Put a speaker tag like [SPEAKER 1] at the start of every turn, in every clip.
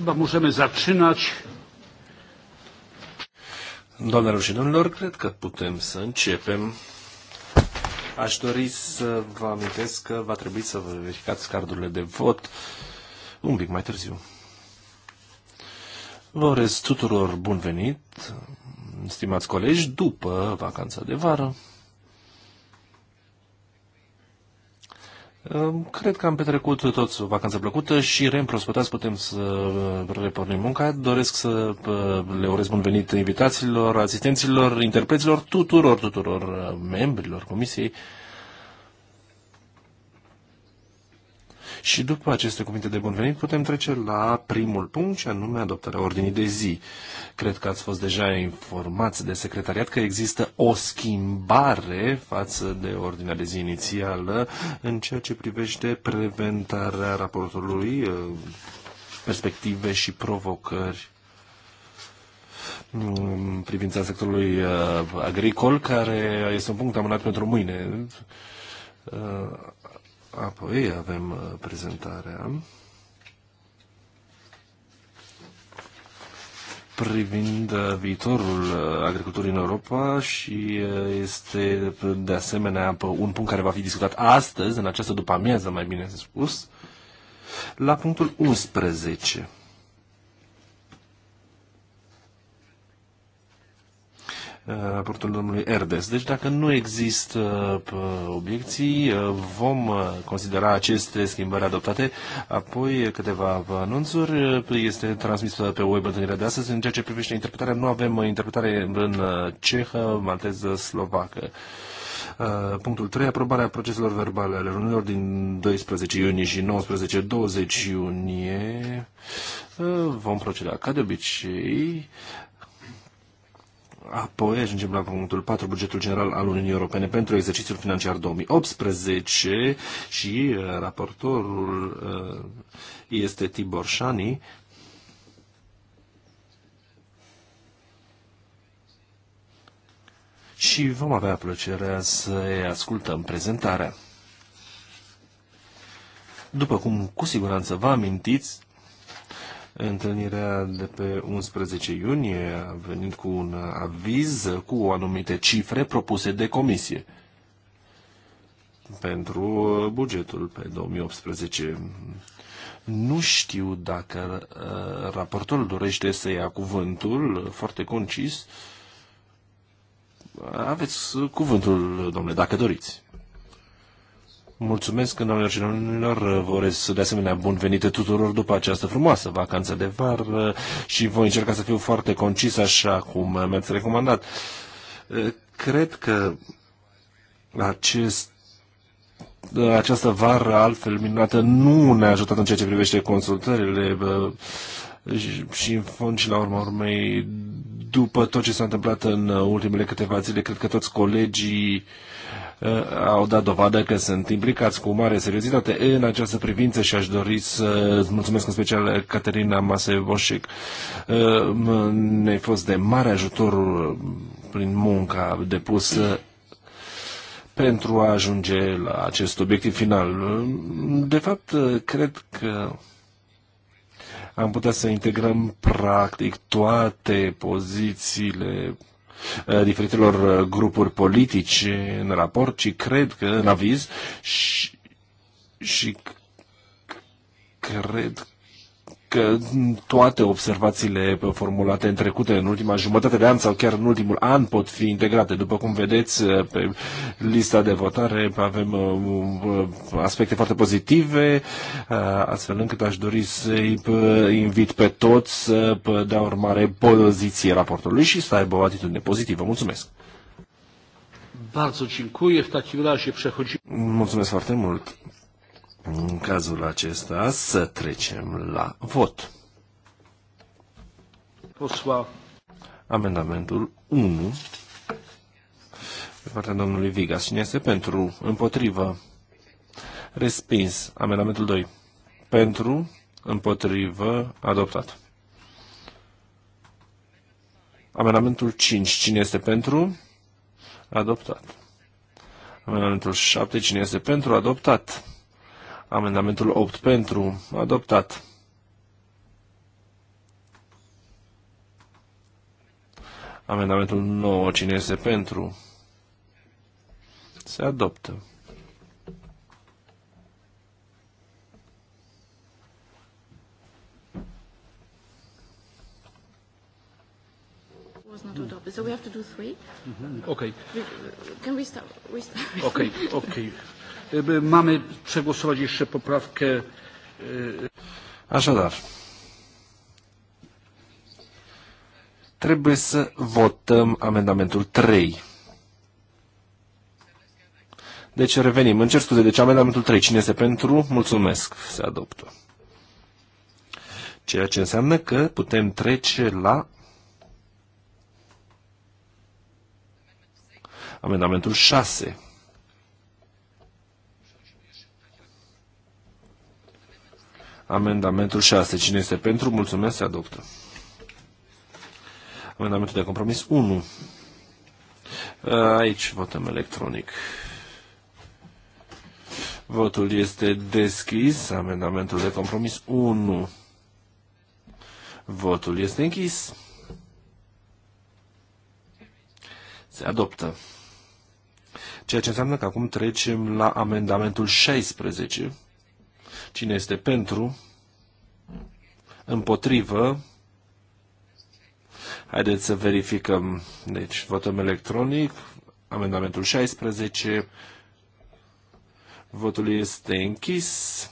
[SPEAKER 1] Chyba możemy zaczynać. Doamnelor și domnilor, cred că putem să începem. Aș dori să vă amintesc că va trebui să vă verificați cardurile de vot un pic mai târziu. Vă urez tuturor bun venit, stimați colegi, după vacanța de vară. Cred că am petrecut toți o vacanță plăcută și reîmprospătați putem să repornim munca. Doresc să le urez bun venit invitațiilor, asistenților, interpreților, tuturor, tuturor membrilor comisiei Și după aceste cuvinte de bun venit putem trece la primul punct, și anume adoptarea ordinii de zi. Cred că ați fost deja informați de secretariat că există o schimbare față de ordinea de zi inițială în ceea ce privește preventarea raportului uh, perspective și provocări mm, în privința sectorului uh, agricol, care este un punct amânat pentru mâine. Uh, Apoi avem uh, prezentarea privind uh, viitorul uh, agriculturii în Europa și este de asemenea un punct care va fi discutat astăzi, în această după amiază mai bine spus, la punctul 11. Uh, raportul domnului Erdes. Deci dacă nu există uh, obiecții, uh, vom considera aceste schimbări adoptate. Apoi câteva anunțuri. Este transmis pe web întâlnirea de astăzi. În ceea ce privește interpretarea, nu avem interpretare în cehă, malteză, slovacă. Punctul 3. Aprobarea proceselor verbale ale reuniunilor din 12 iunie și 19-20 iunie. Vom proceda ca de obicei. Apoi ajungem la punctul 4, bugetul general al Uniunii Europene pentru exercițiul financiar 2018 și uh, raportorul uh, este Tibor Șani. Și vom avea plăcerea să ascultăm prezentarea. După cum cu siguranță vă amintiți, Întâlnirea de pe 11 iunie a venit cu un aviz cu anumite cifre propuse de comisie pentru bugetul pe 2018. Nu știu dacă uh, raportorul dorește să ia cuvântul foarte concis. Aveți cuvântul, domnule, dacă doriți. Mulțumesc, domnilor și domnilor, vă urez de asemenea bun venit tuturor după această frumoasă vacanță de var și voi încerca să fiu foarte concis așa cum mi-ați recomandat. Cred că acest această vară altfel minunată nu ne-a ajutat în ceea ce privește consultările și în fond și la urma urmei după tot ce s-a întâmplat în ultimele câteva zile, cred că toți colegii Uh, au dat dovadă că sunt implicați cu mare seriozitate în această privință și aș dori să mulțumesc în special Caterina Masevoșic. Uh, ne-ai fost de mare ajutor uh, prin munca depusă pentru a ajunge la acest obiectiv final. De fapt, cred că am putea să integrăm practic toate pozițiile Uh, diferitelor uh, grupuri politice în raport, ci cred că în aviz și, și cred că toate observațiile formulate în trecute, în ultima jumătate de an sau chiar în ultimul an pot fi integrate. După cum vedeți, pe lista de votare avem uh, uh, aspecte foarte pozitive, uh, astfel încât aș dori să-i invit pe toți să dea urmare poziție raportului și să aibă o atitudine pozitivă. Mulțumesc! Bardzo dziękuję. W takim razie przechodzimy. Mulțumesc foarte mult. În cazul acesta să trecem la vot. Posua. Amendamentul 1 pe partea domnului Vigas. Cine este pentru? Împotrivă. Respins. Amendamentul 2. Pentru. Împotrivă. Adoptat. Amendamentul 5. Cine este pentru? Adoptat. Amendamentul 7. Cine este pentru? Adoptat. Amendamentul 8 pentru. Adoptat. Amendamentul 9. Cine este pentru? Se adoptă.
[SPEAKER 2] was not adopted. So we have to do three. Mm-hmm.
[SPEAKER 1] Okay. We, uh, can we start? We start. okay. Okay. Mamy przegłosować jeszcze poprawkę. Așadar, trebuie să votăm amendamentul 3. Deci revenim. cer scuze. Deci amendamentul 3. Cine este pentru? Mulțumesc. Se adoptă. Ceea ce înseamnă că putem trece la amendamentul 6. Amendamentul 6. Cine este pentru? Mulțumesc. Se adoptă. Amendamentul de compromis 1. Aici votăm electronic. Votul este deschis. Amendamentul de compromis 1. Votul este închis. Se adoptă. Ceea ce înseamnă că acum trecem la amendamentul 16. Cine este pentru? Împotrivă? Haideți să verificăm. Deci, votăm electronic. Amendamentul 16. Votul este închis.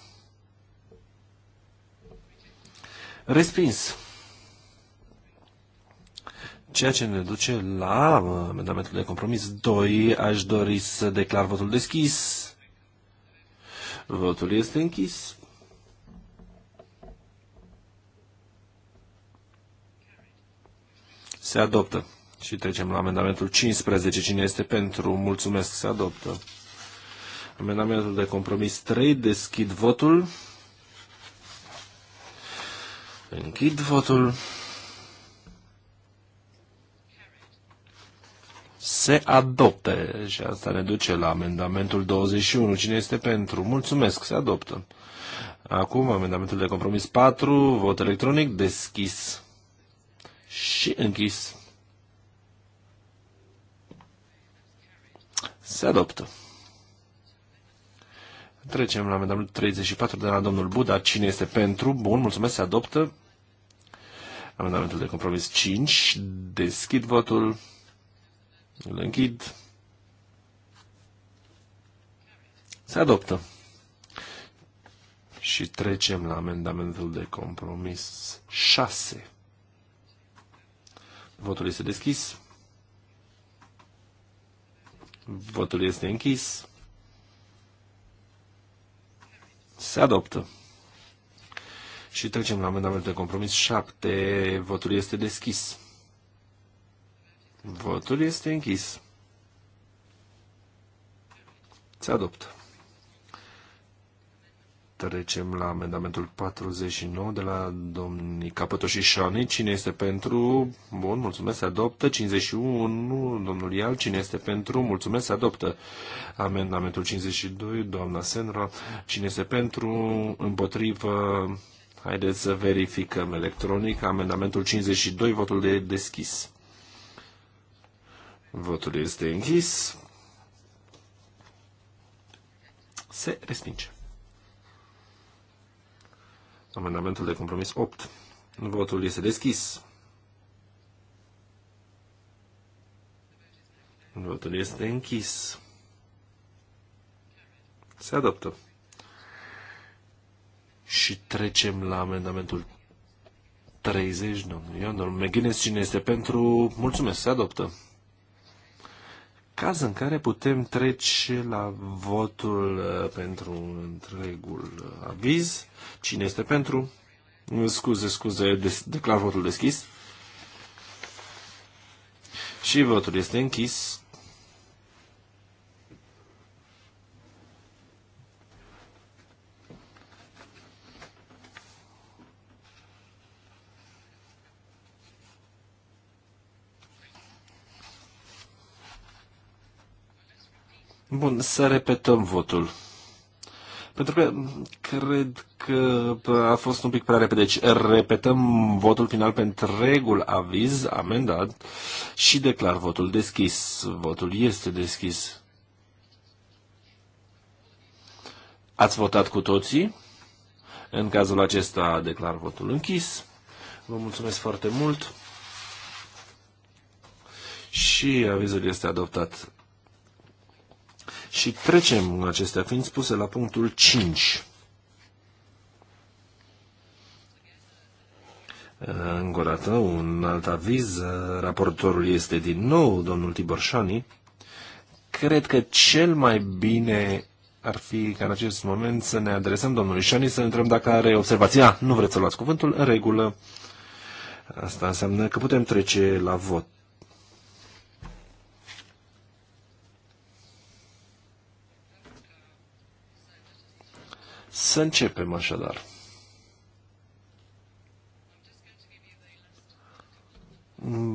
[SPEAKER 1] Respins. Ceea ce ne duce la amendamentul de compromis 2, aș dori să declar votul deschis. Votul este închis. Se adoptă. Și trecem la amendamentul 15. Cine este pentru? Mulțumesc. Se adoptă. Amendamentul de compromis 3. Deschid votul. Închid votul. se adopte. Și asta ne duce la amendamentul 21. Cine este pentru? Mulțumesc, se adoptă. Acum amendamentul de compromis 4, vot electronic deschis și închis. Se adoptă. Trecem la amendamentul 34 de la domnul Buda. Cine este pentru? Bun, mulțumesc, se adoptă. Amendamentul de compromis 5. Deschid votul. Îl închid. Se adoptă. Și trecem la amendamentul de compromis 6. Votul este deschis. Votul este închis. Se adoptă. Și trecem la amendamentul de compromis 7. Votul este deschis. Votul este închis. Se adoptă. Trecem la amendamentul 49 de la domnii Capăto și Șani. Cine este pentru? Bun, mulțumesc, se adoptă. 51, domnul Ial. Cine este pentru? Mulțumesc, se adoptă. Amendamentul 52, doamna Senra. Cine este pentru? Împotrivă. Haideți să verificăm electronic. Amendamentul 52, votul de deschis. Votul este închis. Se respinge. Amendamentul de compromis 8. Votul este deschis. Votul este închis. Se adoptă. Și trecem la amendamentul 30, domnul Ion, domnul McGuinness, cine este pentru? Mulțumesc, se adoptă caz în care putem trece la votul uh, pentru întregul uh, aviz. Cine este pentru? Scuze, scuze, declar votul deschis. Și votul este închis. Bun, să repetăm votul. Pentru că cred că a fost un pic prea repede. Deci repetăm votul final pentru regul aviz amendat și declar votul deschis. Votul este deschis. Ați votat cu toții? În cazul acesta declar votul închis. Vă mulțumesc foarte mult. Și avizul este adoptat. Și trecem, acestea fiind spuse, la punctul 5. Uh, încă o dată, un alt aviz, uh, raportorul este din nou domnul Tibor Șani. Cred că cel mai bine ar fi ca în acest moment să ne adresăm domnului Șani să întrebăm dacă are observația, Ah, nu vreți să luați cuvântul? În regulă. Asta înseamnă că putem trece la vot. Să începem așadar.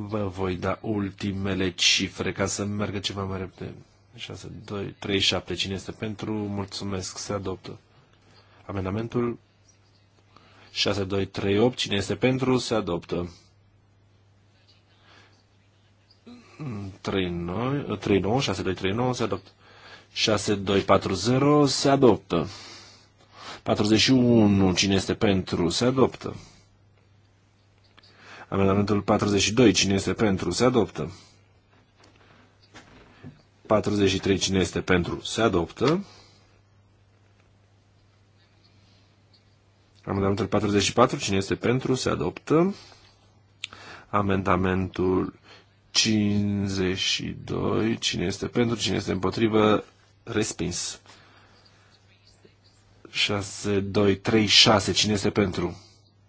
[SPEAKER 1] Vă voi da ultimele cifre ca să meargă ceva mai repede. 6, 2, 3, 7. Cine este pentru? Mulțumesc. Se adoptă. Amendamentul 6, 2, 3, 8. Cine este pentru? Se adoptă. 3, 9, 3, 9 6, 2, 3, 9. Se adoptă. 6, 2, 4, 0. Se adoptă. 41. Cine este pentru? Se adoptă. Amendamentul 42. Cine este pentru? Se adoptă. 43. Cine este pentru? Se adoptă. Amendamentul 44. Cine este pentru? Se adoptă. Amendamentul 52. Cine este pentru? Cine este împotrivă? Respins. 6, 2, 3, 6. Cine este pentru?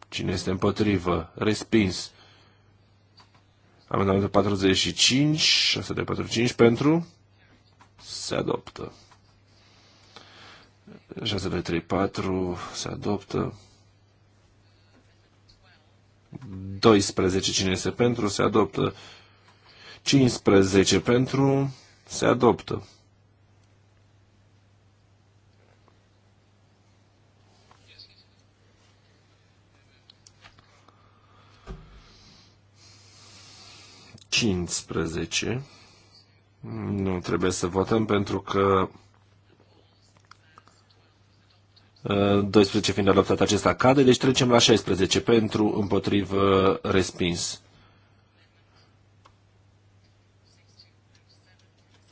[SPEAKER 1] Cine este împotrivă? Respins. Amendamentul 45, 6, de 4, 5 pentru. Se adoptă. 6, 2, 3, 4 se adoptă. 12 cine este pentru se adoptă. 15 pentru se adoptă. 15. Nu trebuie să votăm pentru că 12 uh, fiind adoptat acesta cade, deci trecem la 16 pentru împotrivă respins.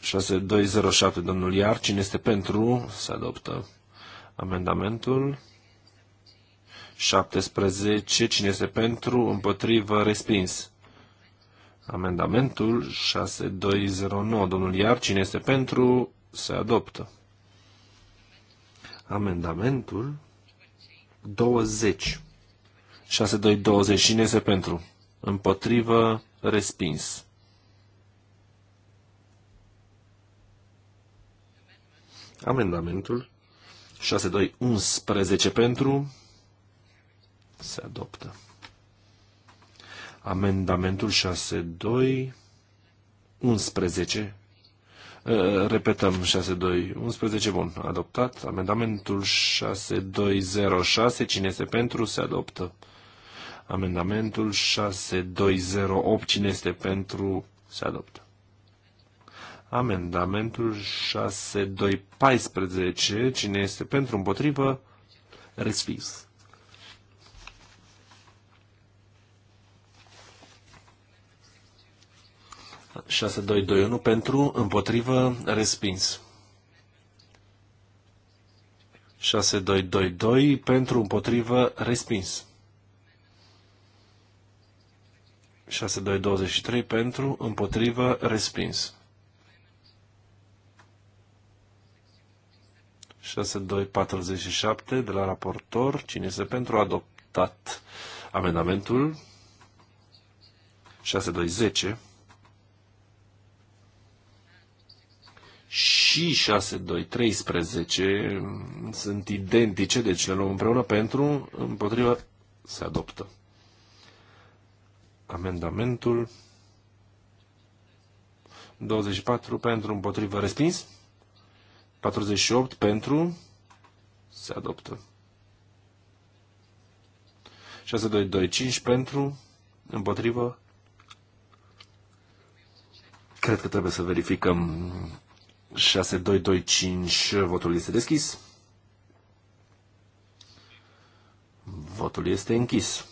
[SPEAKER 1] 6207, domnul Iar, cine este pentru, să adoptă amendamentul. 17, cine este pentru, împotrivă, respins. Amendamentul 6209, domnul Iar, cine este pentru, se adoptă. Amendamentul 20. 6220, cine este pentru? Împotrivă, respins. Amendamentul 6211 pentru se adoptă. Amendamentul 6.2, 11, uh, repetăm 6211, bun, adoptat. Amendamentul 6206, cine este pentru, se adoptă. Amendamentul 6208, cine este pentru, se adoptă. Amendamentul 6214, cine este pentru, împotrivă, respins. 6221 pentru, împotrivă, respins. 6222 pentru, împotrivă, respins. 6223 pentru, împotrivă, respins. 6247 de la raportor, cine este pentru, adoptat. Amendamentul 6210 și 6213 sunt identice, deci le luăm împreună pentru, împotriva, se adoptă. Amendamentul 24 pentru, împotriva, respins. 48 pentru, se adoptă. 6225 pentru, împotrivă. Cred că trebuie să verificăm 6225, votul este deschis. Votul este închis.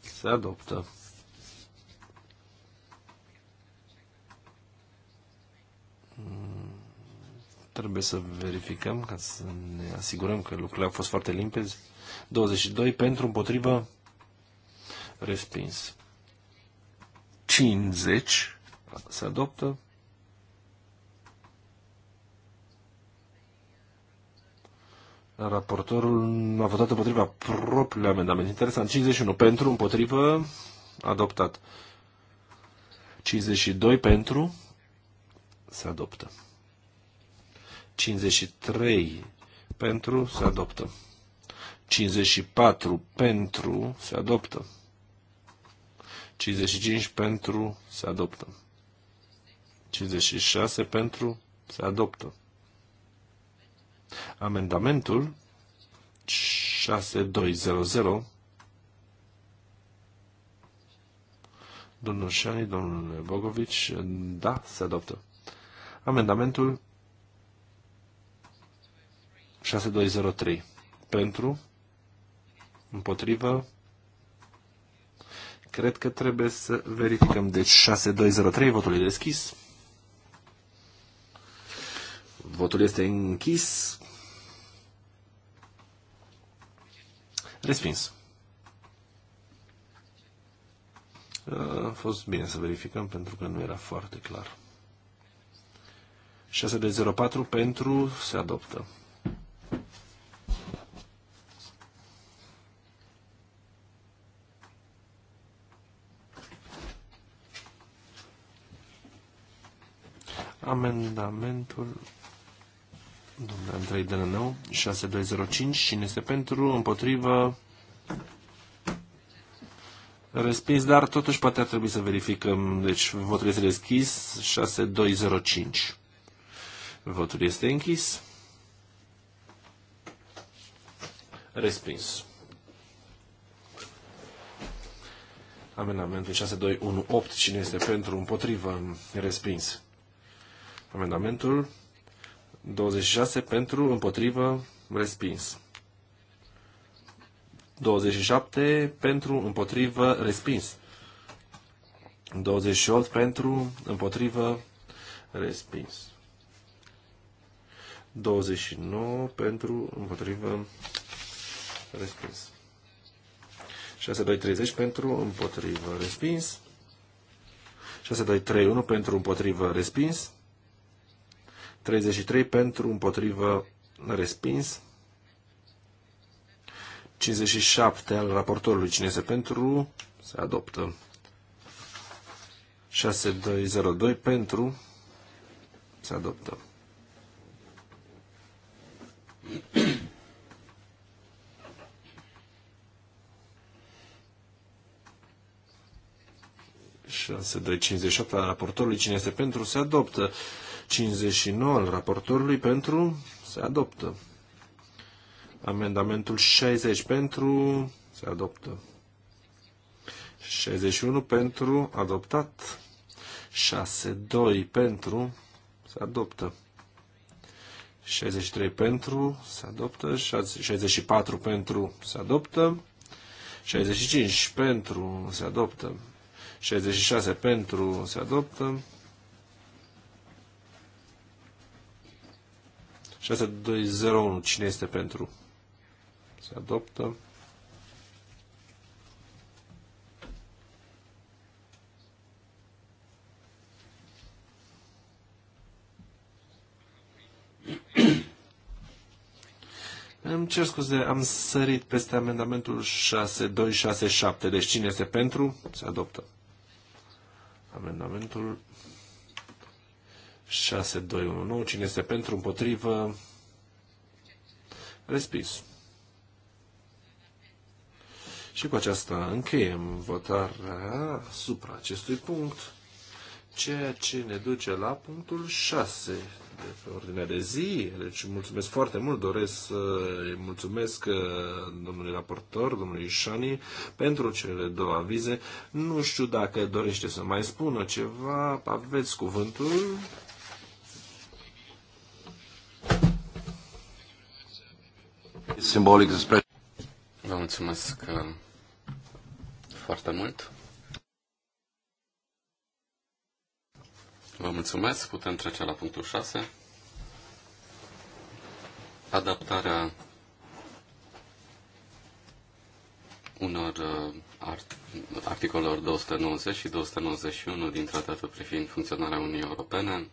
[SPEAKER 1] Se adoptă. Trebuie să verificăm ca să ne asigurăm că lucrurile au fost foarte limpezi. 22 pentru, împotrivă, respins. 50 se adoptă. Raportorul a votat împotriva propriului amendament. Interesant. 51 pentru, împotrivă, adoptat. 52 pentru, se adoptă. 53 pentru, se adoptă. 54 pentru, se adoptă. 55 pentru, se adoptă. 56 pentru, se adoptă. Amendamentul 6200 Domnul Șani, domnul Bogovici, da, se adoptă. Amendamentul 6203 pentru, împotrivă, cred că trebuie să verificăm. Deci 6203, votul e deschis. Votul este închis. Respins. A fost bine să verificăm pentru că nu era foarte clar. 6 de 04 pentru se adoptă. Amendamentul Domnul Andrei Dălănău, 6205, cine este pentru, împotrivă, respins, dar totuși poate ar trebui să verificăm. Deci votul este deschis, 6205. Votul este închis. Respins. Amendamentul 6218, cine este pentru, împotrivă, respins. Amendamentul 26 pentru, împotrivă, respins. 27 pentru, împotrivă, respins. 28 pentru, împotrivă, respins. 29 pentru, împotrivă, respins. 6-2-30 pentru, împotrivă, respins. 6-2-3-1 pentru, împotrivă, respins. 33 pentru, împotrivă, respins. 57 al raportorului. Cine este pentru? Se adoptă. 6202 pentru. Se adoptă. 6258 al raportorului, cine este pentru, se adoptă. 59 al raportorului pentru se adoptă. Amendamentul 60 pentru se adoptă. 61 pentru adoptat. 62 pentru se adoptă. 63 pentru se adoptă. 64 pentru se adoptă.
[SPEAKER 2] 65
[SPEAKER 1] pentru se adoptă. 66 pentru se adoptă. 6201. Cine este pentru? Se adoptă. Îmi cer scuze, am sărit peste amendamentul 6267. Deci cine este pentru? Se adoptă. Amendamentul 6-2-1-9. Cine este pentru, împotrivă? Respins. Și cu aceasta încheiem votarea asupra acestui punct, ceea ce ne duce la punctul 6 de pe ordinea de zi. Deci mulțumesc foarte mult, doresc să îi mulțumesc uh, domnului raportor, domnului Șani, pentru cele două avize. Nu știu dacă dorește să mai spună ceva,
[SPEAKER 2] aveți cuvântul. Simbolic despre... Vă mulțumesc uh, foarte mult. Vă mulțumesc. Putem trece la punctul 6. Adaptarea unor uh, art- articolelor 290 și 291 din Tratatul privind funcționarea Uniunii Europene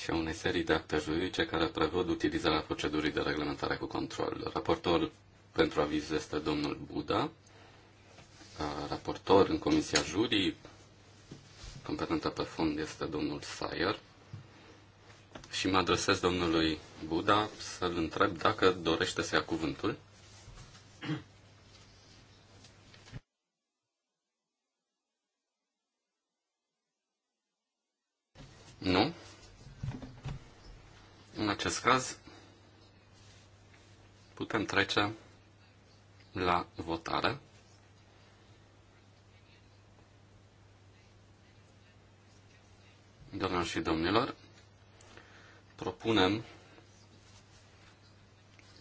[SPEAKER 2] și a unei serii de acte juridice care prevăd utilizarea procedurii de reglementare cu control. Raportor pentru aviz este domnul Buda, raportor în Comisia Jurii, competentă pe fond este domnul Sayer, și mă adresez domnului Buda să-l întreb dacă dorește să ia cuvântul. Nu? În acest caz, putem trece la votare. Doamnelor și domnilor, propunem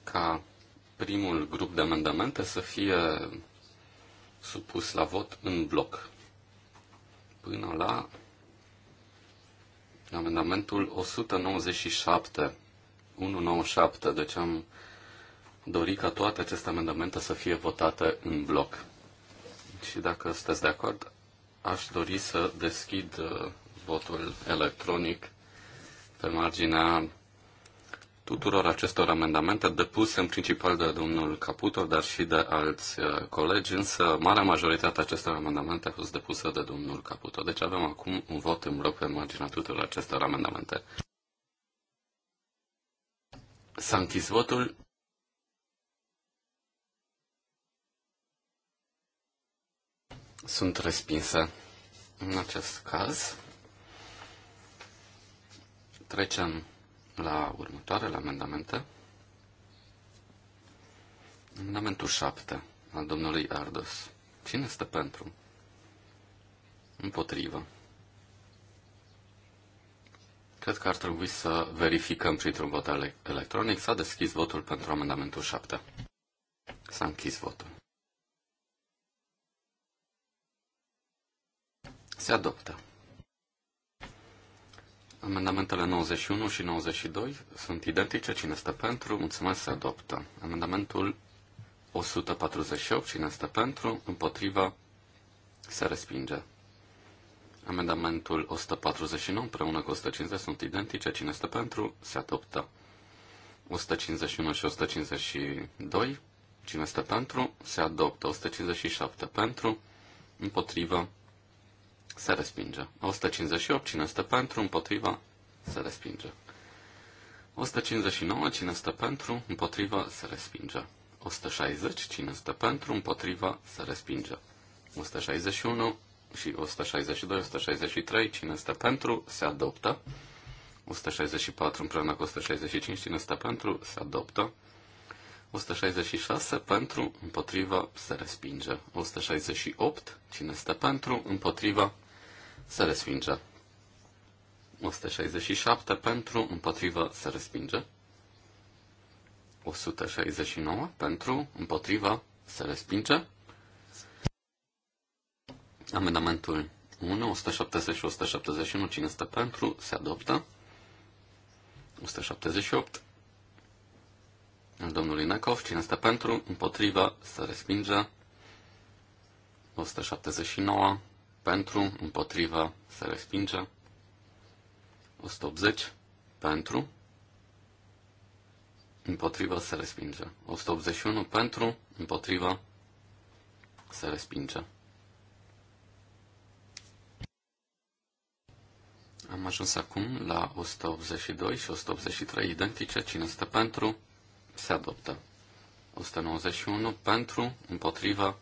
[SPEAKER 2] ca primul grup de amendamente să fie supus la vot în bloc până la Amendamentul 197, 197, deci am dorit ca toate aceste amendamente să fie votate în bloc. Și dacă sunteți de acord, aș dori să deschid uh, votul electronic pe marginea tuturor acestor amendamente depuse în principal de domnul Caputo, dar și de alți uh, colegi, însă marea majoritate a acestor amendamente a fost depusă de domnul Caputo. Deci avem acum un vot în bloc pe marginea tuturor acestor amendamente. S-a închis votul. Sunt respinsă în acest caz. Trecem la următoarele amendamente. Amendamentul 7 al domnului Ardos. Cine este pentru? Împotrivă. Cred că ar trebui să verificăm printr-un vot electronic. S-a deschis votul pentru amendamentul 7. S-a închis votul. Se adoptă. Amendamentele 91 și 92 sunt identice. Cine este pentru? Mulțumesc, se adoptă. Amendamentul 148. Cine este pentru? Împotriva? Se respinge. Amendamentul 149 împreună cu 150 sunt identice. Cine este pentru? Se adoptă. 151 și 152. Cine este pentru? Se adoptă. 157 pentru. Împotriva? Se respinge. 158. Cine stă pentru? Împotriva? Se respinge. 159. Cine stă pentru? Împotriva? Se respinge. 160. Cine stă pentru? Împotriva? Se respinge. 161 și 162, 163. Cine stă pentru? Se adoptă. 164 împreună cu 165. Cine stă pentru? Se adoptă. 166 pentru, împotriva, se respinge. 168, cine stă pentru, împotriva, se respinge. 167 pentru, împotrivă, se respinge. 169 pentru, împotrivă, se respinge. Amendamentul 1, 170 și 171, cine este pentru, se adoptă. 178 al domnului Necov, cine este pentru, împotriva, se respinge. 179 pentru, împotriva, se respinge. 180 pentru, împotriva, se respinge. 181 pentru, împotriva, se respinge. Am ajuns acum la 182 și 183 identice. Cine este pentru, se adoptă. 191 pentru, împotriva,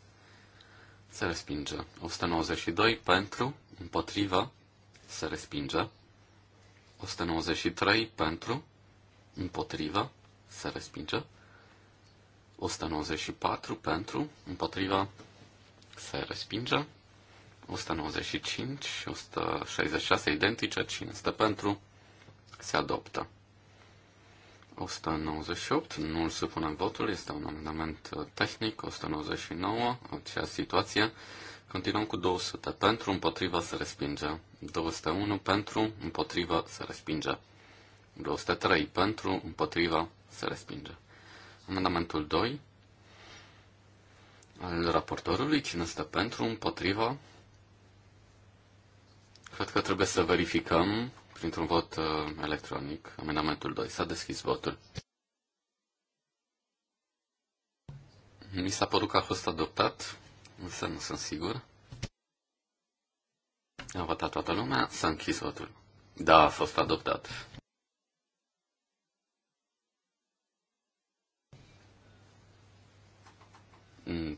[SPEAKER 2] se respinge. 192 pentru, împotrivă, se respinge. 193 pentru, împotrivă, se respinge. 194 pentru, împotriva, se respinge. 195 și 166 identice, este pentru, se adoptă. 198, nu îl supunem votul, este un amendament uh, tehnic, 199, aceea situație. Continuăm cu 200, pentru, împotriva, se respinge. 201, pentru, împotriva, se respinge. 203, pentru, împotriva, se respinge. Amendamentul 2 al raportorului, cine stă pentru, împotriva, Cred că trebuie să verificăm printr-un vot uh, electronic. Amendamentul 2. S-a deschis votul. Mi s-a părut că a fost adoptat, însă nu sunt sigur. A votat toată lumea, s-a închis votul. Da, a fost adoptat.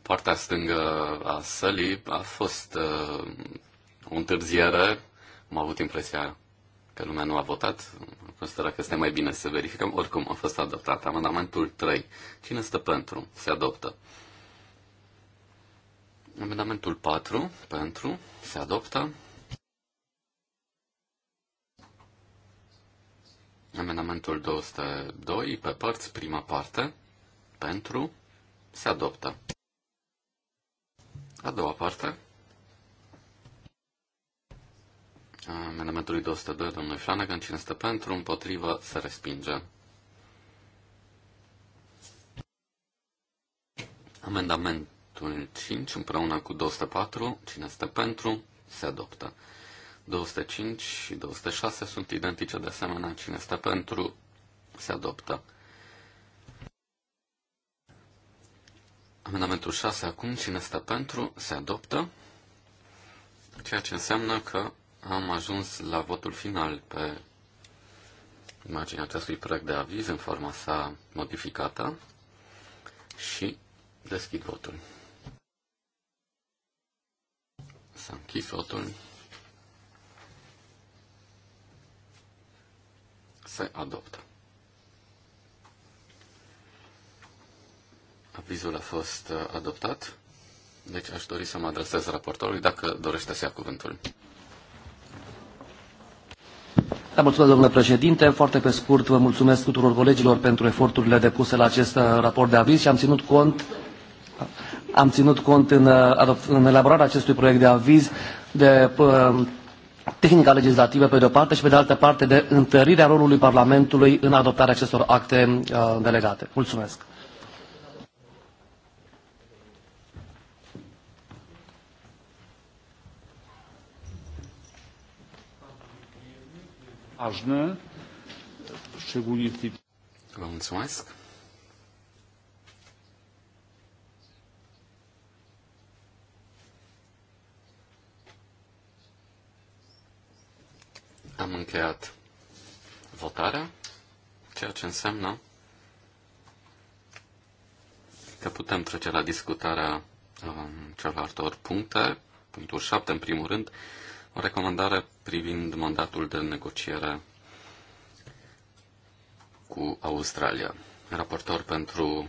[SPEAKER 2] partea stângă a sălii a fost uh, o întârziere. Am avut impresia că lumea nu a votat, consideră că este mai bine să verificăm. Oricum a fost adoptat amendamentul 3. Cine stă pentru? Se adoptă. Amendamentul 4, pentru, se adoptă. Amendamentul 202, pe părți, prima parte, pentru, se adoptă. A doua parte, Amendamentului 202, domnului Flanagan, cine stă pentru, împotrivă, se respinge. Amendamentul 5 împreună cu 204, cine stă pentru, se adoptă. 205 și 206 sunt identice de asemenea, cine stă pentru, se adoptă. Amendamentul 6 acum, cine stă pentru, se adoptă, ceea ce înseamnă că am ajuns la votul final pe imaginea acestui proiect de aviz în forma sa modificată și deschid votul. S-a închis votul. Se adoptă. Avizul a fost adoptat, deci aș dori să mă adresez raportorului dacă dorește să ia cuvântul. Da, mulțumesc, domnule președinte. Foarte pe scurt, vă mulțumesc tuturor colegilor pentru eforturile depuse la acest uh, raport de aviz și am ținut cont, am ținut cont în, uh, în elaborarea acestui proiect de aviz de uh, tehnica legislativă pe de-o parte și pe de altă parte de întărirea rolului Parlamentului în adoptarea acestor acte uh, delegate. Mulțumesc! ważne, szczególnie w tej... Vă mulțumesc. Am încheiat votarea, ceea ce înseamnă că putem trece la discutarea um, celorlaltor puncte, punctul 7 în primul rând, o recomandare privind mandatul de negociere cu Australia. Raportor pentru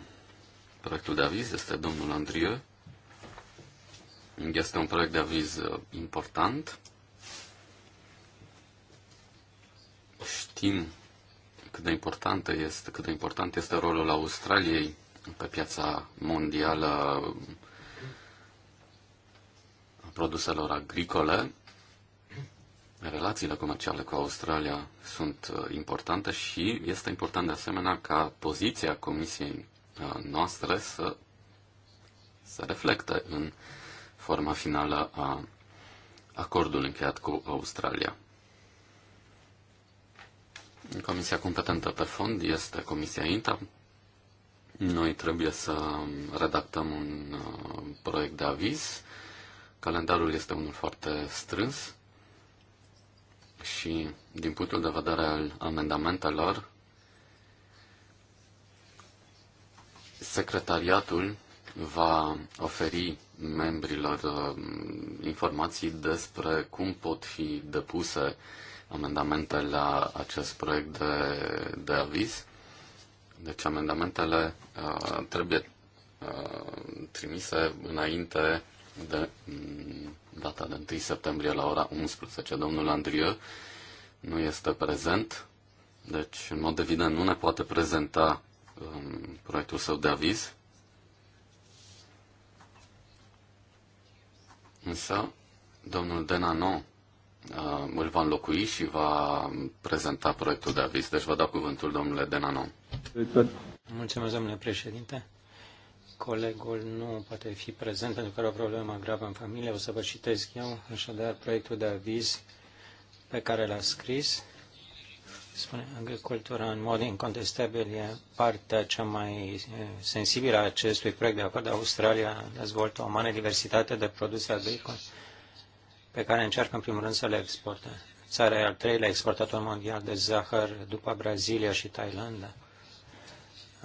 [SPEAKER 2] proiectul de aviz este domnul Andrieu. Este un proiect de aviz uh, important. Știm cât de important este, cât de important este rolul Australiei pe piața mondială a produselor agricole Relațiile comerciale cu Australia sunt uh, importante și este important de asemenea ca poziția Comisiei uh, noastre să, se reflecte în forma finală a acordului încheiat cu Australia. Comisia competentă pe fond este Comisia INTA. Noi trebuie să redactăm un uh, proiect de aviz. Calendarul este unul foarte strâns și din punctul de vedere al amendamentelor, secretariatul va oferi membrilor uh, informații despre cum pot fi depuse amendamente la acest proiect de, de aviz. Deci amendamentele uh, trebuie uh, trimise înainte de mm, data de 1 septembrie la ora 11. Domnul Andrieu nu este prezent, deci, în mod evident, nu ne poate prezenta um, proiectul său de aviz. Însă, domnul Denano uh, îl va înlocui și va prezenta proiectul de aviz. Deci, vă dau cuvântul, domnule Denano.
[SPEAKER 3] Mulțumesc, domnule președinte. Colegul nu poate fi prezent pentru că are o problemă gravă în familie. O să vă citesc eu, așadar, proiectul de aviz pe care l-a scris. Spune, agricultura în mod incontestabil e partea cea mai sensibilă a acestui proiect de acord. Australia dezvoltă o mare diversitate de produse agricole pe care încearcă în primul rând să le exporte. Țara e al treilea exportator mondial de zahăr după Brazilia și Thailanda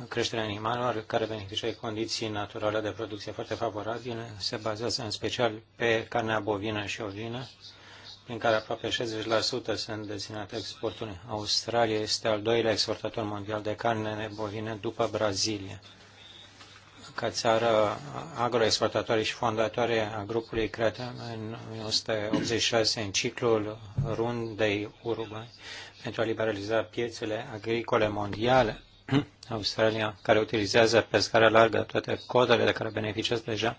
[SPEAKER 3] creșterea animalelor care beneficiază condiții naturale de producție foarte favorabile se bazează în special pe carnea bovină și ovină, prin care aproape 60% sunt destinate exportului. Australia este al doilea exportator mondial de carne bovine după Brazilia. Ca țară agroexportatoare și fondatoare a grupului creat în 1986 în ciclul rundei Uruguay pentru a liberaliza piețele agricole mondiale Australia, care utilizează pe scară largă toate codele de care beneficiază deja,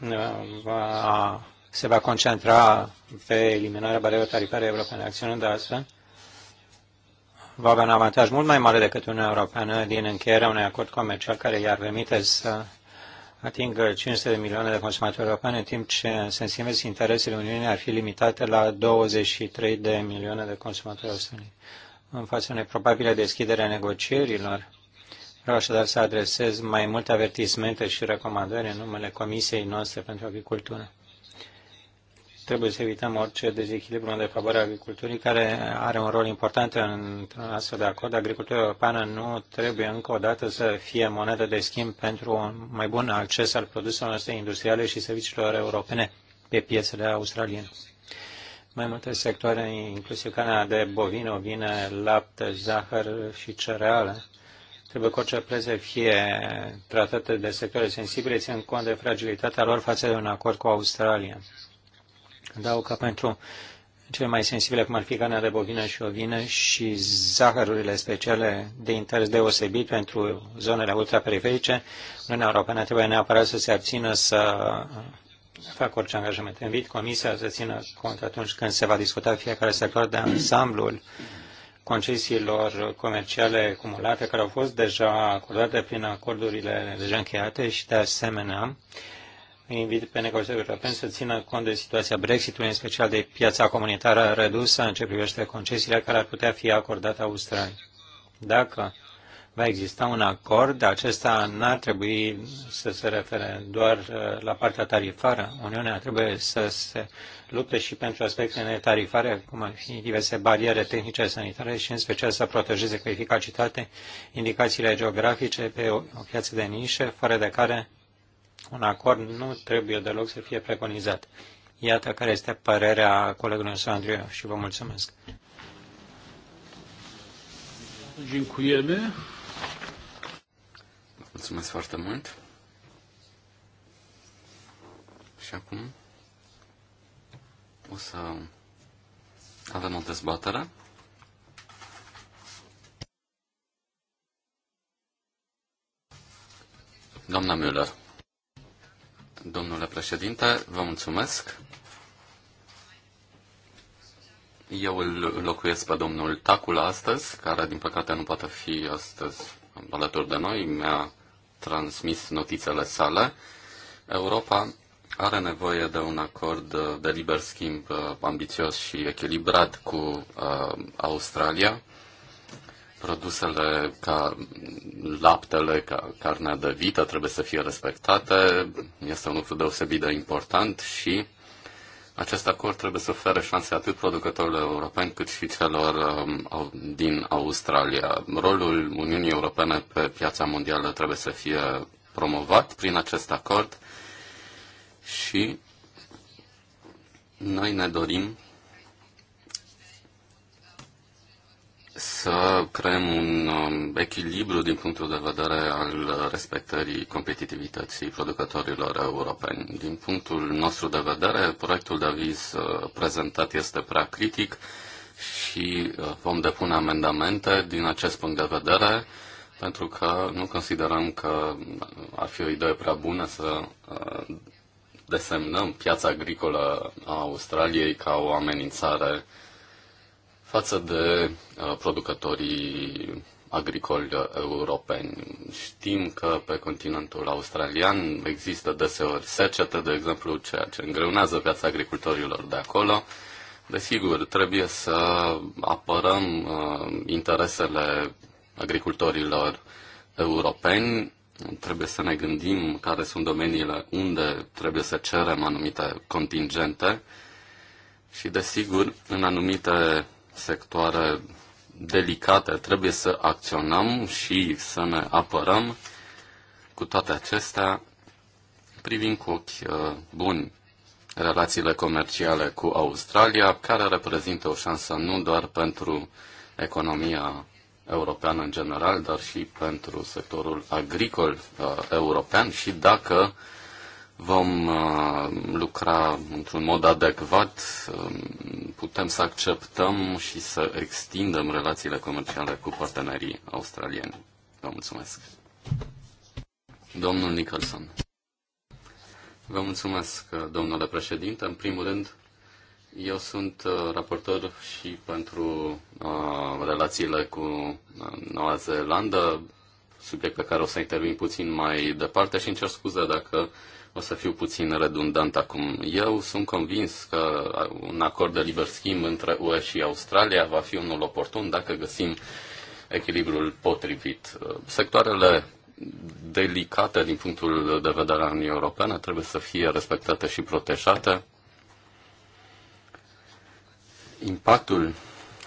[SPEAKER 3] uh, va, se va concentra pe eliminarea barierelor tarifare europene, acționând astfel va avea un avantaj mult mai mare decât Uniunea Europeană din încheierea unui acord comercial care i-ar permite să atingă 500 de milioane de consumatori europeni, în timp ce, sensibil sens interesele Uniunii ar fi limitate la 23 de milioane de consumatori australieni în fața unei probabile deschidere a negocierilor. Vreau așadar să adresez mai multe avertismente și recomandări în numele Comisiei noastre pentru Agricultură. Trebuie să evităm orice dezechilibru în defavoarea agriculturii, care are un rol important într-un astfel de acord. Agricultura europeană nu trebuie încă o dată să fie monedă de schimb pentru un mai bun acces al produselor noastre industriale și serviciilor europene pe piețele australiene mai multe sectoare, inclusiv carnea de bovine, ovine, lapte, zahăr și cereale. Trebuie cu orice preț fie tratate de sectoare sensibile, ținând cont de fragilitatea lor față de un acord cu Australia. Dau că pentru cele mai sensibile, cum ar fi carnea de bovine și ovine și zahărurile speciale de interes deosebit pentru zonele ultraperiferice, Uniunea Europeană trebuie neapărat să se abțină să fac orice angajament. Invit Comisia să țină cont atunci când se va discuta fiecare sector de ansamblul concesiilor comerciale cumulate care au fost deja acordate prin acordurile deja încheiate și de asemenea invit pe negociatorii europeni să țină cont de situația Brexitului, în special de piața comunitară redusă în ce privește concesiile care ar putea fi acordate Australiei. Dacă va exista un acord, acesta n-ar trebui să se refere doar uh, la partea tarifară. Uniunea trebuie să se lupte și pentru aspecte netarifare, cum ar fi diverse bariere tehnice sanitare și în special să protejeze cu eficacitate indicațiile geografice pe o piață de nișe, fără de care un acord nu trebuie deloc să fie preconizat. Iată care este părerea colegului nostru Andrei și vă mulțumesc.
[SPEAKER 2] Dziękujemy. Mulțumesc foarte mult. Și acum o să avem o dezbatere. Doamna Müller. Domnule președinte, vă mulțumesc. Eu îl locuiesc pe domnul Tacula astăzi, care din păcate nu poate fi astăzi alături de noi. Mi-a transmis notițele sale, Europa are nevoie de un acord de liber schimb uh, ambițios și echilibrat cu uh, Australia. Produsele ca laptele, ca carnea de vită trebuie să fie respectate. Este un lucru deosebit de important și acest acord trebuie să ofere șanse atât producătorilor europeni cât și celor um, din Australia. Rolul Uniunii Europene pe piața mondială trebuie să fie promovat prin acest acord și noi ne dorim să creăm un um, echilibru din punctul de vedere al respectării competitivității producătorilor europeni. Din punctul nostru de vedere, proiectul de aviz uh, prezentat este prea critic și uh, vom depune amendamente din acest punct de vedere pentru că nu considerăm că ar fi o idee prea bună să uh, desemnăm piața agricolă a Australiei ca o amenințare față de uh, producătorii agricoli europeni. Știm că pe continentul australian există deseori secete, de exemplu, ceea ce îngreunează viața agricultorilor de acolo. Desigur, trebuie să apărăm uh, interesele agricultorilor europeni, trebuie să ne gândim care sunt domeniile unde trebuie să cerem anumite contingente și, desigur, în anumite sectoare delicate trebuie să acționăm și să ne apărăm. Cu toate acestea, privim cu ochi uh, buni relațiile comerciale cu Australia, care reprezintă o șansă nu doar pentru economia europeană în general, dar și pentru sectorul agricol uh, european și dacă vom uh, lucra într-un mod adecvat, um, putem să acceptăm și să extindem relațiile comerciale cu partenerii australieni. Vă mulțumesc. Domnul Nicholson. Vă mulțumesc, uh, domnule președinte. În primul rând, eu sunt uh, raportor și pentru relațiile cu Noua Zeelandă, subiect pe care o să intervin puțin mai departe și încerc scuze dacă o să fiu puțin redundant acum. Eu sunt convins că un acord de liber schimb între UE și Australia va fi unul oportun dacă găsim echilibrul potrivit. Sectoarele delicate din punctul de vedere al Uniunii Europene trebuie să fie respectate și protejate. Impactul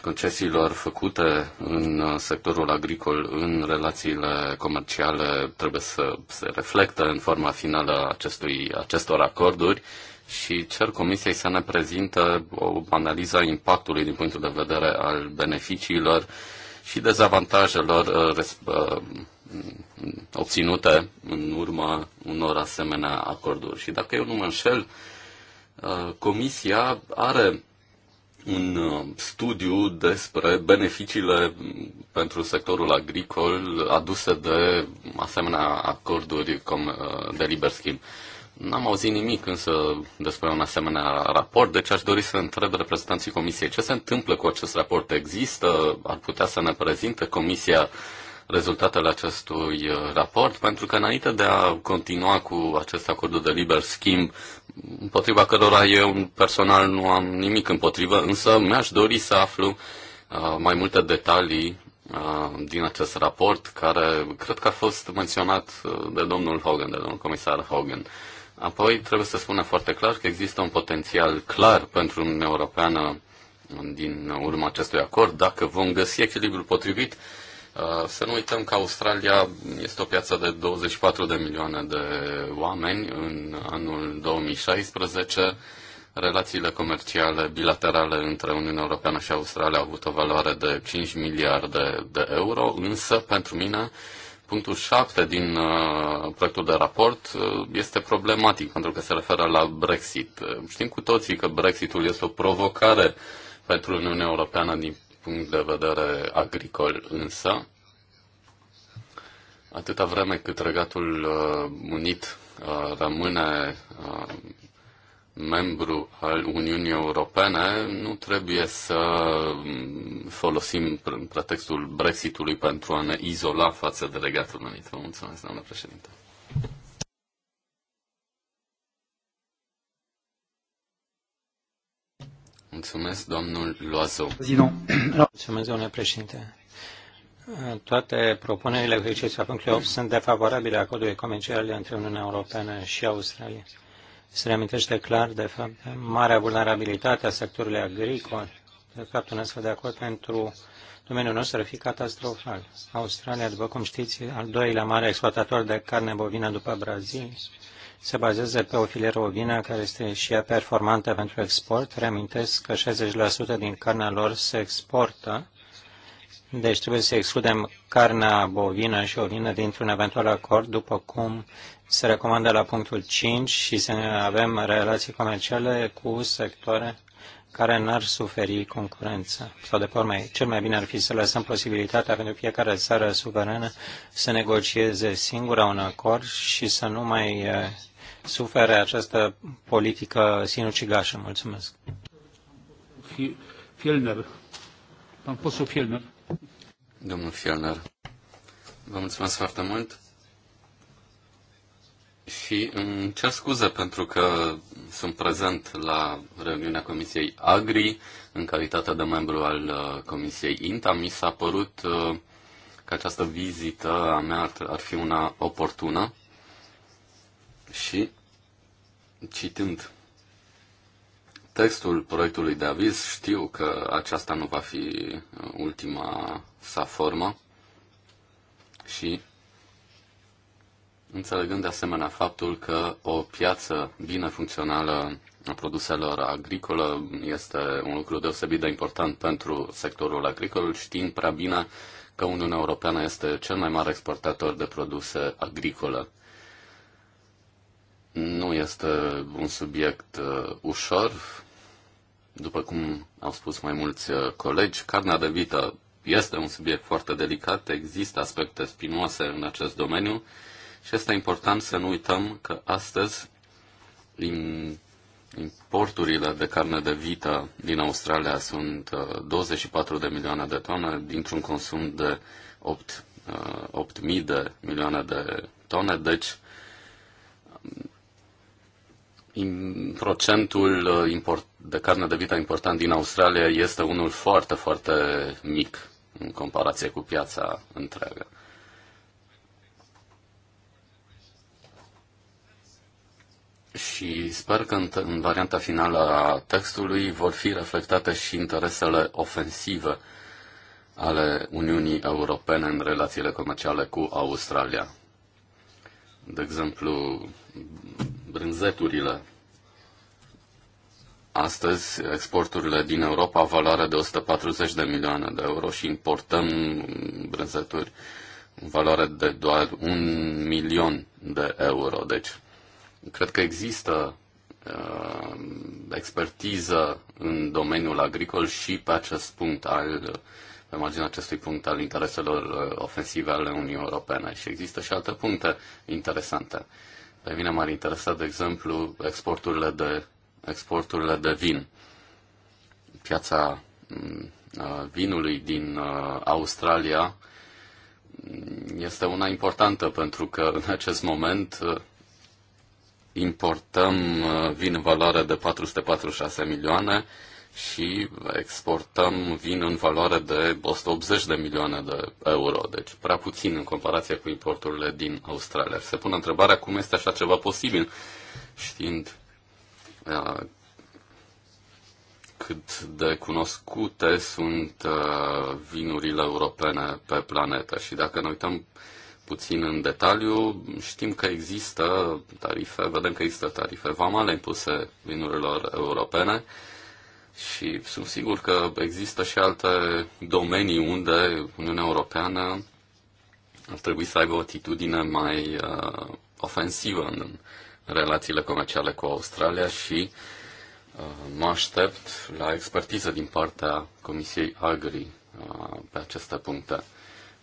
[SPEAKER 2] concesiilor făcute în uh, sectorul agricol în relațiile comerciale trebuie să se reflecte în forma finală acestui, acestor acorduri și cer Comisiei să ne prezintă o analiză a impactului din punctul de vedere al beneficiilor și dezavantajelor uh, uh, mm, obținute în urma unor asemenea acorduri. Și dacă eu nu mă înșel, Comisia are un uh, studiu despre beneficiile mm, pentru sectorul agricol aduse de asemenea acorduri uh, de liber schimb. N-am auzit nimic însă despre un asemenea raport, deci aș dori să întreb reprezentanții Comisiei ce se întâmplă cu acest raport. Există? Ar putea să ne prezinte Comisia rezultatele acestui uh, raport? Pentru că înainte de a continua cu acest acord de liber schimb împotriva cărora eu personal nu am nimic împotrivă, însă mi-aș dori să aflu uh, mai multe detalii uh, din acest raport, care cred că a fost menționat uh, de domnul Hogan, de domnul comisar Hogan. Apoi trebuie să spună foarte clar că există un potențial clar pentru Uniunea Europeană din urma acestui acord, dacă vom găsi echilibrul potrivit Uh, să nu uităm că Australia este o piață de 24 de milioane de oameni. În anul 2016, relațiile comerciale bilaterale între Uniunea Europeană și Australia au avut o valoare de 5 miliarde de euro, însă, pentru mine, punctul 7 din uh, proiectul de raport uh, este problematic pentru că se referă la Brexit. Știm cu toții că Brexitul este o provocare pentru Uniunea Europeană din punct de vedere agricol însă, atâta vreme cât Regatul uh, Unit uh, rămâne uh, membru al Uniunii Europene, nu trebuie să mm, folosim pretextul Brexitului pentru a ne izola față de Regatul Unit. Vă mulțumesc, doamnă președinte. Mulțumesc, domnul Loazou.
[SPEAKER 3] Mulțumesc, domnule președinte. Toate propunerile exercițiului punctului 8 sunt defavorabile acordului comercial între Uniunea Europeană și Australia. Se reamintește clar, de fapt, marea vulnerabilitate a sectorului agricol. De fapt, un astfel de acord pentru domeniul nostru ar fi catastrofal. Australia, după cum știți, al doilea mare exploatator de carne bovină după Brazilia se bazează pe o filieră ovină care este și ea performantă pentru export. Reamintesc că 60% din carnea lor se exportă, deci trebuie să excludem carnea bovină și ovină dintr-un eventual acord, după cum se recomandă la punctul 5 și să avem relații comerciale cu sectoare care n-ar suferi concurență. Sau, de forma cel mai bine ar fi să lăsăm posibilitatea pentru fiecare țară suverană să negocieze singura un acord și să nu mai eh, sufere această politică sinucigașă. Mulțumesc.
[SPEAKER 1] Fielner. Am pus Fielner.
[SPEAKER 2] Domnul Fielner, vă mulțumesc foarte mult. Și îmi cer scuze pentru că sunt prezent la reuniunea Comisiei Agri în calitate de membru al uh, Comisiei INTA. Mi s-a părut uh, că această vizită a mea ar fi una oportună și citând textul proiectului de aviz, știu că aceasta nu va fi uh, ultima sa formă și înțelegând de asemenea faptul că o piață bine funcțională a produselor agricole este un lucru deosebit de important pentru sectorul agricol, știind prea bine că Uniunea Europeană este cel mai mare exportator de produse agricole. Nu este un subiect uh, ușor, după cum au spus mai mulți uh, colegi, carnea de vită este un subiect foarte delicat, există aspecte spinoase în acest domeniu, și e important să nu uităm că astăzi importurile de carne de vită din Australia sunt 24 uh, de milioane de tone dintr-un consum de 8, 8.000 uh, de milioane de tone, deci procentul uh, import, de carne de vită important din Australia este unul foarte, foarte mic în comparație cu piața întreagă. și sper că în, în varianta finală a textului vor fi reflectate și interesele ofensive ale Uniunii Europene în relațiile comerciale cu Australia. De exemplu, brânzeturile. Astăzi, exporturile din Europa au valoare de 140 de milioane de euro și importăm brânzeturi în valoare de doar un milion de euro. Deci, Cred că există uh, expertiză în domeniul agricol și pe acest punct al pe marginea acestui punct al intereselor uh, ofensive ale Uniunii Europene și există și alte puncte interesante. Pe mine m-ar interesa, de exemplu, exporturile de, exporturile de vin. Piața mm, uh, vinului din uh, Australia mm, este una importantă pentru că în acest moment importăm uh, vin în valoare de 446 milioane și exportăm vin în valoare de 180 de milioane de euro, deci prea puțin în comparație cu importurile din Australia. Se pune întrebarea cum este așa ceva posibil, știind uh, cât de cunoscute sunt uh, vinurile europene pe planetă. Și dacă ne uităm puțin în detaliu, știm că există tarife, vedem că există tarife vamale impuse vinurilor europene și sunt sigur că există și alte domenii unde Uniunea Europeană ar trebui să aibă o atitudine mai uh, ofensivă în relațiile comerciale cu Australia și uh, mă aștept la expertiză din partea Comisiei Agri uh, pe aceste puncte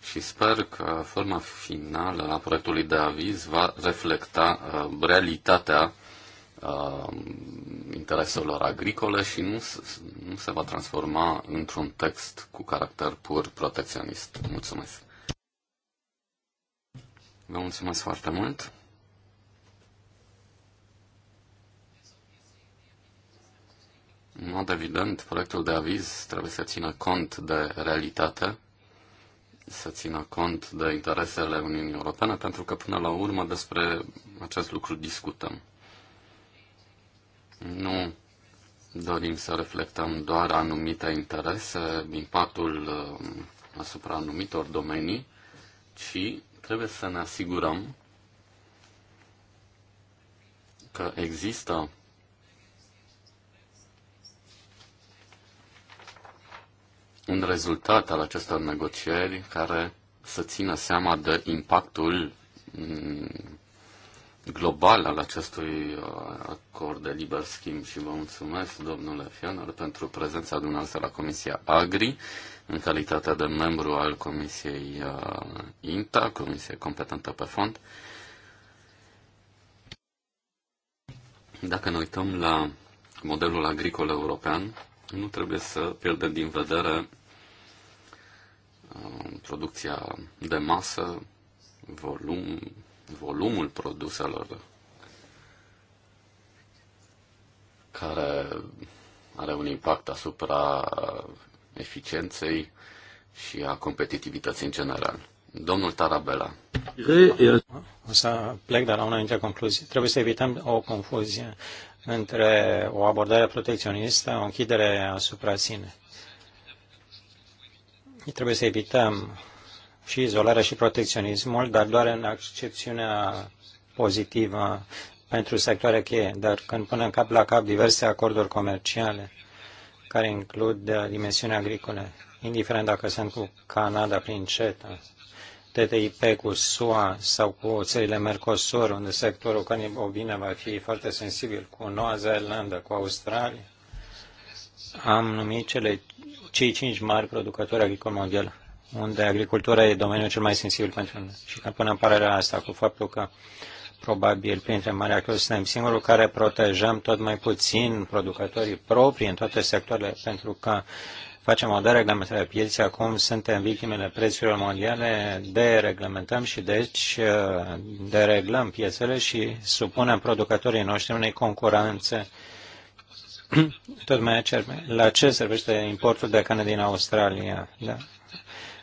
[SPEAKER 2] și sper că forma finală a proiectului de aviz va reflecta uh, realitatea uh, intereselor agricole și nu, nu se va transforma într-un text cu caracter pur protecționist. Mulțumesc! Vă mulțumesc foarte mult! În mod evident, proiectul de aviz trebuie să țină cont de realitate să țină cont de interesele Uniunii Europene, pentru că până la urmă despre acest lucru discutăm. Nu dorim să reflectăm doar anumite interese, impactul uh, asupra anumitor domenii, ci trebuie să ne asigurăm că există un rezultat al acestor negocieri care să țină seama de impactul mm, global al acestui uh, acord de liber schimb și vă mulțumesc, domnule Fioner, pentru prezența dumneavoastră la Comisia Agri, în calitate de membru al Comisiei uh, INTA, Comisie competentă pe fond. Dacă ne uităm la modelul agricol european, nu trebuie să pierdem din vedere uh, producția de masă, volum, volumul produselor care are un impact asupra eficienței și a competitivității în general. Domnul Tarabela.
[SPEAKER 3] O să plec de la una dintre concluzii. Trebuie să evităm o confuzie între o abordare protecționistă, o închidere asupra sine. Trebuie să evităm și izolarea și protecționismul, dar doar în accepțiunea pozitivă pentru sectoare cheie, dar când punem cap la cap diverse acorduri comerciale care includ dimensiunea agricole, indiferent dacă sunt cu Canada prin CETA TTIP cu SUA sau cu țările Mercosur, unde sectorul cărnii bovine va fi foarte sensibil, cu Noua Zeelandă, cu Australia, am numit cele, cei cinci mari producători agricoli mondiali, unde agricultura e domeniul cel mai sensibil pentru noi. Și că până în asta, cu faptul că probabil printre mari actori suntem singurul care protejăm tot mai puțin producătorii proprii în toate sectoarele, pentru că facem o dereglementare a pieței, acum suntem victimele prețurilor mondiale, dereglementăm și deci uh, dereglăm piețele și supunem producătorii noștri unei concurențe tot mai acerbe. La ce servește importul de cană din Australia? Da.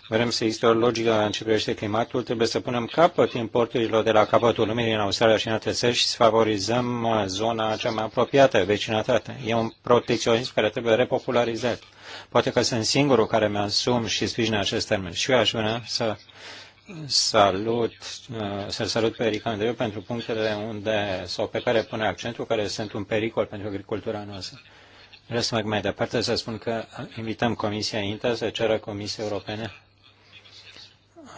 [SPEAKER 3] Vrem să existe o logică în ce privește climatul, trebuie să punem capăt importurilor de la capătul lumii din Australia și în alte țări și să favorizăm uh, zona cea mai apropiată, vecinătate. E un protecționism care trebuie repopularizat. Poate că sunt singurul care mi-asum și sprijină acest termen. Și eu aș vrea să salut, uh, să salut pe Eric Andreu pentru punctele unde, sau pe care pune accentul, care sunt un pericol pentru agricultura noastră. Vreau să merg mai departe să spun că invităm Comisia INTA să ceară Comisiei Europene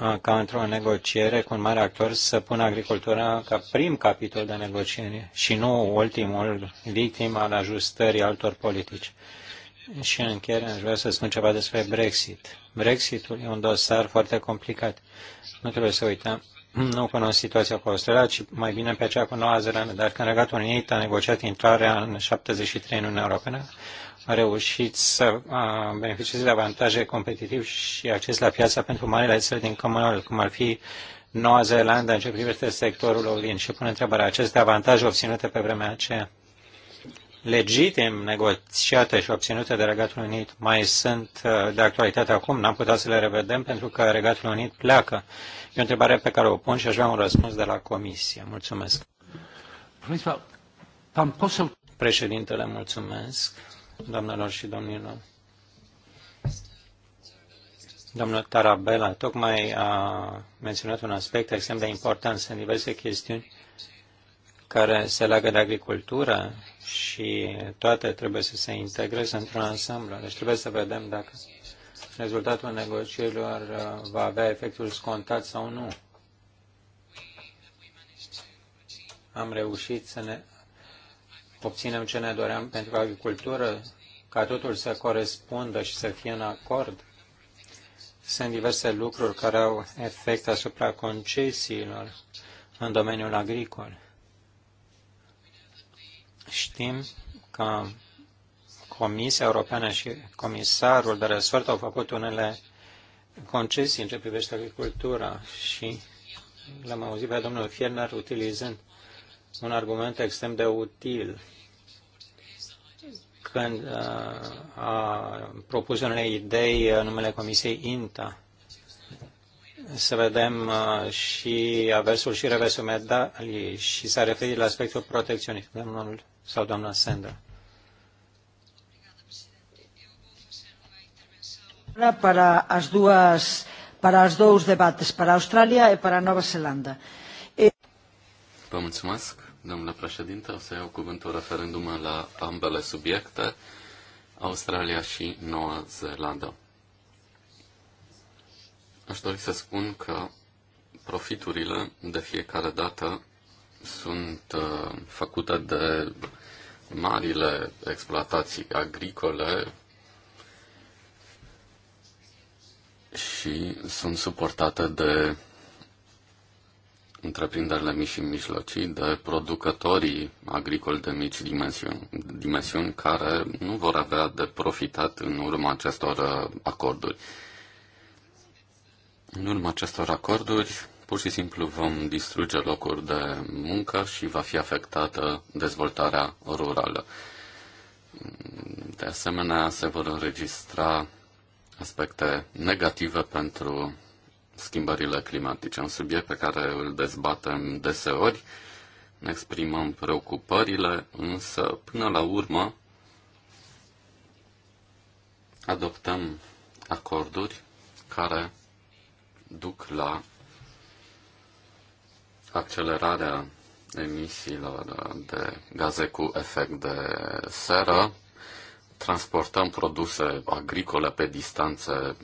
[SPEAKER 3] uh, ca într-o negociere cu un mare actor să pună agricultura ca prim capitol de negociere și nu ultimul victim al ajustării altor politici. Și în încheiere aș vrea să spun ceva despre Brexit. Brexitul e un dosar foarte complicat. Nu trebuie să uităm, nu cunosc situația cu Australia, ci mai bine pe aceea cu Noua Zeelandă, dar când Regatul Unit a negociat intrarea în 73 în Uniunea Europeană, a reușit să beneficieze de avantaje competitiv și acces la piața pentru marile țări din Commonwealth, cum ar fi Noua Zeelandă în ce privește sectorul ovin. Și pun întrebarea, aceste avantaje obținute pe vremea aceea legitim negociate și obținute de Regatul Unit mai sunt uh, de actualitate acum, n-am putea să le revedem pentru că Regatul Unit pleacă. E o întrebare pe care o pun și aș vrea un răspuns de la Comisie. Mulțumesc. Președintele, mulțumesc. Doamnelor și domnilor. Domnul Tarabella tocmai a menționat un aspect extrem de important. Sunt diverse chestiuni care se leagă de agricultură și toate trebuie să se integreze într-un ansamblu. Deci trebuie să vedem dacă rezultatul negocierilor uh, va avea efectul scontat sau nu. Am reușit să ne obținem ce ne doream pentru agricultură, ca totul să corespundă și să fie în acord. Sunt diverse lucruri care au efect asupra concesiilor în domeniul agricol. Știm că Comisia Europeană și comisarul de resort au făcut unele concesii în ce privește agricultura și l-am auzit pe domnul Fierner utilizând un argument extrem de util când uh, a propus unele idei în numele Comisiei INTA. Să vedem uh, și aversul și reversul medaliei și s-a referit la aspectul protecționist. Domnul sau doamna Sender.
[SPEAKER 2] Para as duas, para as dous debates, para Australia e para Nova Zeelandă. E... Vă mulțumesc, domnule președinte. O să iau cuvântul referându-mă la ambele subiecte, Australia și Noua Zeelandă. Aș dori să spun că profiturile de fiecare dată sunt uh, făcute de marile exploatații agricole și sunt suportate de întreprinderile mici și mijlocii, de producătorii agricoli de mici dimensiuni, dimensiuni care nu vor avea de profitat în urma acestor uh, acorduri. În urma acestor acorduri, pur și simplu vom distruge locuri de muncă și va fi afectată dezvoltarea rurală. De asemenea, se vor înregistra aspecte negative pentru schimbările climatice. Un subiect pe care îl dezbatem deseori, ne exprimăm preocupările, însă până la urmă adoptăm acorduri care duc la accelerarea emisiilor de gaze cu efect de seră, transportăm produse agricole pe distanțe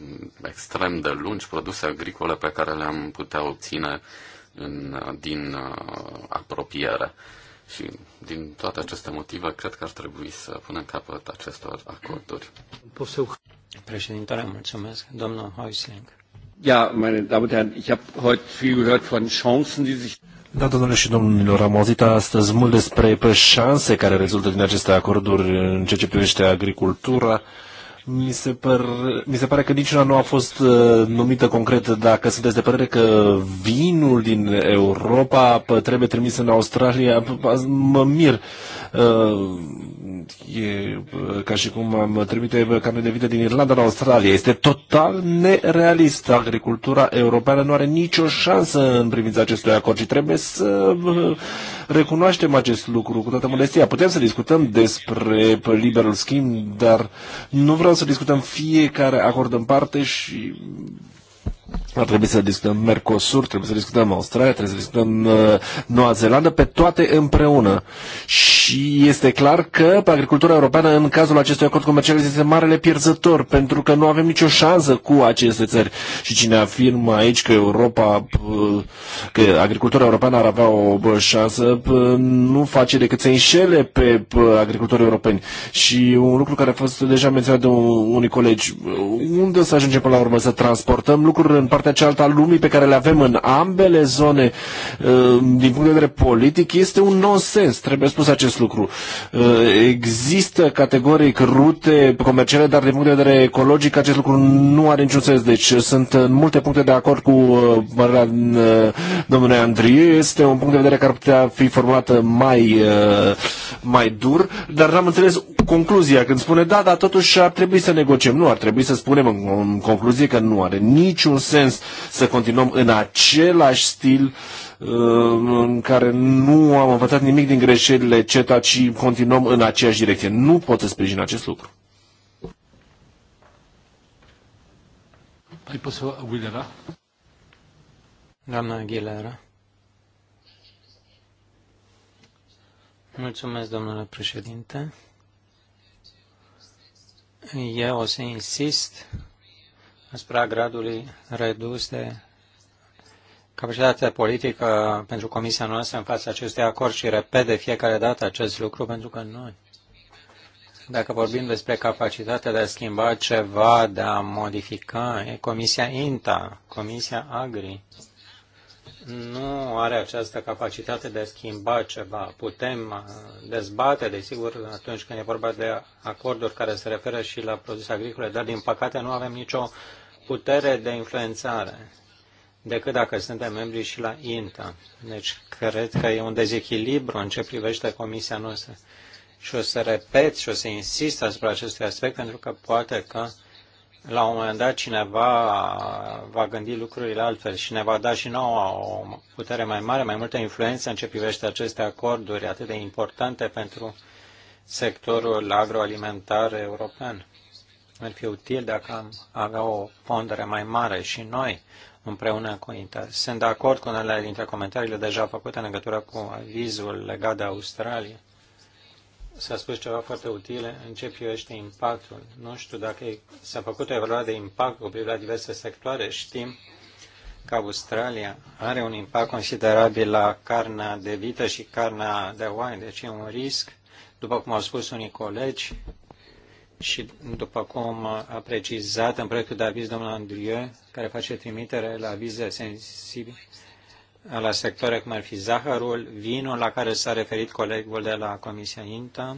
[SPEAKER 2] extrem de lungi, produse agricole pe care le-am putea obține în, din uh, apropiere. Și din toate aceste motive, cred că ar trebui să punem capăt acestor acorduri. Președintele,
[SPEAKER 3] mulțumesc. Domnul Heusling. Ja, meine Damen und Herren, ich
[SPEAKER 1] habe heute viel gehört von Chancen, die sich da, domnule și domnilor, am auzit astăzi mult despre șanse care rezultă din aceste acorduri în ceea ce privește agricultura. Mi se, par, mi se pare că niciuna nu a fost uh, numită concret. Dacă sunteți de părere că vinul din Europa trebuie trimis în Australia, mă mir. Uh, e uh, ca și cum am trimite uh, camion de vită din Irlanda în Australia. Este total nerealist. Agricultura europeană nu are nicio șansă în privința acestui acord și trebuie să recunoaștem acest lucru cu toată modestia. Putem să discutăm despre liberul schimb, dar nu vreau să discutăm fiecare acord în parte și ar trebui să discutăm Mercosur, trebuie să discutăm Australia, trebuie să discutăm uh, Noua Zeelandă, pe toate împreună. Și este clar că pe agricultura europeană, în cazul acestui acord comercial, este marele pierzător, pentru că nu avem nicio șansă cu aceste țări. Și cine afirmă aici că Europa, uh, că agricultura europeană ar avea o uh, șansă, uh, nu face decât să înșele pe agricultorii europeni. Și un lucru care a fost deja menționat de unii colegi, unde să ajungem până la urmă să transportăm lucruri în partea cealaltă a lumii pe care le avem în ambele zone uh, din punct de vedere politic este un nonsens, trebuie spus acest lucru. Uh, există categoric rute comerciale, dar din punct de vedere ecologic acest lucru nu are niciun sens. Deci uh, sunt în multe puncte de acord cu părerea domnului Andrie, este un punct de vedere care ar putea fi format mai, mai dur, dar n-am înțeles concluzia când spune da, dar totuși ar trebui să negociem. Nu, ar trebui să spunem în concluzie că nu are niciun sens să continuăm în același stil uh, în care nu am învățat nimic din greșelile CETA, ci continuăm în aceeași direcție. Nu pot să sprijin acest lucru.
[SPEAKER 3] Ai pus Aguilera? Doamna Aguilera. Mulțumesc, domnule președinte. Eu o să insist asupra gradului redus de capacitatea politică pentru Comisia noastră în fața acestui acord și repet de fiecare dată acest lucru pentru că noi, dacă vorbim despre capacitatea de a schimba ceva, de a modifica, e Comisia INTA, Comisia AGRI, nu are această capacitate de a schimba ceva. Putem uh, dezbate, desigur, atunci când e vorba de acorduri care se referă și la produse agricole, dar din păcate nu avem nicio putere de influențare decât dacă suntem membri și la INTA. Deci cred că e un dezechilibru în ce privește comisia noastră. Și o să repet și o să insist asupra acestui aspect pentru că poate că la un moment dat cineva va gândi lucrurile altfel și ne va da și nouă o putere mai mare, mai multă influență în ce privește aceste acorduri atât de importante pentru sectorul agroalimentar european. Ar fi util dacă am avea o pondere mai mare și noi împreună cu Inter. Sunt de acord cu unele dintre comentariile deja făcute în legătură cu avizul legat de Australia. S-a spus ceva foarte util în ce privește impactul. Nu știu dacă s-a făcut o evaluare de impact cu privire la diverse sectoare. Știm că Australia are un impact considerabil la carnea de vită și carnea de oaie, deci e un risc, după cum au spus unii colegi, și după cum a precizat în proiectul de aviz domnul Andrieu, care face trimitere la avize sensibile, la sectoare cum ar fi zahărul, vinul la care s-a referit colegul de la Comisia INTA.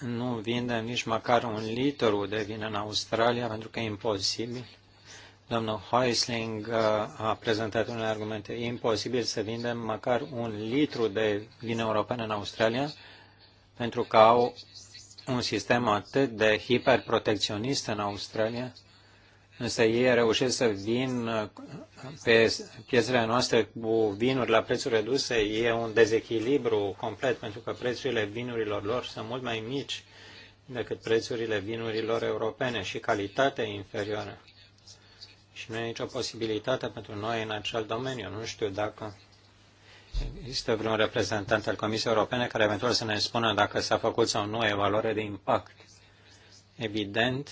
[SPEAKER 3] Nu vindem nici măcar un litru de vin în Australia pentru că e imposibil. Domnul Heusling uh, a prezentat unele argumente. E imposibil să vindem măcar un litru de vin european în Australia pentru că au un sistem atât de hiperprotecționist în Australia, însă ei reușesc să vin pe piețele noastre cu vinuri la prețuri reduse, e un dezechilibru complet, pentru că prețurile vinurilor lor sunt mult mai mici decât prețurile vinurilor europene și calitatea inferioară. Și nu e nicio posibilitate pentru noi în acel domeniu. Nu știu dacă Există vreun reprezentant al Comisiei Europene care eventual să ne spună dacă s-a făcut sau nu evaluare de impact. Evident,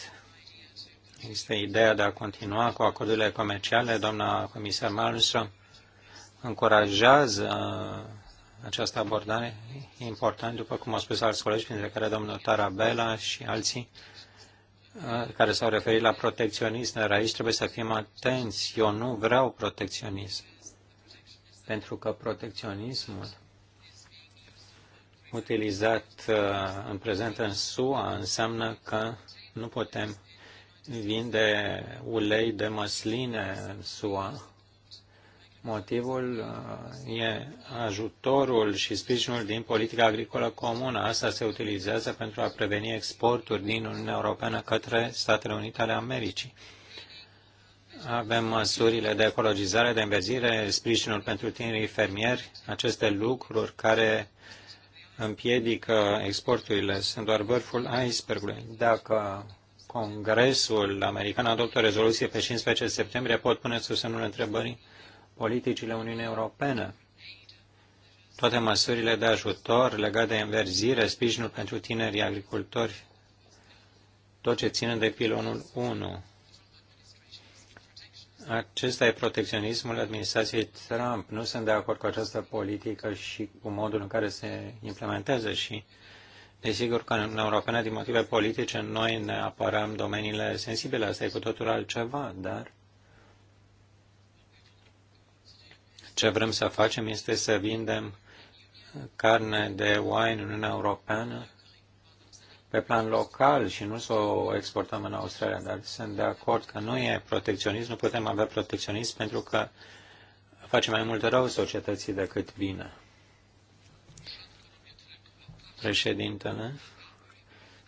[SPEAKER 3] există ideea de a continua cu acordurile comerciale. Doamna comisar Malmström încurajează această abordare. E important, după cum au spus alți colegi, printre care domnul Tarabella și alții, care s-au referit la protecționism, dar aici trebuie să fim atenți. Eu nu vreau protecționism pentru că protecționismul utilizat uh, în prezent în SUA înseamnă că nu putem vinde ulei de măsline în SUA. Motivul uh, e ajutorul și sprijinul din politica agricolă comună. Asta se utilizează pentru a preveni exporturi din Uniunea Europeană către Statele Unite ale Americii. Avem măsurile de ecologizare, de învezire, sprijinul pentru tinerii fermieri, aceste lucruri care împiedică exporturile sunt doar vârful icebergului. Dacă Congresul American adoptă o rezoluție pe 15 septembrie, pot pune sub semnul întrebării politicile Uniunii Europene. Toate măsurile de ajutor legate de înverzire, sprijinul pentru tinerii agricultori, tot ce ține de pilonul 1. Acesta e protecționismul administrației Trump. Nu sunt de acord cu această politică și cu modul în care se implementează și desigur că în Europa, din motive politice, noi ne apărăm domeniile sensibile. Asta e cu totul altceva, dar ce vrem să facem este să vindem carne de oaie în Uniunea Europeană pe plan local și nu să o exportăm în Australia, dar sunt de acord că nu e protecționism, nu putem avea protecționism pentru că face mai mult rău societății decât bine. Președintele,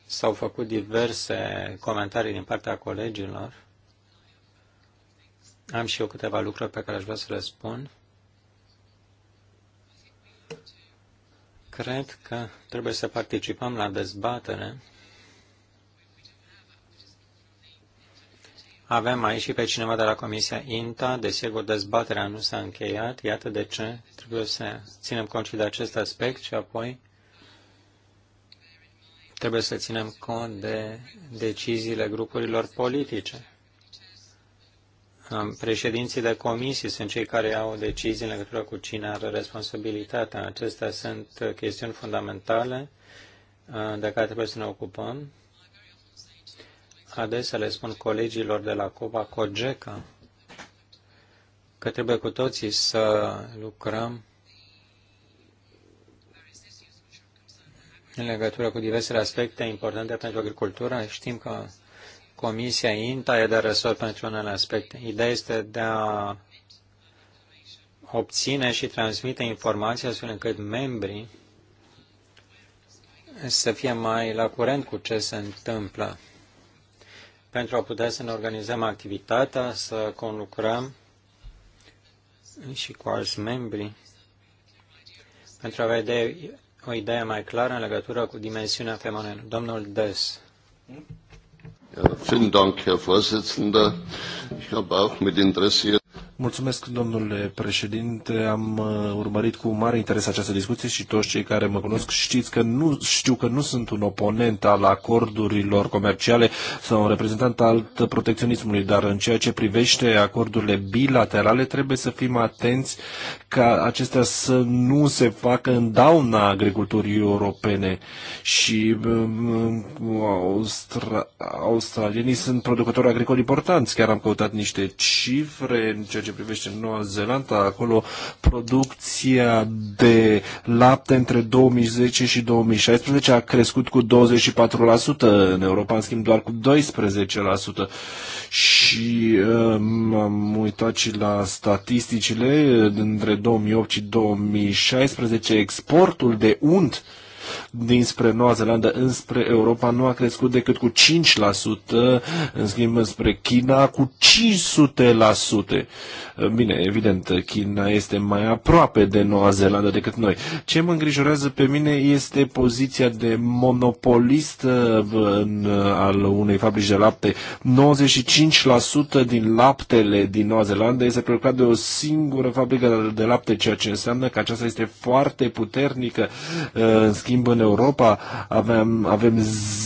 [SPEAKER 3] s-au făcut diverse comentarii din partea colegilor. Am și eu câteva lucruri pe care aș vrea să răspund. Cred că trebuie să participăm la dezbatere. Avem aici și pe cineva de la Comisia INTA, desigur dezbaterea nu s-a încheiat, iată de ce trebuie să ținem cont și de acest aspect și apoi trebuie să ținem cont de deciziile grupurilor politice. Președinții de comisii sunt cei care au decizii în legătură cu cine are responsabilitatea. Acestea sunt uh, chestiuni fundamentale uh, de care trebuie să ne ocupăm. Adesea le spun colegilor de la Copa Cogeca că trebuie cu toții să lucrăm în legătură cu diversele aspecte importante pentru agricultură. Știm că Comisia INTA e de răsor pentru unele aspecte. Ideea este de a obține și transmite informații astfel încât membrii să fie mai la curent cu ce se întâmplă pentru a putea să ne organizăm activitatea, să conlucrăm și cu alți membri pentru a vedea o idee mai clară în legătură cu dimensiunea femeie. Domnul Des. Hmm?
[SPEAKER 2] Ja, vielen Dank, Herr Vorsitzender. Ich habe auch mit Interesse
[SPEAKER 1] Mulțumesc, domnule președinte. Am uh, urmărit cu mare interes această discuție și toți cei care mă cunosc știți că nu, știu că nu sunt un oponent al acordurilor comerciale sau un reprezentant al protecționismului, dar în ceea ce privește acordurile bilaterale trebuie să fim atenți ca acestea să nu se facă în dauna agriculturii europene și um, austra, australienii sunt producători agricoli importanți. Chiar am căutat niște cifre în ceea ce privește Noua Zeelandă. Acolo producția de lapte între 2010 și 2016 a crescut cu 24%, în Europa în schimb doar cu 12%. Și uh, m am uitat și la statisticile între 2008 și 2016 exportul de unt dinspre Noua Zeelandă înspre Europa nu a crescut decât cu 5%, în schimb înspre China cu 500%. Bine, evident, China este mai aproape de Noua Zeelandă decât noi. Ce mă îngrijorează pe mine este poziția de monopolist uh, în, uh, al unei fabrici de lapte. 95% din laptele din Noua Zeelandă este producat de o singură fabrică de lapte, ceea ce înseamnă că aceasta este foarte puternică. Uh, în schimb, în Europa avem, avem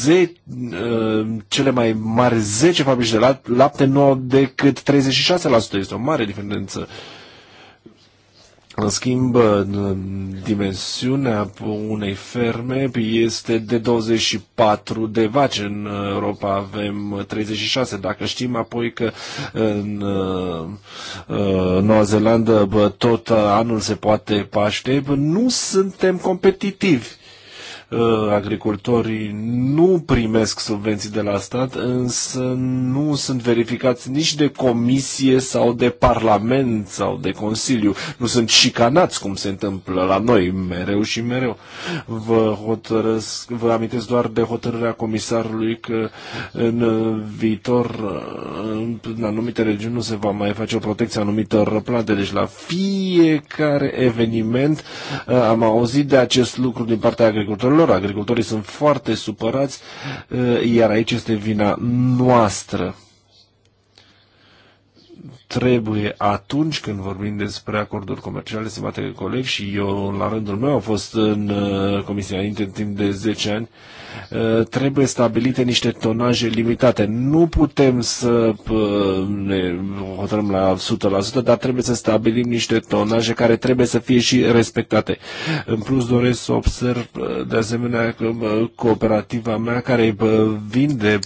[SPEAKER 1] ze, uh, cele mai mari 10 fabrici de lapte nu au decât 36%. Este o mare diferență. În schimb, dimensiunea unei ferme este de 24 de vaci. În Europa avem 36. Dacă știm apoi că în uh, Noua Zeelandă tot anul se poate paște, nu suntem competitivi Uh, agricultorii nu primesc subvenții de la stat, însă nu sunt verificați nici de comisie sau de parlament sau de consiliu. Nu sunt șicanați cum se întâmplă la noi mereu și mereu. Vă, hotărăsc, vă amintesc doar de hotărârea comisarului că în viitor în anumite regiuni nu se va mai face o protecție anumitor plante. Deci la fiecare eveniment uh, am auzit de acest lucru din partea agricultorilor lor. Agricultorii sunt foarte supărați, eh, iar aici este vina noastră trebuie atunci când vorbim despre acorduri comerciale să bate coleg și eu la rândul meu am fost în uh, Comisia înainte în timp de 10 ani, uh, trebuie stabilite niște tonaje limitate. Nu putem să uh, ne hotărâm la 100%, dar trebuie să stabilim niște tonaje care trebuie să fie și respectate. În plus doresc să observ de asemenea cooperativa mea care vinde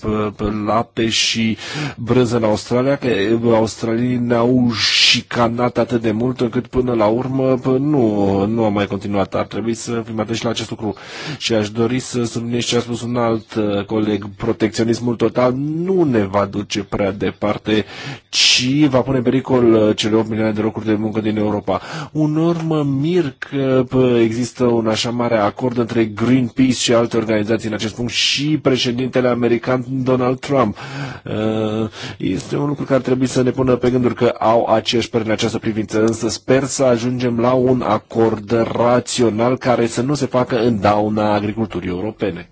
[SPEAKER 1] lapte și brânză în Australia, că australienii ne-au șicanat atât de mult încât până la urmă nu, nu a mai continuat. Ar trebui să fim atenți la acest lucru. Și aș dori să subliniez ce a spus un alt uh, coleg. Protecționismul total nu ne va duce prea departe, ci va pune în pericol uh, cele 8 milioane de locuri de muncă din Europa. Un urmă mir că există un așa mare acord între Greenpeace și alte organizații în acest punct și președintele american Donald Trump. Uh, este un lucru care trebuie să ne pună pe gând pentru că au aceeași părere în această privință, însă sper să ajungem la un acord rațional care să nu se facă în dauna agriculturii europene.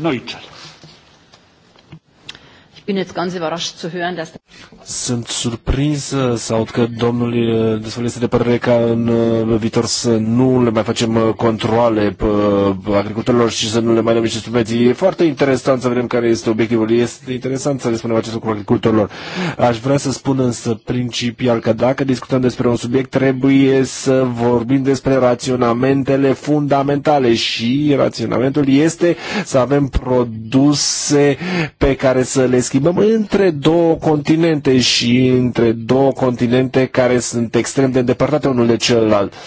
[SPEAKER 1] Neuchel. Sunt surprins să aud că domnul Desfăl este de părere ca în uh, viitor să nu le mai facem uh, controle pe uh, agricultorilor și să nu le mai dăm niște subvenții. E foarte interesant să vedem care este obiectivul. Este interesant să le spunem acest lucru agricultorilor. Aș vrea să spun însă principial că dacă discutăm despre un subiect trebuie să vorbim despre raționamentele fundamentale și raționamentul este să avem produse pe care să le schimbăm schimbăm între două continente și între două continente care sunt extrem de îndepărtate unul de celălalt. Uh,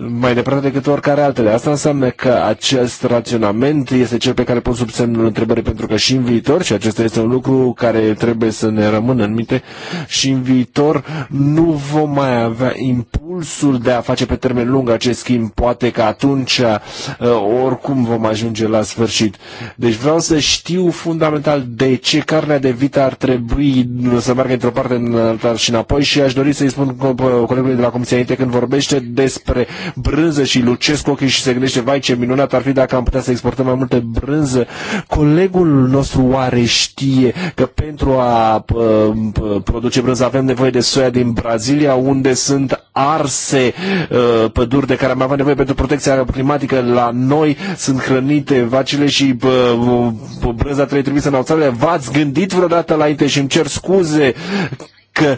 [SPEAKER 1] mai departe decât oricare altele. Asta înseamnă că acest raționament este cel pe care pot sub semnul întrebări pentru că și în viitor, și acesta este un lucru care trebuie să ne rămână în minte, și în viitor nu vom mai avea impulsul de a face pe termen lung acest schimb. Poate că atunci uh, oricum vom ajunge la sfârșit. Deci vreau să știu fundamental de ce carnea de vită ar trebui să meargă într-o parte în alta și înapoi și aș dori să-i spun colegului de la Comisia Inte când vorbește despre brânză și lucesc ochii și se gândește, vai ce minunat ar fi dacă am putea să exportăm mai multe brânză. Colegul nostru oare știe că pentru a produce brânză avem nevoie de soia din Brazilia, unde sunt arse ă, păduri de care am avea nevoie pentru protecția climatică la noi, sunt hrănite vacile și brânza trebuie trimisă în australe. V-ați gândit vreodată la și îmi cer scuze că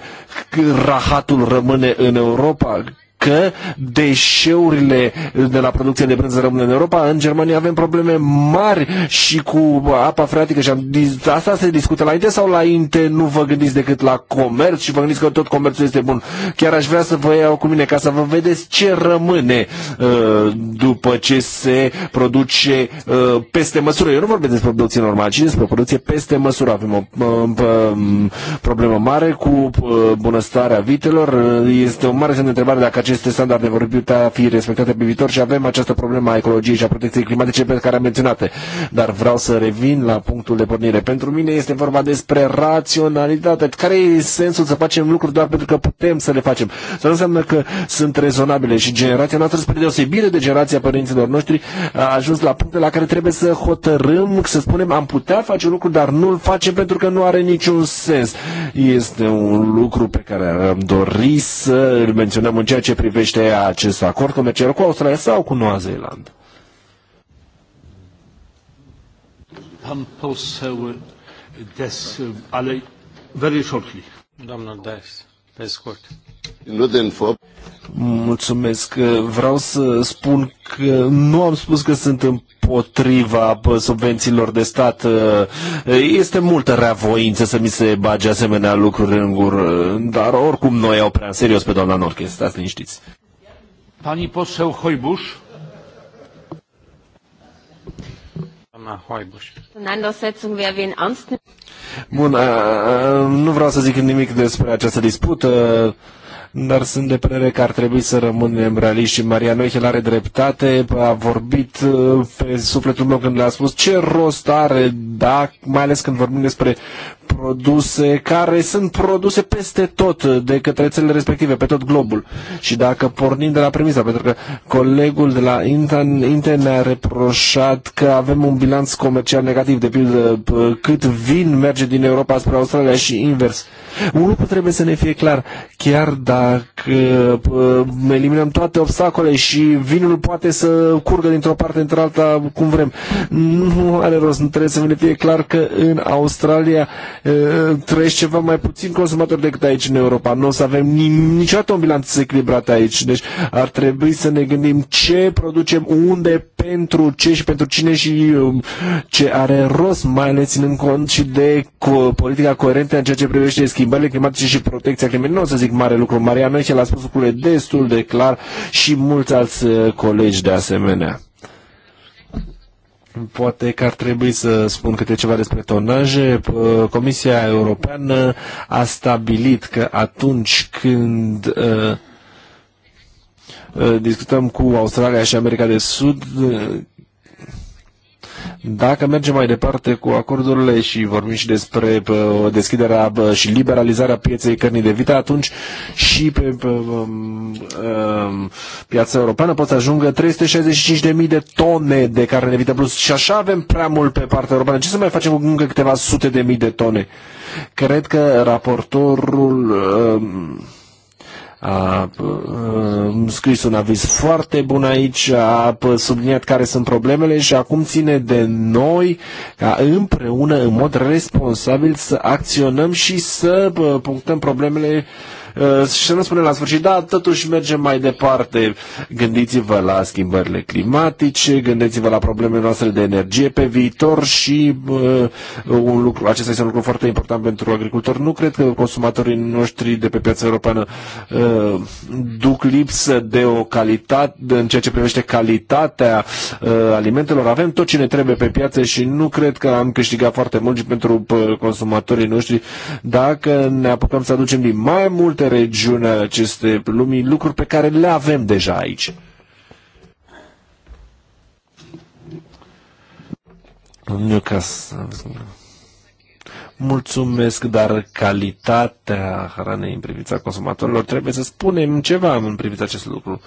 [SPEAKER 1] rahatul rămâne în Europa? că deșeurile de la producția de brânză rămân în Europa. În Germania avem probleme mari și cu apa freatică și am, asta se discută la INTE sau la INTE nu vă gândiți decât la comerț și vă gândiți că tot comerțul este bun. Chiar aș vrea să vă iau cu mine ca să vă vedeți ce rămâne uh, după ce se produce uh, peste măsură. Eu nu vorbesc despre producție normală, ci despre producție peste măsură. Avem o uh, um, um, problemă mare cu uh, bunăstarea vitelor. Uh, este o mare semn de întrebare dacă acest aceste standarde vor putea fi respectate pe viitor și avem această problemă a ecologiei și a protecției climatice pe care am menționat. Dar vreau să revin la punctul de pornire. Pentru mine este vorba despre raționalitate. Care e sensul să facem lucruri doar pentru că putem să le facem? Să nu înseamnă că sunt rezonabile și generația noastră, spre deosebire de generația părinților noștri, a ajuns la puncte la care trebuie să hotărâm, să spunem, am putea face lucru, dar nu-l facem pentru că nu are niciun sens. Este un lucru pe care am dorit să îl menționăm în ceea ce ce privește acest acord comercial cu Australia sau cu Noua Zeelandă? Des, ale very shortly. Doamna
[SPEAKER 3] Dice, pe scurt.
[SPEAKER 1] Mulțumesc. Vreau să spun că nu am spus că sunt împotriva subvențiilor de stat. Este multă reavoință să mi se bage asemenea lucruri în gură, dar oricum noi au prea serios pe doamna Norche, stați liniștiți.
[SPEAKER 2] Pani poseu
[SPEAKER 1] Hoibuș. Bun, nu vreau să zic nimic despre această dispută dar sunt de părere că ar trebui să rămânem realiști și Maria Noichel are dreptate, a vorbit uh, pe sufletul meu când le-a spus ce rost are, da, mai ales când vorbim despre produse care sunt produse peste tot de către țările respective, pe tot globul. Și dacă pornim de la premisa, pentru că colegul de la Inter ne-a reproșat că avem un bilanț comercial negativ, de pildă cât vin merge din Europa spre Australia și invers. Un lucru trebuie să ne fie clar, chiar dacă eliminăm toate obstacole și vinul poate să curgă dintr-o parte într-alta cum vrem, nu are rost, nu trebuie să ne fie clar că în Australia trăiesc ceva mai puțin consumatori decât aici în Europa. Nu o să avem niciodată o bilanță echilibrată aici. Deci ar trebui să ne gândim ce producem, unde, pentru ce și pentru cine și um, ce are rost, mai ales ținând cont și de co- politica coerentă în ceea ce privește schimbările climatice și protecția climatică. Nu o să zic mare lucru. Maria l a spus lucrurile destul de clar și mulți alți uh, colegi de asemenea. Poate că ar trebui să spun câte ceva despre tonaje. Comisia Europeană a stabilit că atunci când uh, uh, discutăm cu Australia și America de Sud, uh, dacă mergem mai departe cu acordurile și vorbim și despre deschiderea și liberalizarea pieței cărnii de vită, atunci și pe um, um, piața europeană poți ajungă 365.000 de tone de carne de vită plus și așa avem prea mult pe partea europeană. Ce să mai facem cu încă câteva sute de mii de tone? Cred că raportorul um, a uh, um, scris un aviz foarte bun aici, a subliniat care sunt problemele și acum ține de noi ca împreună, în mod responsabil, să acționăm și să uh, punctăm problemele Uh, și să nu spunem la sfârșit, da, totuși mergem mai departe. Gândiți-vă la schimbările climatice, gândiți-vă la problemele noastre de energie pe viitor și uh, un lucru, acesta este un lucru foarte important pentru agricultori. Nu cred că consumatorii noștri de pe piața europeană uh, duc lipsă de o calitate, în ceea ce privește calitatea uh, alimentelor. Avem tot ce ne trebuie pe piață și nu cred că am câștigat foarte mult și pentru uh, consumatorii noștri dacă ne apucăm să aducem din mai multe alte regiuni ale lumii, lucruri pe care le avem deja aici. Mulțumesc, dar calitatea hranei în privința consumatorilor trebuie să spunem ceva în privința acest lucru.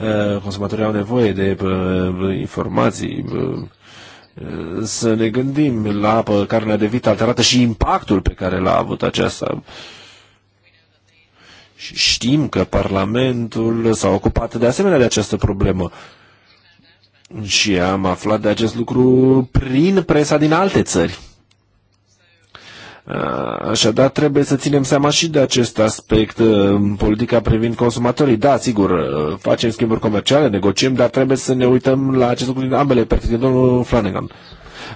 [SPEAKER 1] Uh, consumatorii au nevoie de uh, informații, uh, să ne gândim la care ne a devit alterată și impactul pe care l-a avut aceasta știm că Parlamentul s-a ocupat de asemenea de această problemă. Și am aflat de acest lucru prin presa din alte țări. Așadar, trebuie să ținem seama și de acest aspect în politica privind consumatorii. Da, sigur, facem schimburi comerciale, negociem, dar trebuie să ne uităm la acest lucru din ambele perspective. Domnul Flanagan. Uh,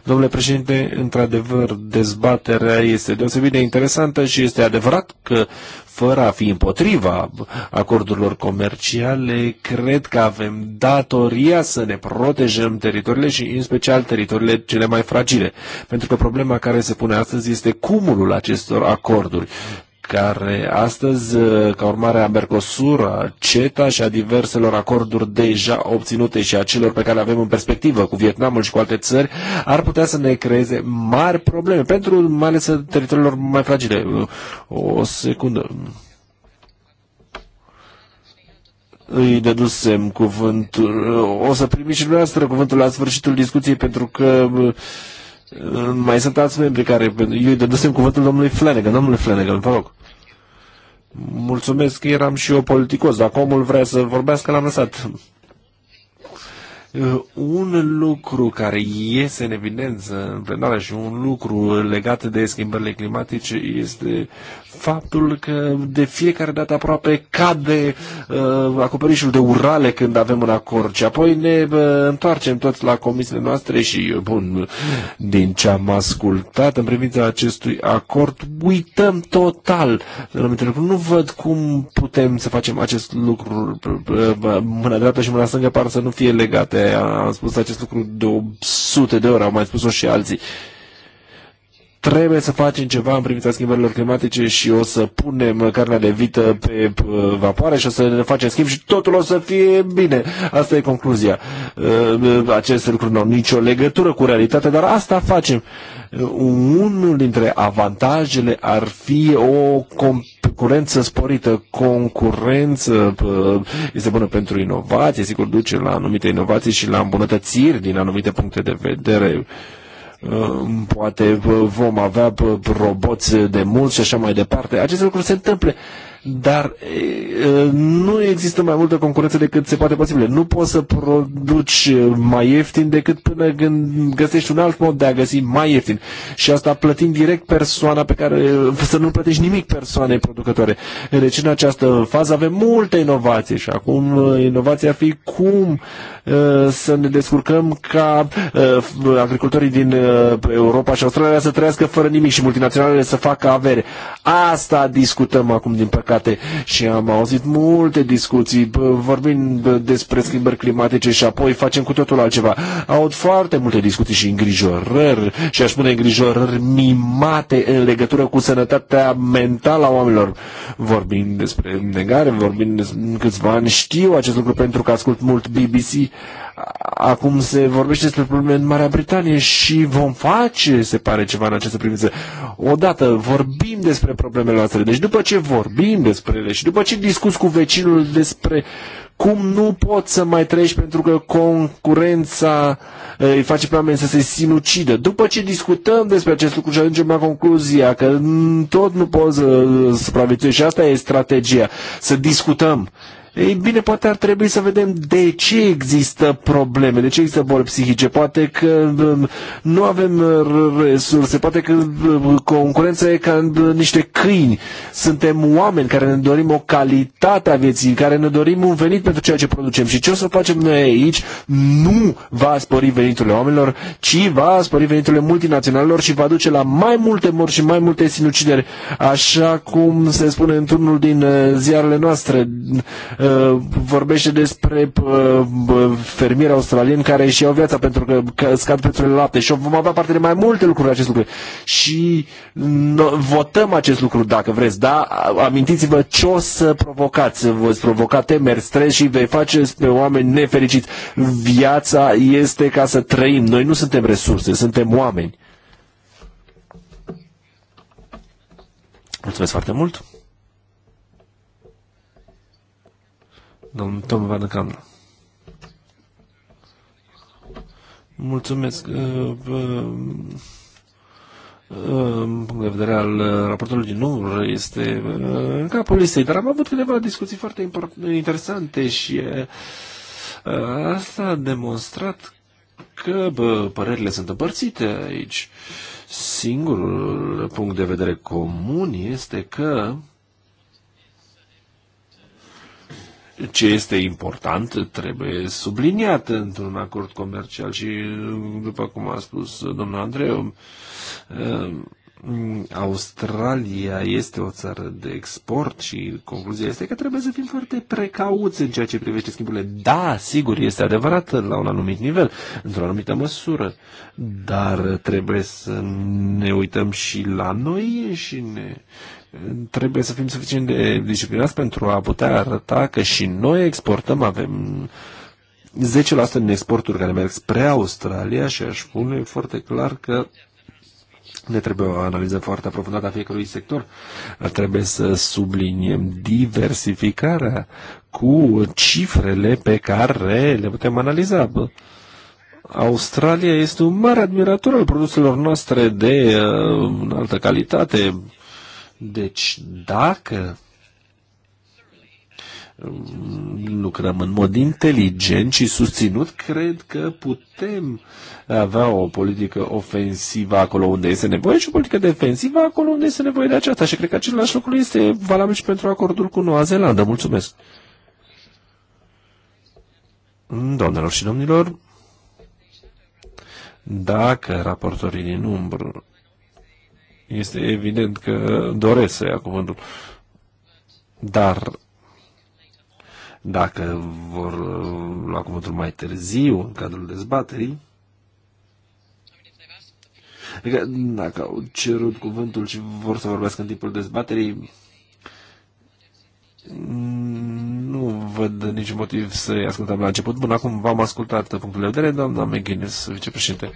[SPEAKER 1] Domnule președinte, într-adevăr, dezbaterea este deosebit de interesantă și este adevărat că fără a fi împotriva acordurilor comerciale, cred că avem datoria să ne protejăm teritoriile și în special teritoriile cele mai fragile. Pentru că problema care se pune astăzi este cumulul acestor acorduri care astăzi, uh, ca urmare a Mercosur, a CETA și a diverselor acorduri deja obținute și a celor pe care le avem în perspectivă cu Vietnamul și cu alte țări, ar putea să ne creeze mari probleme, pentru mai ales teritoriilor mai fragile. O secundă îi dedusem cuvântul. O să primiți și dumneavoastră cuvântul la sfârșitul discuției pentru că uh, mai sunt alți membri care... Eu îi dădusem cuvântul domnului Flanagan. Domnule Flanagan, vă rog. Mulțumesc, eram și eu politicos. Dacă omul vrea să vorbească, l-am lăsat. Uh, un lucru care iese în evidență în plenară și un lucru legat de schimbările climatice este faptul că de fiecare dată aproape cade uh, acoperișul de urale când avem un acord și apoi ne uh, întoarcem toți la comisiile noastre și, uh, bun, din ce am ascultat în privința acestui acord, uităm total. Nu văd cum putem să facem acest lucru. Uh, mâna dreaptă și mâna stângă par să nu fie legate am spus acest lucru de 100 de ori, au mai spus-o și alții trebuie să facem ceva în privința schimbărilor climatice și o să punem carnea de vită pe uh, vapoare și o să ne facem schimb și totul o să fie bine. Asta e concluzia. Uh, uh, Aceste lucruri nu au nicio legătură cu realitatea, dar asta facem. Unul dintre avantajele ar fi o concurență sporită. Concurență este bună pentru inovație, sigur duce la anumite inovații și la îmbunătățiri din anumite puncte de vedere poate vom avea roboți de mulți și așa mai departe. Aceste lucruri se întâmplă dar nu există mai multă concurență decât se poate posibil. Nu poți să produci mai ieftin decât până când găsești un alt mod de a găsi mai ieftin. Și asta plătind direct persoana pe care să nu plătești nimic persoanei producătoare. Deci în această fază avem multe inovații și acum inovația fi cum să ne descurcăm ca agricultorii din Europa și Australia să trăiască fără nimic și multinaționalele să facă avere. Asta discutăm acum, din păcate păcate. Și am auzit multe discuții, vorbind despre schimbări climatice și apoi facem cu totul altceva. Aud foarte multe discuții și îngrijorări, și aș spune îngrijorări mimate în legătură cu sănătatea mentală a oamenilor. Vorbind despre negare, vorbind câțiva ani, știu acest lucru pentru că ascult mult BBC, Acum se vorbește despre probleme în Marea Britanie și vom face, se pare, ceva în această privință. Odată vorbim despre problemele noastre, deci după ce vorbim despre ele și după ce discuți cu vecinul despre cum nu poți să mai trăiești pentru că concurența eh, îi face pe oameni să se sinucidă. După ce discutăm despre acest lucru și ajungem la concluzia că tot nu poți să supraviețuiești și asta e strategia, să discutăm ei bine, poate ar trebui să vedem de ce există probleme, de ce există boli psihice. Poate că um, nu avem uh, resurse, poate că um, concurența e ca uh, niște câini. Suntem oameni care ne dorim o calitate a vieții, care ne dorim un venit pentru ceea ce producem. Și ce o să facem noi aici nu va spori veniturile oamenilor, ci va spori veniturile multinaționalilor și va duce la mai multe morți, și mai multe sinucideri, așa cum se spune într-unul din uh, ziarele noastre Uh, vorbește despre uh, fermieri australieni care își iau viața pentru că scad prețurile la lapte și vom avea parte de mai multe lucruri acest lucru. Și votăm acest lucru dacă vreți, da? Amintiți-vă ce o să provocați. Vă provoca temeri, stres și vei face pe oameni nefericiți. Viața este ca să trăim. Noi nu suntem resurse, suntem oameni. Mulțumesc foarte mult! domnul Tom Van Camla. Mulțumesc. Uh, uh, uh, în punct de vedere al raportului din UR este în capul listei, dar am avut câteva discuții foarte interesante și asta a demonstrat că bă, părerile sunt împărțite aici. Singurul punct de vedere comun este că ce este important trebuie subliniat într-un acord comercial și, după cum a spus domnul Andreu, Australia este o țară de export și concluzia este că trebuie să fim foarte precauți în ceea ce privește schimburile. Da, sigur, este adevărat la un anumit nivel, într-o anumită măsură, dar trebuie să ne uităm și la noi și ne trebuie să fim suficient de disciplinați pentru a putea arăta că și noi exportăm, avem 10% din exporturi care merg spre Australia și aș spune foarte clar că ne trebuie o analiză foarte aprofundată a fiecărui sector. Trebuie să subliniem diversificarea cu cifrele pe care le putem analiza. Australia este un mare admirator al produselor noastre de uh, altă calitate. Deci, dacă lucrăm în mod inteligent și susținut, cred că putem avea o politică ofensivă acolo unde este nevoie și o politică defensivă acolo unde este nevoie de aceasta. Și cred că același lucru este valabil și pentru acordul cu Noua Zeelandă. Mulțumesc! Doamnelor și domnilor, dacă raportorii din umbră este evident că doresc să ia cuvântul, dar dacă vor lua cuvântul mai târziu, în cadrul dezbaterii, Adică, dacă au cerut cuvântul și vor să vorbească în timpul dezbaterii, Mm, nu văd niciun motiv să-i ascultăm la început. Bun, acum v-am ascultat punctul de vedere, doamna McGuinness, vicepreședinte.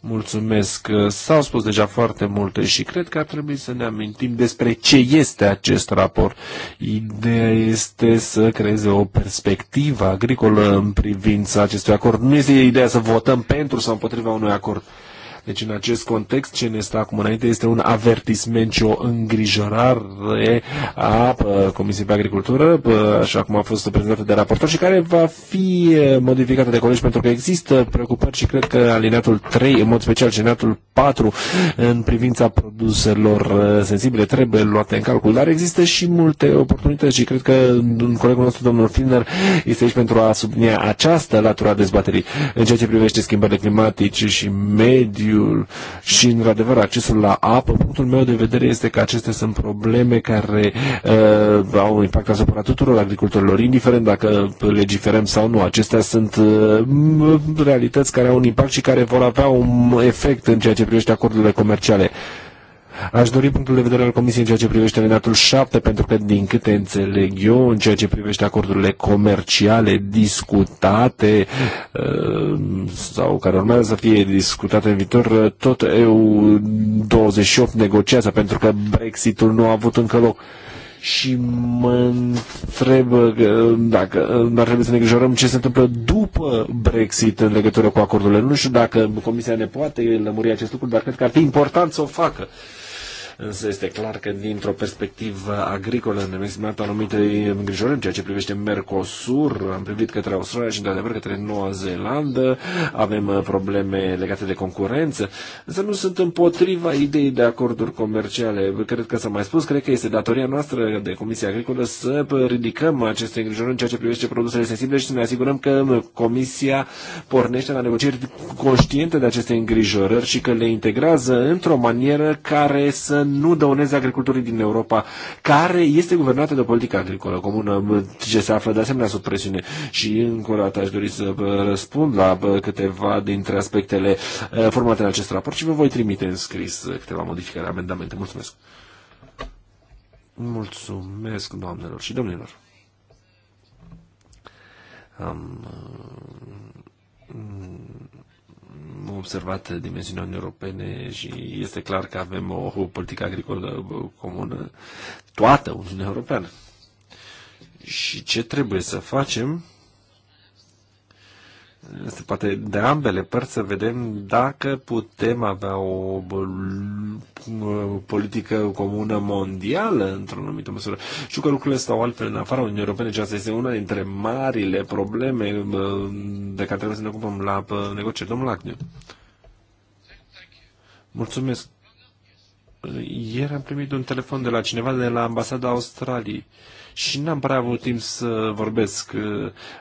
[SPEAKER 1] Mulțumesc. S-au spus deja foarte multe și cred că ar trebui să ne amintim despre ce este acest raport. Ideea este să creeze o perspectivă agricolă în privința acestui acord. Nu este ideea să votăm pentru sau împotriva unui acord. Deci în acest context ce ne stă acum înainte este un avertisment și o îngrijorare a uh, Comisiei pe Agricultură, uh, așa cum a fost prezentată de raportor și care va fi uh, modificată de colegi pentru că există preocupări și cred că alineatul 3, în mod special alineatul 4 în privința produselor sensibile trebuie luate în calcul, dar există și multe oportunități și cred că un colegul nostru, domnul Finner este aici pentru a sublinia această latura dezbaterii în ceea ce privește schimbările climatice și mediu mediul și, într-adevăr, accesul la apă, punctul meu de vedere este că acestea sunt probleme care uh, au un impact asupra tuturor agricultorilor, indiferent dacă legiferăm sau nu. Acestea sunt uh, realități care au un impact și care vor avea un efect în ceea ce privește acordurile comerciale. Aș dori punctul de vedere al Comisiei în ceea ce privește alineatul 7, pentru că, din câte înțeleg eu, în ceea ce privește acordurile comerciale discutate uh, sau care urmează să fie discutate în viitor, uh, tot EU28 negociază, pentru că Brexitul nu a avut încă loc și mă întreb uh, dacă ar trebui să ne grijorăm ce se întâmplă după Brexit în legătură cu acordurile. Nu știu dacă Comisia ne poate lămuri acest lucru, dar cred că ar fi important să o facă. Însă este clar că dintr-o perspectivă agricolă ne-am exprimat anumite îngrijorări în ceea ce privește Mercosur. Am privit către Australia și, într-adevăr, către Noua Zeelandă. Avem uh, probleme legate de concurență. Însă nu sunt împotriva ideii de acorduri comerciale. Cred că s-a mai spus, cred că este datoria noastră de Comisia Agricolă să ridicăm aceste îngrijorări în ceea ce privește produsele sensibile și să ne asigurăm că uh, Comisia pornește la negocieri conștiente de aceste îngrijorări și că le integrează într-o manieră care să nu dăuneze agriculturii din Europa, care este guvernată de o politică agricolă comună, ce se află de asemenea sub presiune. Și încă o dată aș dori să răspund la câteva dintre aspectele uh, formate în acest raport și vă voi trimite în scris câteva modificări, amendamente. Mulțumesc! Mulțumesc, doamnelor și domnilor! Am uh, observat dimensiunea Uniunii Europene și este clar că avem o politică agricolă comună toată Uniunea Europeană. Și ce trebuie să facem se poate de ambele părți să vedem dacă putem avea o, politică comună mondială într-o anumită măsură. Știu că lucrurile stau altfel în afara Uniunii Europene și asta este una dintre marile probleme uh, de care trebuie să ne ocupăm la uh, negocieri. Domnul Acniu. Mulțumesc. Ieri am primit un telefon de la cineva de la ambasada Australiei. Uh, și n-am prea avut timp să vorbesc.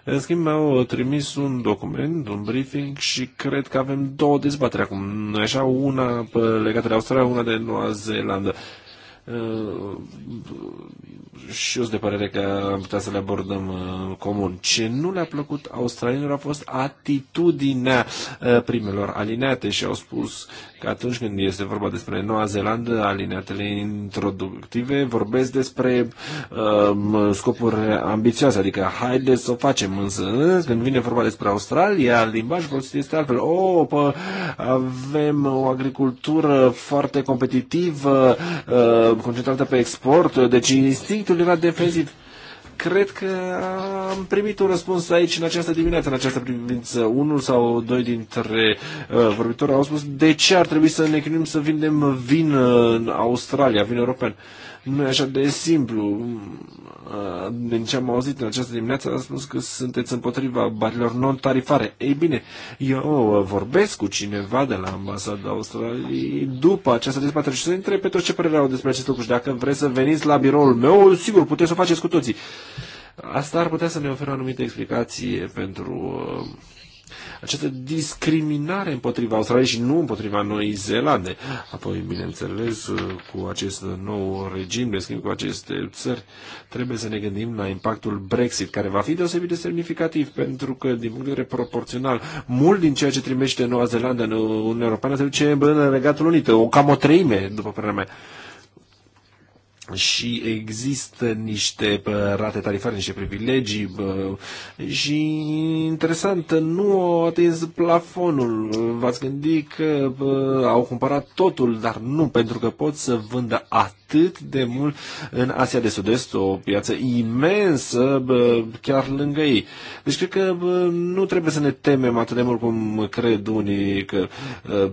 [SPEAKER 1] În schimb, mi-au trimis un document, un briefing și cred că avem două dezbatere acum. Așa, una legată de Australia, una de Noua Zeelandă. Uh, și eu sunt de părere că am putea să le abordăm uh, în comun. Ce nu le-a plăcut australienilor a fost atitudinea uh, primelor alineate și au spus că atunci când este vorba despre Noua Zeelandă, alineatele introductive vorbesc despre um, scopuri ambițioase, adică haideți să o facem, însă când vine vorba despre Australia, limbajul folosit este altfel. O, pă, avem o agricultură foarte competitivă, uh, concentrată pe export, deci instinctul era defensiv. Cred că am primit un răspuns aici în această dimineață, în această privință. Unul sau doi dintre uh, vorbitori au spus de ce ar trebui să ne chinuim să vindem vin uh, în Australia, vin european. Uh, nu e așa de simplu. Din ce am auzit în această dimineață, a spus că sunteți împotriva barilor non-tarifare. Ei bine, eu vorbesc cu cineva de la ambasada Australiei după această dezbatere și să întreb pe toți ce părere au despre acest lucru și dacă vreți să veniți la biroul meu, sigur, puteți să o faceți cu toții. Asta ar putea să ne ofere anumite explicații pentru uh, această discriminare împotriva Australiei și nu împotriva Noii Zeelande. Apoi, bineînțeles, cu acest nou regim de schimb cu aceste țări, trebuie să ne gândim la impactul Brexit, care va fi deosebit de semnificativ, pentru că, din punct de vedere proporțional, mult din ceea ce trimește Noua Zeelandă în Uniunea Europeană se duce în Regatul Unit, o cam o treime, după părerea mea și există niște rate tarifare, niște privilegii și interesant, nu au atins plafonul. V-ați gândit că au cumpărat totul, dar nu, pentru că pot să vândă atât atât de mult în Asia de Sud-Est, o piață imensă chiar lângă ei. Deci cred că nu trebuie să ne temem atât de mult cum cred unii că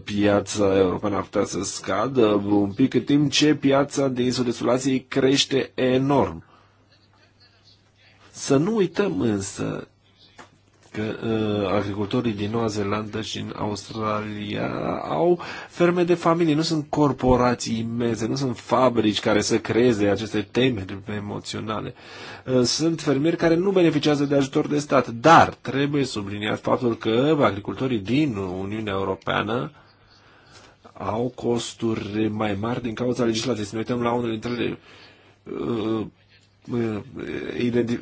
[SPEAKER 1] piața europeană ar putea să scadă un pic, în timp ce piața din sud-estul Asiei crește enorm. Să nu uităm însă că uh, agricultorii din Noua Zeelandă și în Australia au ferme de familie, nu sunt corporații imense, nu sunt fabrici care să creeze aceste teme emoționale. Uh, sunt fermieri care nu beneficiază de ajutor de stat, dar trebuie subliniat faptul că agricultorii din Uniunea Europeană au costuri mai mari din cauza legislației. Să ne uităm la unele dintre ele, uh, Uh,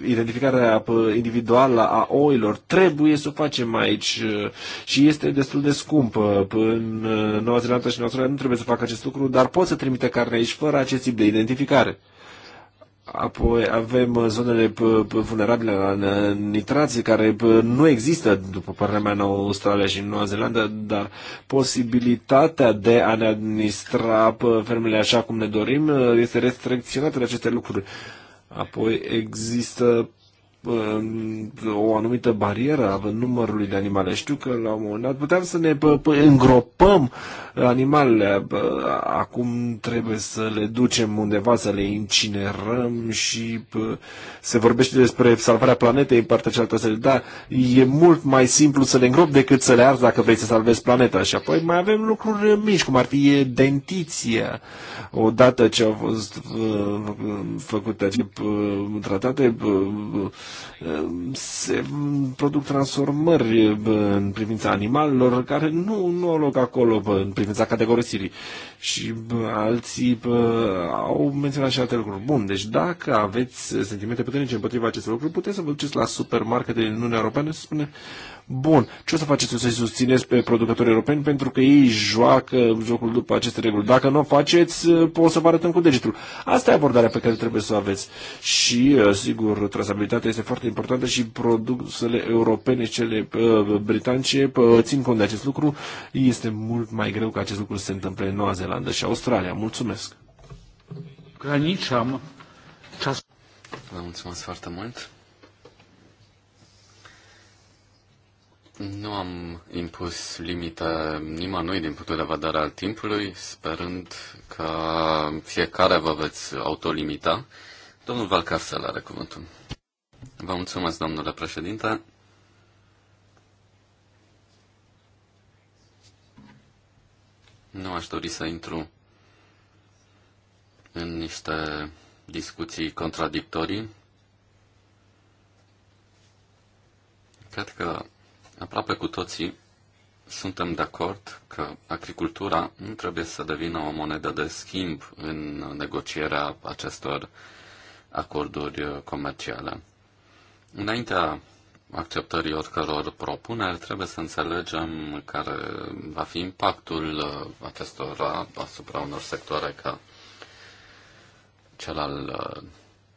[SPEAKER 1] identificarea individuală a oilor. Trebuie să o facem aici uh, și este destul de scumpă. În uh, Noua Zeelandă și în Australia nu trebuie să facă acest lucru, dar pot să trimite carne aici fără acest tip de identificare. Apoi avem zonele vulnerabile la nitrații care nu există, după părerea mea, în Australia și în Noua Zeelandă, dar posibilitatea de a ne administra fermele așa cum ne dorim este restricționată de aceste lucruri. Apoi există o anumită barieră a numărului de animale. Știu că la un moment dat puteam să ne îngropăm animalele. Acum trebuie să le ducem undeva, să le incinerăm și se vorbește despre salvarea planetei în partea cealaltă. Să da, e mult mai simplu să le îngrop decât să le arzi dacă vrei să salvezi planeta. Și apoi mai avem lucruri mici, cum ar fi dentiția. Odată ce au fost făcute aceste tratate, se produc transformări eh, în privința animalelor care nu, nu au loc acolo în privința categorisirii. Și alții au menționat și alte lucruri. Bun, deci dacă aveți sentimente puternice împotriva acestor lucruri, puteți să vă duceți la supermarket din Uniunea Europeană și să spune Bun, ce o să faceți? O să-i susțineți pe producătorii europeni pentru că ei joacă jocul după aceste reguli. Dacă nu o faceți, eh, o să vă arătăm cu degetul. Asta e abordarea pe care trebuie să o aveți. Și, eh, sigur, trasabilitatea este foarte importantă și produsele europene, cele uh, britanice, uh, țin cont de acest lucru. Este mult mai greu ca acest lucru să se întâmple în Noua Zeelandă și Australia. Mulțumesc! Graniceam.
[SPEAKER 2] Vă mulțumesc foarte mult. Nu am impus limită nimănui din punctul de vedere al timpului, sperând că fiecare vă veți autolimita. Domnul Valcarcel are cuvântul. Vă mulțumesc, domnule președinte. Nu aș dori să intru în niște discuții contradictorii. Cred că Aproape cu toții suntem de acord că agricultura nu trebuie să devină o monedă de schimb în negocierea acestor acorduri comerciale. Înaintea acceptării oricăror propuneri, trebuie să înțelegem care va fi impactul acestora asupra unor sectoare ca cel al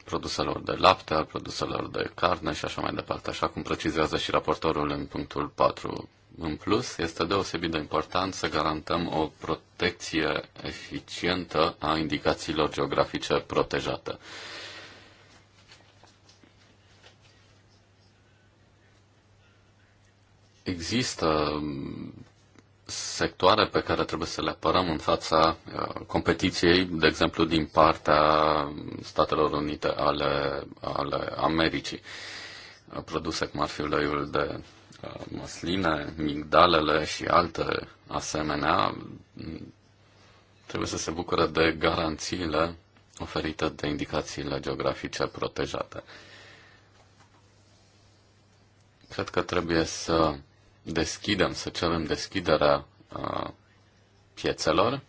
[SPEAKER 2] produselor de lapte, al produselor de carne și așa mai departe. Așa cum precizează și raportorul în punctul 4 în plus, este deosebit de important să garantăm o protecție eficientă a indicațiilor geografice protejate. Există sectoare pe care trebuie să le apărăm în fața uh, competiției, de exemplu, din partea Statelor Unite ale, ale Americii. Uh, produse cum ar fi uleiul de uh, măsline, migdalele și alte asemenea trebuie să se bucură de garanțiile oferite de indicațiile geografice protejate. Cred că trebuie să deschidem, să cerem deschiderea piețelor.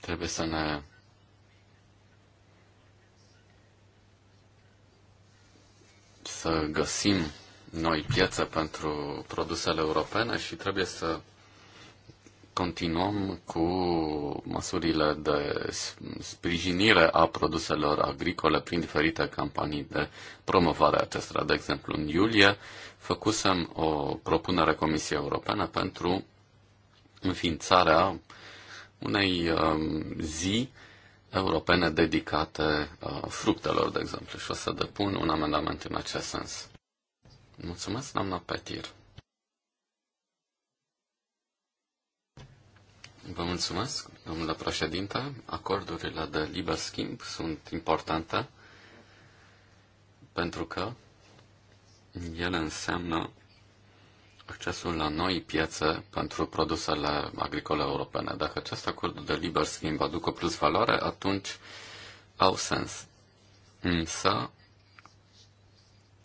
[SPEAKER 2] Trebuie să ne să găsim noi piețe pentru produsele europene și trebuie să continuăm cu măsurile de sprijinire a produselor agricole prin diferite campanii de promovare a acestora. De exemplu, în iulie făcusem o propunere Comisiei Europene pentru înființarea unei um, zi europene dedicate uh, fructelor, de exemplu, și o să depun un amendament în acest sens. Mulțumesc, doamna Petir. Vă mulțumesc, domnule președinte. Acordurile de liber schimb sunt importante pentru că ele înseamnă accesul la noi piețe pentru produsele agricole europene. Dacă acest acord de liber schimb aducă plus valoare, atunci au sens. Însă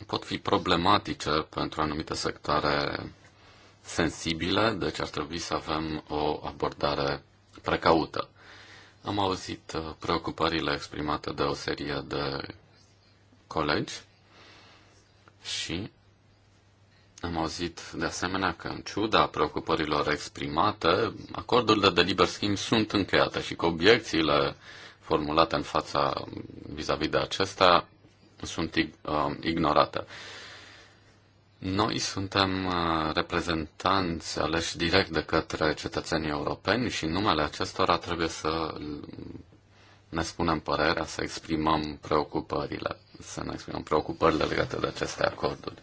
[SPEAKER 2] pot fi problematice pentru anumite sectoare sensibile, deci ar trebui să avem o abordare precaută. Am auzit uh, preocupările exprimate de o serie de colegi și am auzit de asemenea că, în ciuda preocupărilor exprimate, acordurile de liber schimb sunt încheiate și că obiecțiile formulate în fața vis-a-vis -vis de acestea sunt uh, ignorate. Noi suntem uh, reprezentanți aleși direct de către cetățenii europeni și numele acestora trebuie să ne spunem părerea, să exprimăm preocupările, să ne exprimăm preocupările legate de aceste acorduri.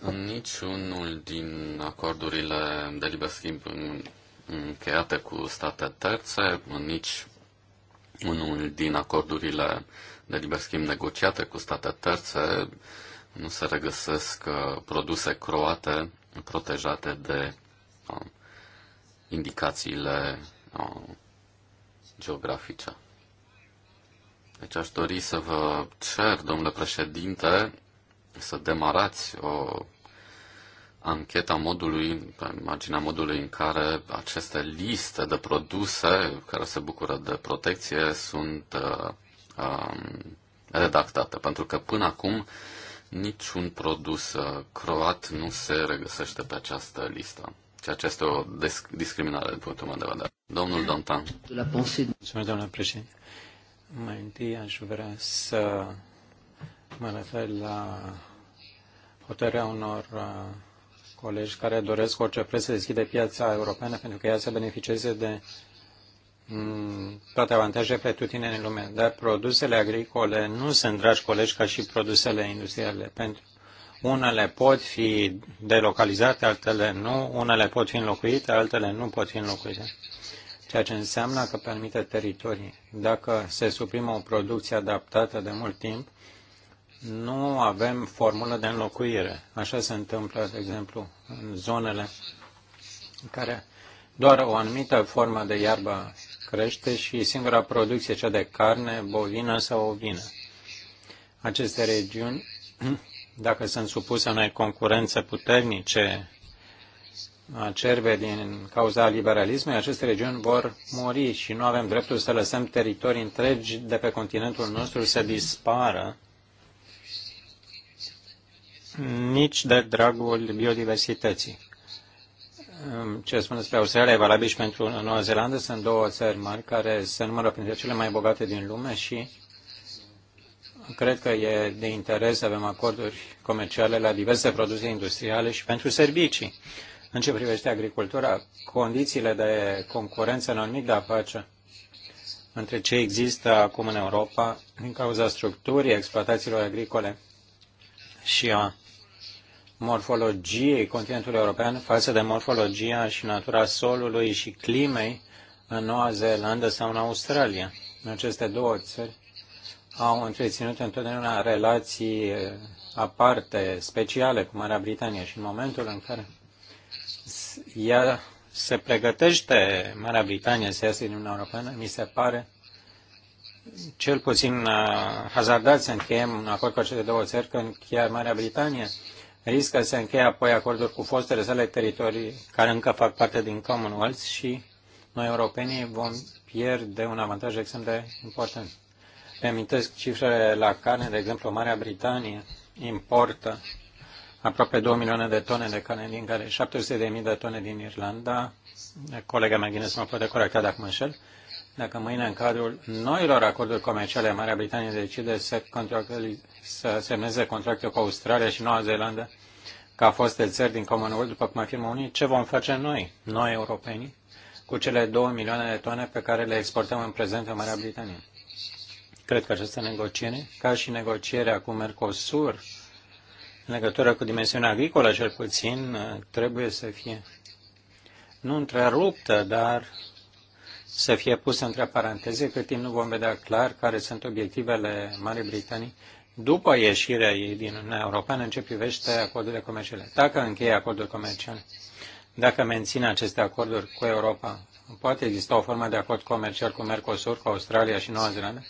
[SPEAKER 2] În niciunul din acordurile de liber schimb încheiate cu state terțe, în nici unul din acordurile de liber schimb negociate cu state terțe, nu se regăsesc uh, produse croate protejate de uh, indicațiile uh, geografice. Deci aș dori să vă cer, domnule președinte, să demarați o ancheta modului, pe modului în care aceste liste de produse care se bucură de protecție sunt uh, um, redactate. Pentru că până acum uh, niciun produs uh, croat nu se regăsește pe această listă. Ceea ce este o discriminare din punctul meu de vedere. Domnul Dantan.
[SPEAKER 3] Mulțumesc, domnule președinte. Mai întâi aș vrea să mă refer la hotărârea unor uh, colegi care doresc orice preț să deschide piața europeană pentru că ea să beneficieze de Mm, toate pe tutine în lume, dar produsele agricole nu sunt, dragi colegi, ca și produsele industriale, pentru unele pot fi delocalizate, altele nu, unele pot fi înlocuite, altele nu pot fi înlocuite. Ceea ce înseamnă că pe anumite teritorii, dacă se suprimă o producție adaptată de mult timp, nu avem formulă de înlocuire. Așa se întâmplă, de exemplu, în zonele în care doar o anumită formă de iarbă crește și singura producție, cea de carne, bovină sau ovină. Aceste regiuni, dacă sunt supuse unei concurențe puternice cerve din cauza liberalismului, aceste regiuni vor muri și nu avem dreptul să lăsăm teritorii întregi de pe continentul nostru să dispară nici de dragul biodiversității ce spun despre Australia e valabil și pentru Noua Zeelandă. Sunt două țări mari care se numără printre cele mai bogate din lume și cred că e de interes să avem acorduri comerciale la diverse produse industriale și pentru servicii. În ce privește agricultura, condițiile de concurență în anumit de aface între ce există acum în Europa din cauza structurii exploatațiilor agricole și a morfologiei continentului european față de morfologia și natura solului și climei în Noua Zeelandă sau în Australia. În aceste două țări au întreținut întotdeauna relații eh, aparte, speciale cu Marea Britanie și în momentul în care ea se pregătește Marea Britanie să iasă din Uniunea Europeană, mi se pare cel puțin eh, hazardat să încheiem un acord cu aceste două țări, când chiar Marea Britanie riscă să încheie apoi acorduri cu fostele sale teritorii care încă fac parte din Commonwealth și noi europenii vom pierde un avantaj extrem de important. Reamintesc cifrele la carne, de exemplu, Marea Britanie importă aproape 2 milioane de tone de carne, din care 700.000 de tone din Irlanda. Colega mea, Guinness, mă poate corecta dacă mă înșel. Dacă mâine, în cadrul noilor acorduri comerciale, Marea Britanie decide să să semneze contracte cu Australia și Noua Zeelandă ca foste țări din Commonwealth, după cum afirmă unii, ce vom face noi, noi europenii, cu cele 2 milioane de tone pe care le exportăm în prezent în Marea Britanie. Cred că această negociere, ca și negocierea cu Mercosur, în legătură cu dimensiunea agricolă, cel puțin, trebuie să fie nu întreruptă, dar să fie pusă între paranteze, cât timp nu vom vedea clar care sunt obiectivele Marii Britanii după ieșirea ei din Uniunea Europeană în ce privește acordurile comerciale. Dacă încheie acorduri comerciale, dacă menține aceste acorduri cu Europa, poate exista o formă de acord comercial cu Mercosur, cu Australia și Noua Zeelandă.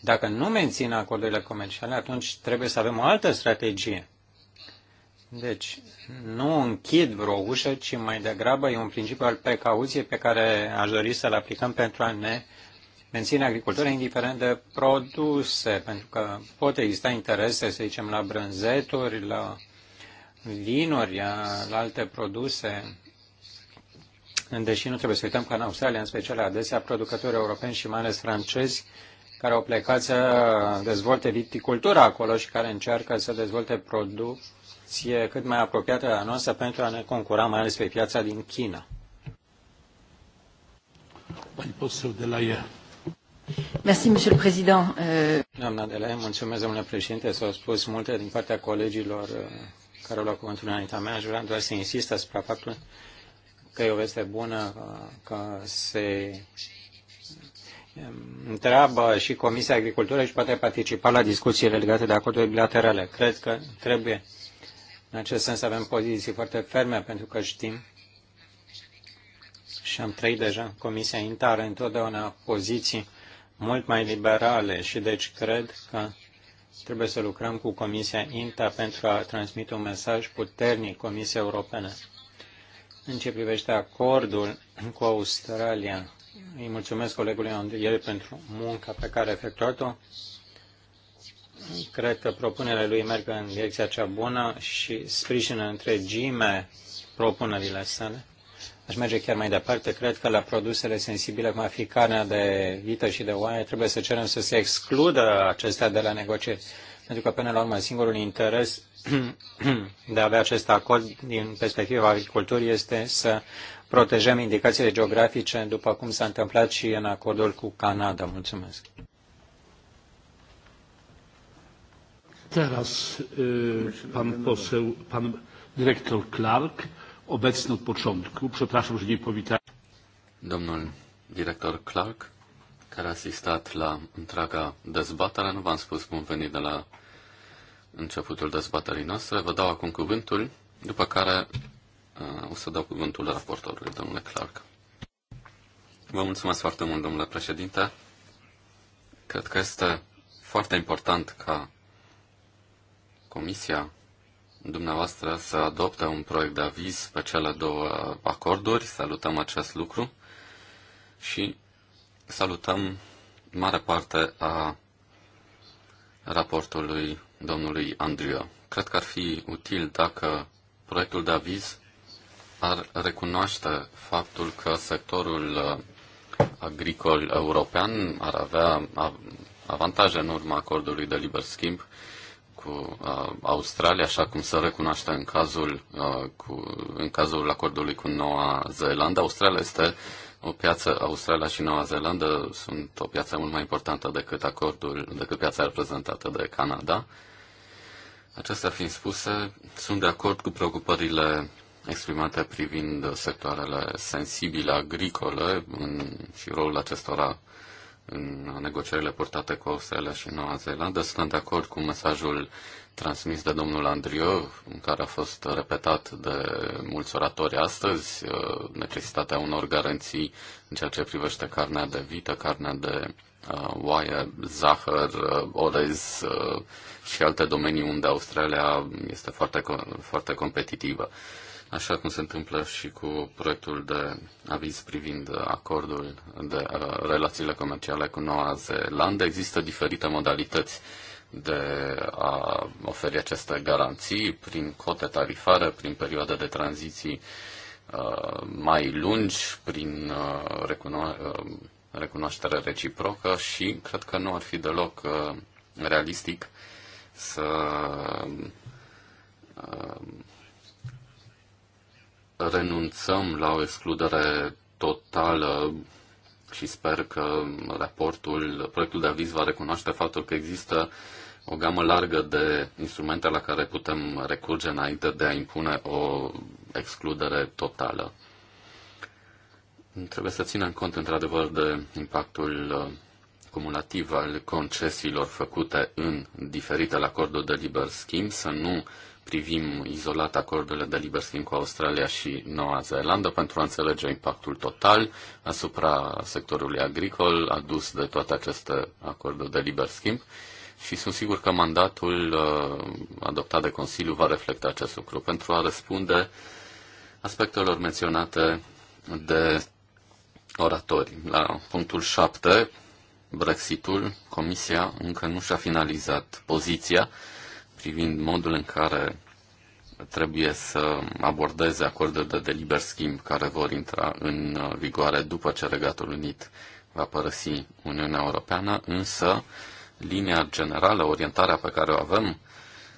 [SPEAKER 3] Dacă nu menține acordurile comerciale, atunci trebuie să avem o altă strategie. Deci, nu închid vreo ușă, ci mai degrabă e un principiu al precauției pe care aș dori să-l aplicăm pentru a ne uh, menține agricultura indiferent de produse, pentru că pot exista interese, să zicem, la brânzeturi, la vinuri, la alte produse, deși nu trebuie să uităm că în Australia, în special adesea, producători europeni și mai ales francezi, care au plecat să dezvolte viticultura acolo și care încearcă să dezvolte producție cât mai apropiată de a noastră pentru a ne concura mai ales pe piața din China. Pani la ea. Merci, de le euh, mulțumesc, domnule președinte. S-au spus multe din partea colegilor uh, care au luat cuvântul înaintea mea. Aș vrea doar să insist asupra faptului că e o veste bună uh, că se um, întreabă și Comisia Agricultură și poate participa la discuțiile legate de acorduri bilaterale. Cred că trebuie în acest sens avem poziții foarte ferme pentru că știm și am trăit deja Comisia Intară întotdeauna poziții mult mai liberale și deci cred că trebuie să lucrăm cu Comisia INTA pentru a transmite un mesaj puternic Comisiei Europene. În ce privește acordul cu Australia, îi mulțumesc colegului Andrei pentru munca pe care a efectuat-o. Cred că propunerea lui merg în direcția cea bună și sprijină întregime propunerile sale. Aș merge chiar mai departe. Cred că la produsele sensibile, cum ar fi carnea de vită și de oaie, trebuie să cerem să se excludă acestea de la negocieri. Pentru că, până la urmă, singurul interes de a avea acest acord din perspectiva agriculturii este să protejăm indicațiile geografice, după cum s-a întâmplat și în acordul cu Canada. Mulțumesc.
[SPEAKER 1] Teraz pan poseł, pan dyrektor Clark obecny od początku. Przepraszam, że nie powitałem.
[SPEAKER 2] Domnul director Clark, care a asistat la întreaga dezbatere, nu v-am spus cum veni de la începutul dezbaterii noastre. Vă dau acum cuvântul, după care uh, o să dau cuvântul raportorului, domnule Clark. Vă mulțumesc foarte mult, domnule președinte. Cred că este foarte important ca Comisia dumneavoastră să adopte un proiect de aviz pe cele două acorduri. Salutăm acest lucru și salutăm mare parte a raportului domnului Andriu. Cred că ar fi util dacă proiectul de aviz ar recunoaște faptul că sectorul uh, agricol european ar avea avantaje în urma acordului de liber schimb cu uh, Australia, așa cum se recunoaște în cazul, uh, cu, în cazul acordului cu Noua Zeelandă. Australia este o piață, Australia și Noua Zeelandă sunt o piață mult mai importantă decât acordul, decât piața reprezentată de Canada. Acestea fiind spuse, sunt de acord cu preocupările exprimate privind sectoarele sensibile agricole în, și rolul acestora în negocierile purtate cu Australia și Noua Zeelandă. Sunt de acord cu mesajul transmis de domnul Andriu, în care a fost repetat de mulți oratori astăzi, uh, necesitatea unor garanții în ceea ce privește carnea de vită, carnea de uh, oaie, zahăr, uh, orez și alte domenii unde Australia este foarte, foarte competitivă așa cum se întâmplă și cu proiectul de aviz privind acordul de uh, relațiile comerciale cu Noua Zeelandă. Există diferite modalități de a oferi aceste garanții prin cote tarifare, prin perioade de tranziții uh, mai lungi, prin uh, recuno- recunoaștere reciprocă și cred că nu ar fi deloc realistic să renunțăm la o excludere totală și sper că raportul, proiectul de aviz va recunoaște faptul că există o gamă largă de instrumente la care putem recurge înainte de a impune o excludere totală. Trebuie să ținem cont, într-adevăr, de impactul uh, cumulativ al concesiilor făcute în diferitele acorduri de liber schimb, să nu uh, privim izolat acordurile de liber schimb cu Australia și Noua Zeelandă pentru a înțelege impactul total asupra sectorului agricol adus de toate aceste acorduri de liber schimb și sunt sigur că mandatul uh, adoptat de Consiliu va reflecta acest lucru pentru a răspunde aspectelor menționate de oratori. La punctul 7, Brexitul, Comisia încă nu și-a finalizat poziția privind modul în care trebuie să abordeze acordurile de liber schimb care vor intra în uh, vigoare după ce Regatul Unit va părăsi Uniunea Europeană, însă linia generală, orientarea pe care o avem,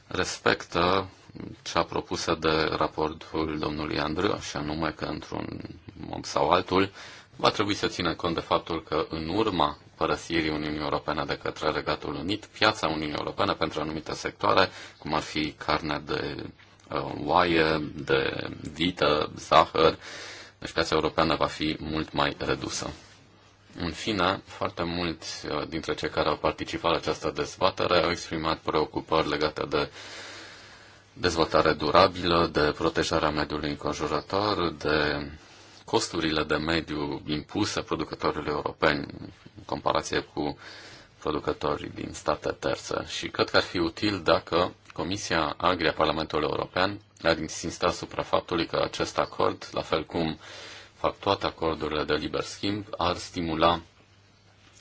[SPEAKER 2] respectă cea propusă de raportul domnului Andrei, și anume că într-un mod sau altul, Va trebui să ține cont de faptul că în urma părăsirii Uniunii Europene de către Regatul Unit, piața Uniunii Europene pentru anumite sectoare, cum ar fi carne de uh, oaie, de vită, zahăr, deci piața europeană va fi mult mai redusă. În fine, foarte mulți uh, dintre cei care au participat la această dezbatere au exprimat preocupări legate de dezvoltare durabilă, de protejarea mediului înconjurător, de costurile de mediu impuse producătorilor europeni în comparație cu producătorii din state terțe și cred că ar fi util dacă Comisia Agri a Parlamentului European ar insista asupra faptului că acest acord, la fel cum fac toate acordurile de liber schimb, ar stimula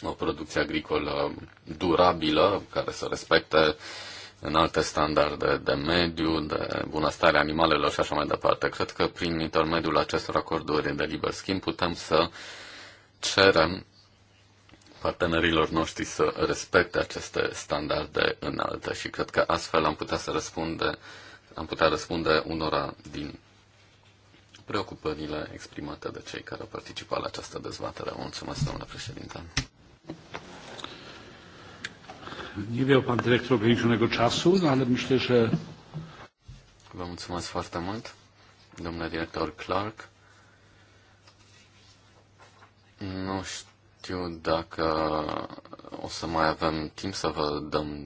[SPEAKER 2] o producție agricolă durabilă care să respecte uh, în alte standarde de mediu, de bunăstare animalelor și așa mai departe. Cred că prin intermediul acestor acorduri de liber schimb putem să cerem partenerilor noștri să respecte aceste standarde înalte și cred că astfel am putea să răspunde, am putea răspunde unora din preocupările exprimate de cei care au participat la această dezbatere. Mulțumesc, domnule președinte. Nie miał pan dyrektor ograniczonego czasu, no ale myślę, że... Vă mulțumesc foarte mult, domnule director Clark. Nu știu dacă o să mai avem timp să vă dăm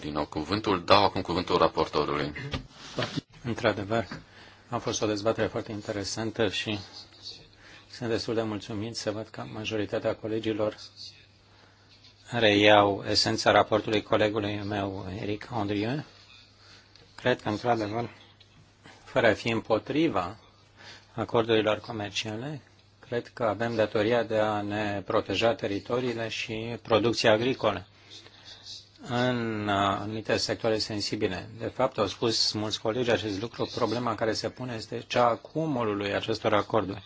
[SPEAKER 2] din nou cuvântul. Dau acum cuvântul raportorului.
[SPEAKER 3] Într-adevăr, a fost o dezbatere foarte interesantă și sunt destul de mulțumit să văd că majoritatea colegilor reiau esența raportului colegului meu, Eric Andrieu. Cred că, într-adevăr, fără a fi împotriva acordurilor comerciale, cred că avem datoria de a ne proteja teritoriile și producția agricolă în anumite sectoare sensibile. De fapt, au spus mulți colegi acest lucru, problema care se pune este cea a cumulului acestor acorduri.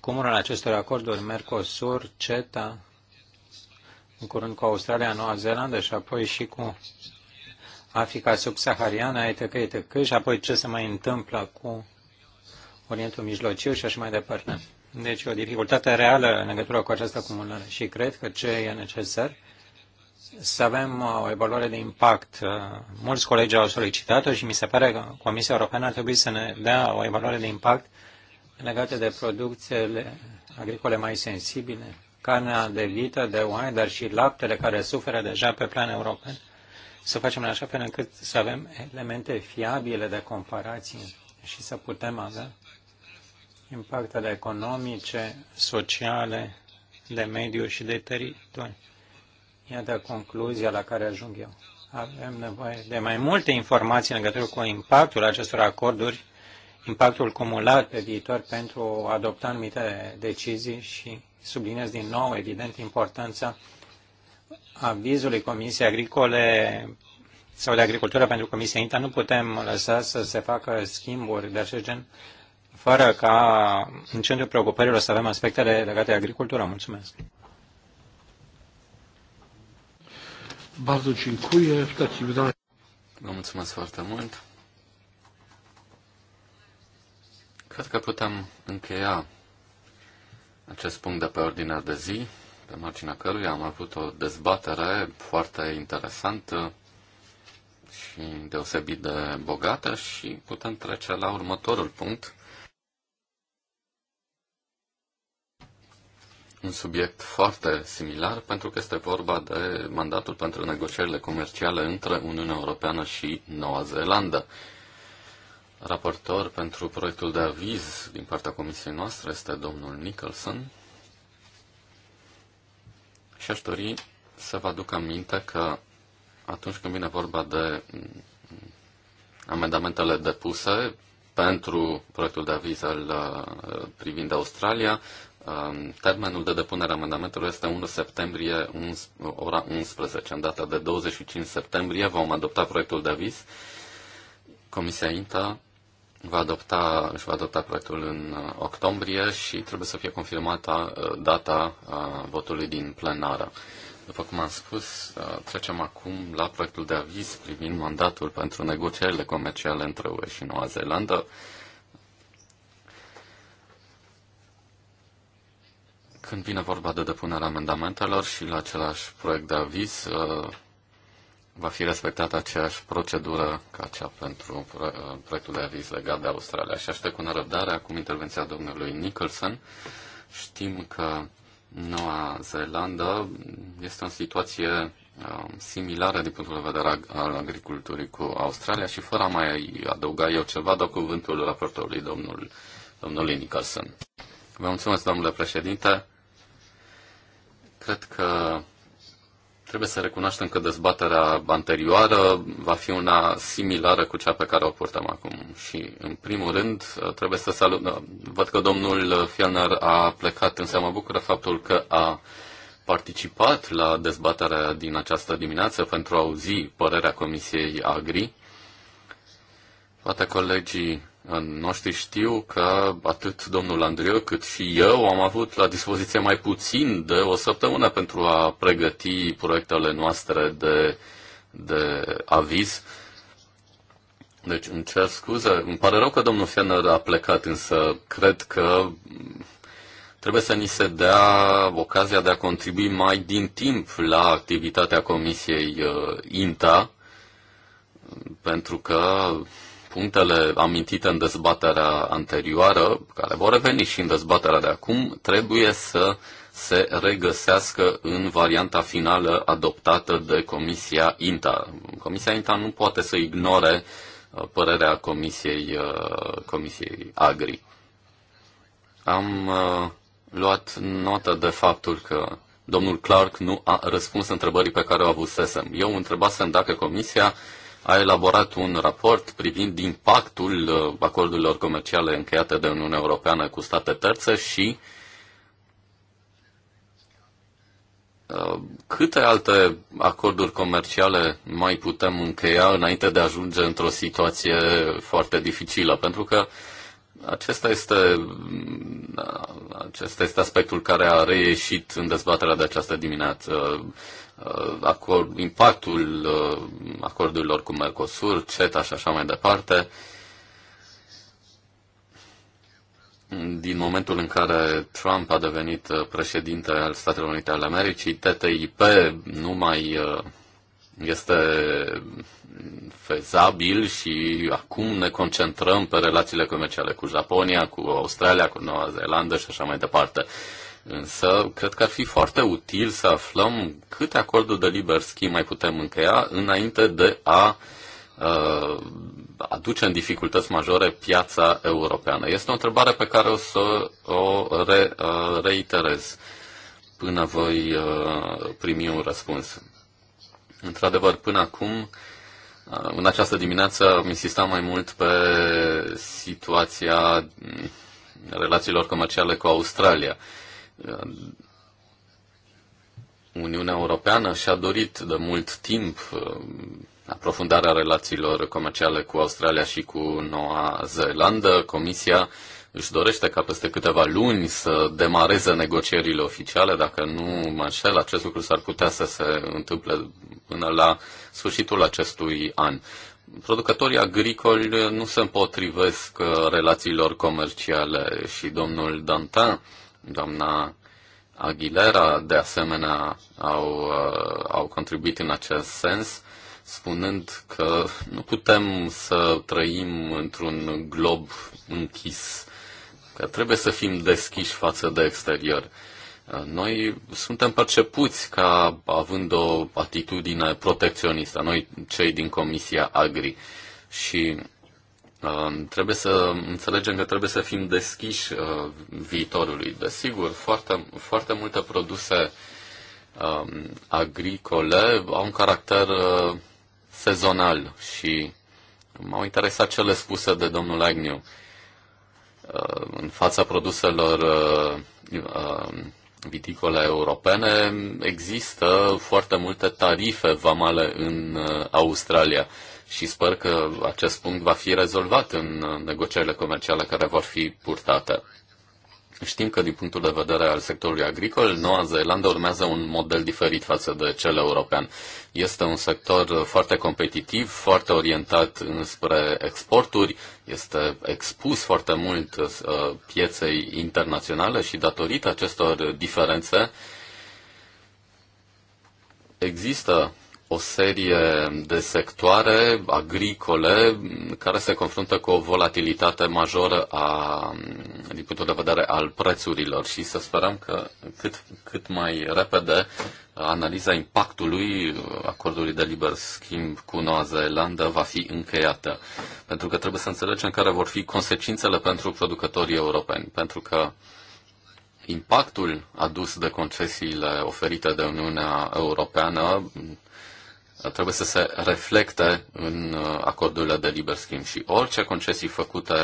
[SPEAKER 3] Cumulul acestor acorduri, Mercosur, CETA, în curând cu Australia, Noua Zeelandă și apoi și cu Africa subsahariană, etc., etc., și apoi ce se mai întâmplă cu Orientul Mijlociu și așa mai departe. Deci o dificultate reală în legătură cu această acumulare și cred că ce e necesar să avem uh, o evaluare de impact. Uh, mulți colegi au solicitat-o și mi se pare că Comisia Europeană ar trebui să ne dea o evaluare de impact legată de producțiile agricole mai sensibile, carnea de vită, de oaie, dar și laptele care suferă deja pe plan european, să facem în așa fel încât să avem elemente fiabile de comparație și să putem avea impactele economice, sociale, de mediu și de teritoriu. Iată concluzia la care ajung eu. Avem nevoie de mai multe informații în legătură cu impactul acestor acorduri, impactul cumulat pe viitor pentru a adopta anumite decizii și subliniez din nou, evident, importanța avizului Comisiei Agricole sau de Agricultură pentru Comisia INTA. Nu putem lăsa să se facă schimburi de acest gen fără ca în centrul preocupărilor să avem aspectele legate de agricultură. Mulțumesc!
[SPEAKER 2] Vă mulțumesc foarte mult. Cred că putem încheia acest punct de pe ordinea de zi, pe marginea căruia am avut o dezbatere foarte interesantă și deosebit de bogată și putem trece la următorul punct. Un subiect foarte similar pentru că este vorba de mandatul pentru negocierile comerciale între Uniunea Europeană și Noua Zeelandă. Raportor pentru proiectul de aviz din partea comisiei noastre este domnul Nicholson. Și aș dori să vă aduc aminte că atunci când vine vorba de amendamentele depuse pentru proiectul de aviz al, uh, privind Australia, um, termenul de depunere a amendamentelor este 1 septembrie, 11, ora 11. În data de 25 septembrie vom adopta proiectul de aviz. Comisia INTA va adopta, își va adopta proiectul în uh, octombrie și trebuie să fie confirmată uh, data uh, votului din plenară. După cum am spus, trecem acum la proiectul de aviz privind mandatul pentru negocierile comerciale între UE și Noua Zeelandă. Când vine vorba de depunerea amendamentelor și la același proiect de aviz, va fi respectată aceeași procedură ca cea pentru uh, proiectul de aviz legat de Australia. Și aștept cu nerăbdare acum intervenția domnului Nicholson. Știm că Noua Zeelandă este în situație um, similară din punctul de vedere al agriculturii cu Australia și fără a mai adăuga eu ceva, dau cuvântul raportorului domnul, domnului Nicholson. Vă mulțumesc, domnule președinte. Cred că Trebuie să recunoaștem că dezbaterea anterioară va fi una similară cu cea pe care o purtăm acum. Și, în primul rând, trebuie să salut... Văd că domnul Fielner a plecat, însă mă bucură faptul că a participat la dezbaterea din această dimineață pentru a auzi părerea Comisiei Agri. Poate colegii noștri știu că atât domnul Andreu cât și eu am avut la dispoziție mai puțin de o săptămână pentru a pregăti proiectele noastre de, de aviz. Deci îmi cer scuze, îmi pare rău că domnul Fener a plecat, însă cred că trebuie să ni se dea ocazia de a contribui mai din timp la activitatea Comisiei uh, INTA, pentru că punctele amintite în dezbaterea anterioară, care vor reveni și în dezbaterea de acum, trebuie să se regăsească în varianta finală adoptată de Comisia INTA. Comisia INTA nu poate să ignore uh, părerea Comisiei, uh, Comisiei Agri. Am uh, luat notă de faptul că domnul Clark nu a răspuns întrebării pe care o avusesem. Eu întrebasem dacă Comisia a elaborat un raport privind impactul uh, acordurilor comerciale încheiate de Uniunea Europeană cu state terțe și uh, câte alte acorduri comerciale mai putem încheia înainte de a ajunge într-o situație foarte dificilă? Pentru că acesta este, uh, acesta este aspectul care a reieșit în dezbaterea de această dimineață. Uh, acord, impactul uh, acordurilor cu Mercosur, CETA și așa mai departe. Din momentul în care Trump a devenit uh, președinte al Statelor Unite ale Americii, TTIP nu mai este fezabil și acum ne concentrăm pe relațiile comerciale cu Japonia, cu Australia, cu Noua Zeelandă și așa mai departe. Însă, cred că ar fi foarte util să aflăm câte acorduri de liber schimb mai putem încheia înainte de a uh, aduce în dificultăți majore piața europeană. Este o întrebare pe care o să o re, uh, reiterez până voi uh, primi un răspuns. Într-adevăr, până acum, uh, în această dimineață am insistat mai mult pe situația relațiilor comerciale cu Australia. Um, Uniunea Europeană și-a dorit de mult timp um, aprofundarea relațiilor comerciale cu Australia și cu Noua Zeelandă. Comisia își dorește ca peste câteva luni să demareze negocierile oficiale. Dacă nu mă înșel, acest lucru s-ar putea să se întâmple până la sfârșitul acestui an. Producătorii agricoli nu se împotrivesc uh, relațiilor comerciale și domnul Dantin doamna Aguilera, de asemenea, au, uh, au contribuit în acest sens, spunând că nu putem să trăim într-un glob închis, că trebuie să fim deschiși față de exterior. Uh, noi suntem percepuți ca având o atitudine protecționistă, noi cei din Comisia Agri. Și Uh, trebuie să înțelegem că trebuie să fim deschiși uh, viitorului. Desigur, foarte, foarte multe produse um, agricole au un caracter uh, sezonal și m-au interesat cele spuse de domnul Agnew în fața produselor viticole europene există foarte multe tarife vamale în Australia și sper că acest punct va fi rezolvat în negocierile comerciale care vor fi purtate. Știm că din punctul de vedere al sectorului agricol, Noua Zeelandă urmează un model diferit față de cel european. Este un sector foarte competitiv, foarte orientat înspre exporturi, este expus foarte mult uh, pieței internaționale și datorită acestor diferențe există o serie de sectoare agricole care se confruntă cu o volatilitate majoră a, din punctul de vedere al prețurilor și să sperăm că cât, cât mai repede analiza impactului acordului de liber schimb cu Noua Zeelandă va fi încheiată. Pentru că trebuie să înțelegem care vor fi consecințele pentru producătorii europeni. Pentru că impactul adus de concesiile oferite de Uniunea Europeană trebuie să se reflecte în uh, acordurile de liber schimb și orice concesii făcute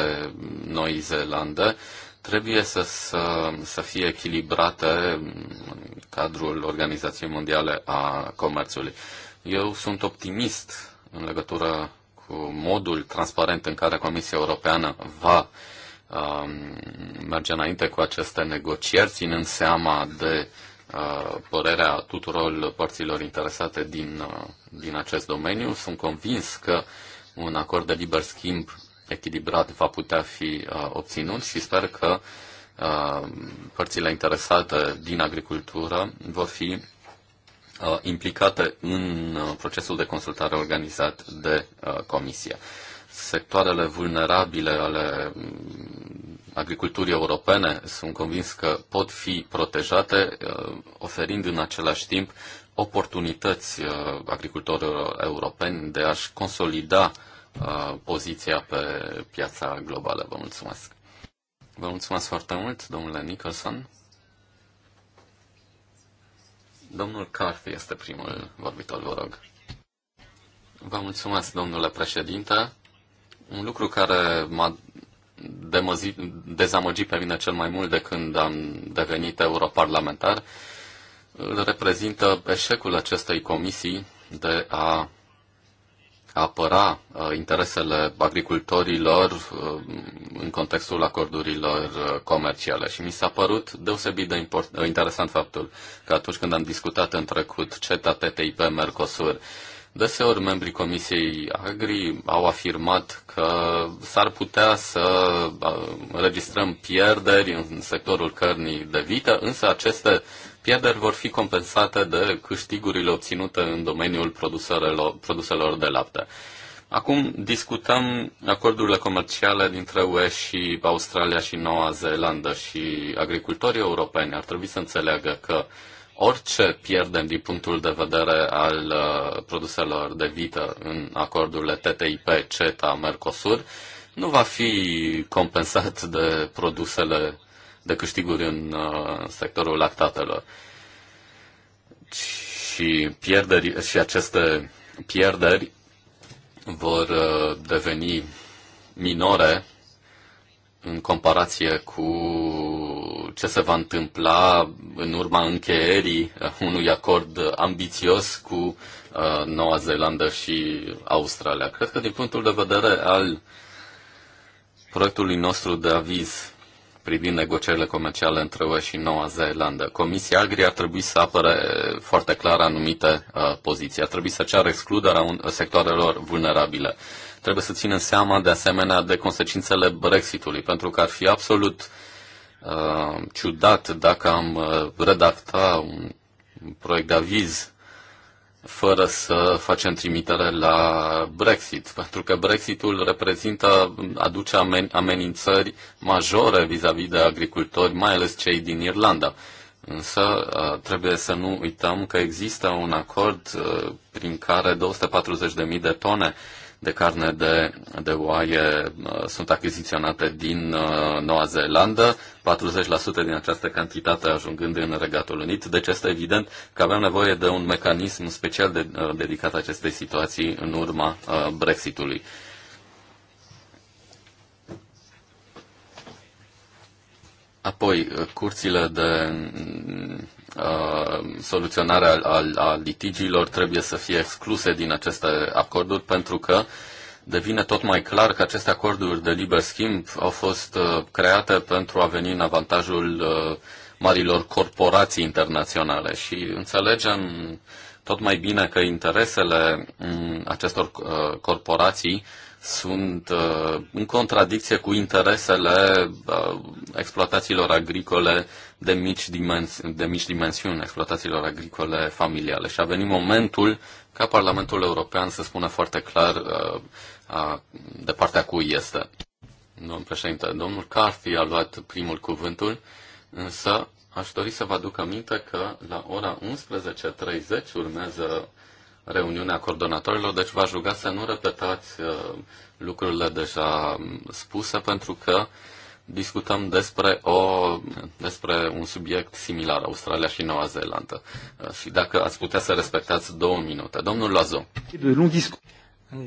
[SPEAKER 2] Noi Zeelande trebuie să, să, să fie echilibrate în cadrul Organizației Mondiale a Comerțului. Eu sunt optimist în legătură cu modul transparent în care Comisia Europeană va um, merge înainte cu aceste negocieri, ținând seama de uh, părerea tuturor părților interesate din, din acest domeniu. Sunt convins că un acord de liber schimb echilibrat va putea fi obținut și sper că părțile interesate din agricultură vor fi implicate în procesul de consultare organizat de comisie. Sectoarele vulnerabile ale agriculturii europene sunt convins că pot fi protejate, uh, oferind în același timp oportunități uh, agricultorilor europeni de a-și consolida uh, poziția pe piața globală. Vă mulțumesc! Vă mulțumesc foarte mult, domnule Nicholson. Domnul Carfi este primul vorbitor, vă rog. Vă mulțumesc, domnule președinte. Un lucru care m-a demozi, dezamăgit pe mine cel mai mult de când am devenit europarlamentar îl reprezintă eșecul acestei comisii de a apăra uh, interesele agricultorilor uh, în contextul acordurilor uh, comerciale. Și mi s-a părut deosebit de interesant faptul că atunci când am discutat în trecut CETA, TTIP, Mercosur, Deseori membrii Comisiei Agri au afirmat că s-ar putea să înregistrăm pierderi în sectorul cărnii de vită, însă aceste pierderi vor fi compensate de câștigurile obținute în domeniul produselor, produselor de lapte. Acum discutăm acordurile comerciale dintre UE și Australia și Noua Zeelandă și agricultorii europeni ar trebui să înțeleagă că uh, orice pierdem din punctul de vedere al uh, produselor de vită în acordurile TTIP, CETA, Mercosur, nu va fi compensat de produsele de câștiguri în uh, sectorul lactatelor. Și, pierderi, și aceste pierderi vor uh, deveni minore în comparație cu ce se va întâmpla în urma încheierii uh, unui acord ambițios cu uh, Noua Zeelandă și Australia. Cred că din punctul de vedere al proiectului nostru de aviz privind negocierile comerciale între UE și Noua Zeelandă. Comisia Agri ar trebui să apere foarte clar anumite uh, poziții. Ar trebui să ceară excluderea sectoarelor vulnerabile. Trebuie să ținem seama de asemenea de consecințele Brexitului, pentru că ar fi absolut Uh, ciudat dacă am uh, redacta un proiect de aviz fără să facem trimitere la Brexit, pentru că Brexitul reprezintă, aduce amenințări majore vis-a-vis -vis de agricultori, mai ales cei din Irlanda. Însă uh, trebuie să nu uităm că există un acord prin care 240.000 de tone de carne de, de oaie uh, sunt achiziționate din uh, Noua Zeelandă, 40% din această cantitate ajungând în Regatul Unit. Deci este evident că avem nevoie de un mecanism special de, uh, dedicat acestei situații în urma Brexitului. Apoi, uh, curțile de uh, soluționare a, a litigiilor trebuie să fie excluse din aceste acorduri pentru că devine tot mai clar că aceste acorduri de liber schimb au fost uh, create pentru a veni în avantajul uh, marilor corporații internaționale și înțelegem tot mai bine că interesele um, acestor uh, corporații uh, sunt uh, în contradicție cu interesele uh, exploatațiilor agricole de mici, dimensi- de mici dimensiuni, exploatațiilor agricole familiale. Și a venit momentul ca Parlamentul European să spună foarte clar uh, a, de partea cui este. Domnul președinte, domnul Carthy a luat primul cuvântul, însă aș dori să vă aduc aminte că la ora 11.30 urmează reuniunea coordonatorilor, deci v-aș ruga să nu repetați uh, lucrurile deja spuse, pentru că discutăm despre, o, despre un subiect similar, Australia și Noua Zeelandă. Uh, și dacă ați putea să respectați două minute. Domnul Lazo.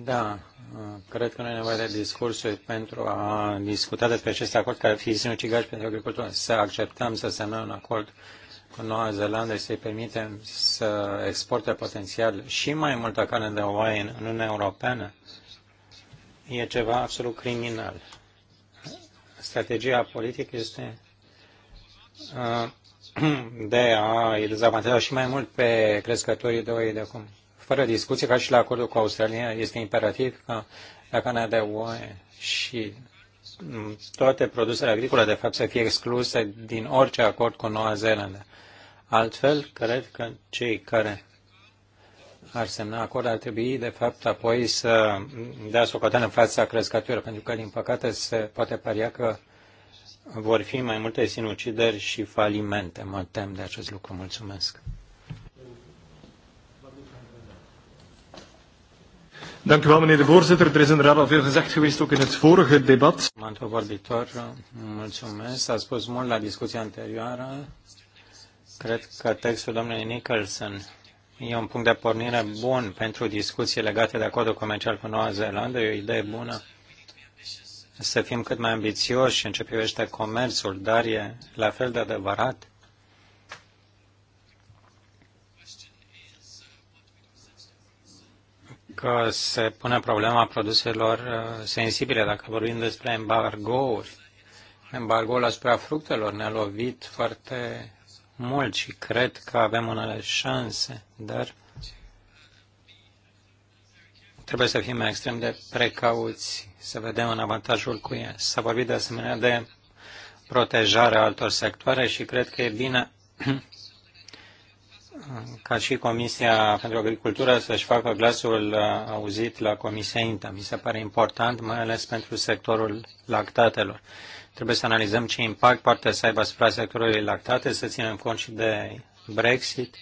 [SPEAKER 3] Da, uh, cred că nu e nevoie de discursuri pentru a discuta despre acest acord care ar fi sinucigaș pentru agricultură. Să acceptăm să semnăm un acord cu Noua Zeelandă și să-i permitem să exporte potențial și mai multă carne de oaie în Uniunea Europeană, e ceva absolut criminal. Strategia politică este uh, de a îi dezavantaja și mai mult pe crescătorii de oaie de acum. Fără discuție, ca și la acordul cu Australia, este imperativ ca la carne de oaie și toate produsele agricole, de fapt, să fie excluse din orice acord cu Noua Zeelandă. Altfel, cred că cei care ar semna acord ar trebui, de fapt, apoi să dea socoteală în fața crescătorilor, pentru că, din păcate, se poate paria că vor fi mai multe sinucideri și falimente. Mă tem de acest lucru. Mulțumesc.
[SPEAKER 1] Dank u wel, meneer de voorzitter. Er is inderdaad al veel gezegd geweest, ook in het vorige debat.
[SPEAKER 3] Cred că textul domnului Nicholson e un punct de pornire bun pentru discuții legate de acordul comercial cu Noua Zeelandă. E o idee bună să fim cât mai ambițioși în ce privește comerțul, dar e la fel de adevărat că se pune problema produselor uh, sensibile. Dacă vorbim despre embargouri, embargoul asupra fructelor ne-a lovit foarte mult și cred că avem unele șanse, dar trebuie să fim extrem de precauți, să vedem în avantajul cu ea. S-a vorbit de asemenea de protejarea altor sectoare și cred că e bine ca și Comisia pentru Agricultură să-și facă glasul uh, auzit la Comisia INTA. Mi se pare important, mai ales pentru sectorul lactatelor. Trebuie să analizăm ce impact poate să aibă asupra sectorului lactate, să ținem cont și de Brexit.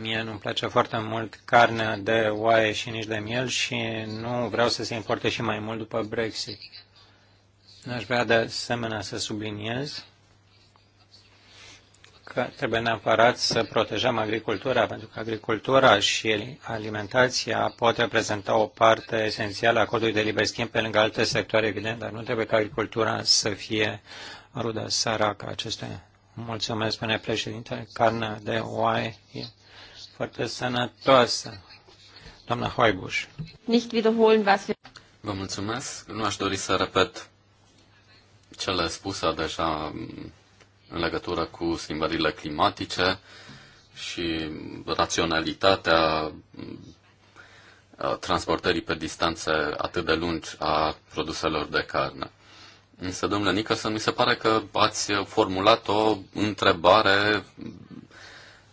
[SPEAKER 3] Mie nu-mi place foarte mult carne de oaie și nici de miel și nu vreau să se importe și mai mult după Brexit. Aș vrea de asemenea să subliniez că trebuie neapărat să protejăm agricultura, pentru că agricultura și alimentația pot reprezenta o parte esențială a codului de liber schimb pe lângă alte sectoare, evident, dar nu trebuie ca agricultura să fie rudă săracă acestea. Mulțumesc, spune președinte. Carnea de oaie e foarte sănătoasă.
[SPEAKER 2] Doamna Hoibuș. Vă mulțumesc. Nu aș dori să repet cele spuse deja în legătură cu schimbările climatice și raționalitatea uh, transportării pe distanțe atât de lungi a produselor de carne. Însă, domnule Nicholson, mi se pare că ați formulat o întrebare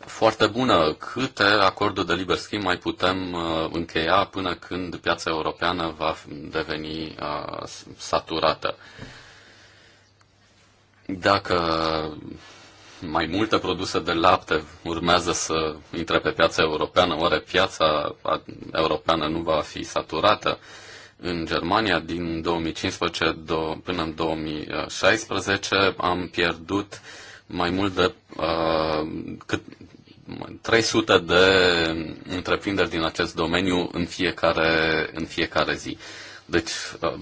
[SPEAKER 2] foarte bună. Câte acorduri de liber schimb mai putem uh, încheia până când piața europeană va deveni uh, saturată? Dacă mai multe produse de lapte urmează să intre pe piața europeană, oare piața europeană nu va fi saturată? În Germania, din 2015 do- până în 2016, am pierdut mai mult de uh, cât, 300 de întreprinderi din acest domeniu în fiecare, în fiecare zi. Deci, uh,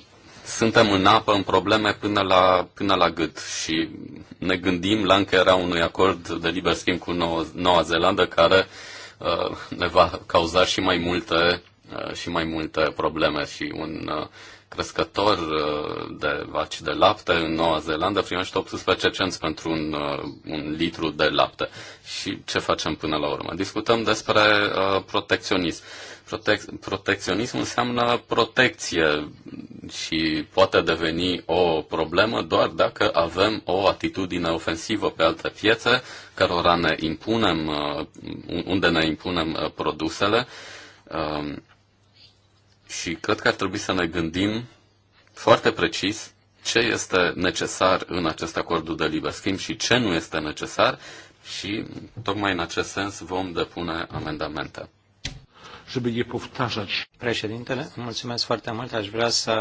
[SPEAKER 2] suntem în apă, în probleme până la, până la gât și ne gândim la încheierea unui acord de liber schimb cu Noua, Noua Zeelandă care uh, ne va cauza și mai multe, uh, și mai multe probleme și un uh, crescător uh, de vaci de lapte în Noua Zeelandă primește 18 cenți pentru un, uh, un litru de lapte. Și ce facem până la urmă? Discutăm despre uh, protecționism. Uh, Protec- protecționism înseamnă protecție și poate deveni o problemă doar dacă avem o atitudine ofensivă pe alte piețe, cărora ne impunem, uh, unde ne impunem uh, produsele. Um, și cred că ar trebui să ne gândim foarte precis ce este necesar în acest acord de liber schimb și ce nu este necesar și tocmai în acest sens vom depune amendamente.
[SPEAKER 3] Președintele, mulțumesc foarte mult. Aș vrea să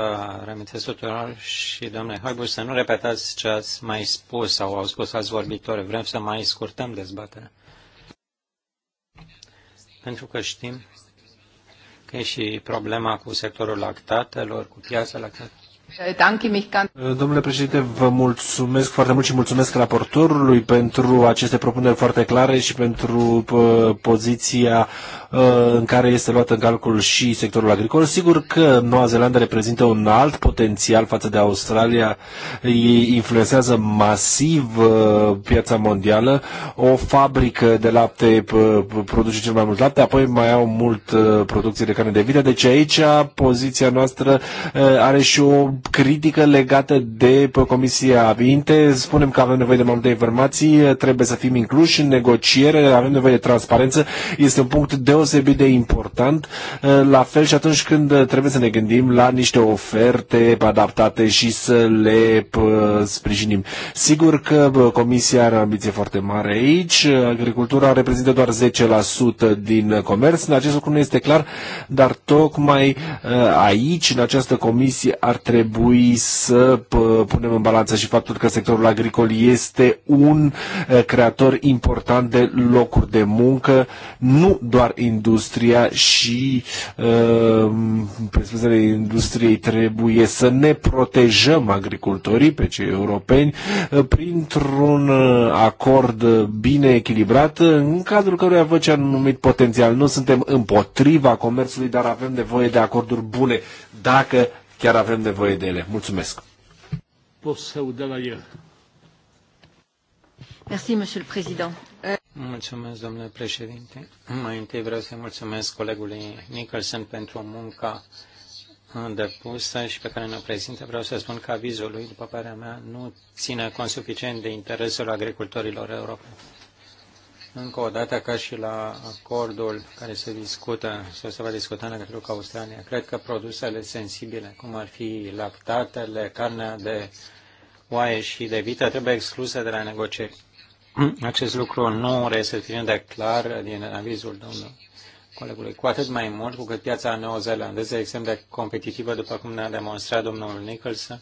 [SPEAKER 3] reamintesc tuturor și domnule Hoibuș să nu repetați ce ați mai spus sau au spus alți vorbitori. Vrem să mai scurtăm dezbaterea. Pentru că știm că e și problema cu sectorul lactatelor, cu piața lactatelor. Eh,
[SPEAKER 1] domnule președinte, vă mulțumesc foarte mult și mulțumesc raportorului pentru aceste propuneri foarte clare și pentru eh, poziția eh, în care este luat în calcul și sectorul agricol. Sigur că Noua Zeelandă reprezintă un alt potențial față de Australia. Ei influențează masiv piața mondială. O fabrică de lapte produce cel mai mult lapte, apoi mai au mult producție de carne de vită. Deci aici poziția noastră are și o critică legată de Comisia Vinte. Spunem că avem nevoie de mai multe informații, trebuie să fim incluși în negociere, avem nevoie de transparență. Este un punct deosebit de important, la fel și atunci când trebuie să ne gândim la niște oferte adaptate și să le sprijinim. Sigur că Comisia are o ambiție foarte mare aici, agricultura reprezintă doar 10% din comerț, în acest lucru nu este clar, dar tocmai ă, aici, în această comisie, ar trebui trebui să punem în balanță și faptul că sectorul agricol este un creator important de locuri de muncă, nu doar industria și pe spusele industriei trebuie să ne protejăm agricultorii, pe cei europeni, printr-un acord bine echilibrat, în cadrul căruia vă ce anumit potențial. Nu suntem împotriva comerțului, dar avem nevoie de acorduri bune dacă chiar avem nevoie de
[SPEAKER 3] ele. Mulțumesc! Merci, Monsieur le Président. Mulțumesc, domnule președinte. Mai întâi vreau să mulțumesc colegului Nicholson pentru munca depusă și pe care ne prezintă. Vreau să spun că avizul lui, după părerea mea, nu ține cont suficient de interesul agricultorilor europeni încă o dată, ca și la acordul care se discută sau se va discuta în legătură cu Australia, cred că produsele sensibile, cum ar fi lactatele, carnea de oaie și de vită, trebuie excluse de la negocieri. Acest lucru nu reese de clar din avizul domnului colegului, cu atât mai mult cu cât piața neozelandeză este extrem de competitivă, după cum ne-a demonstrat domnul Nicholson,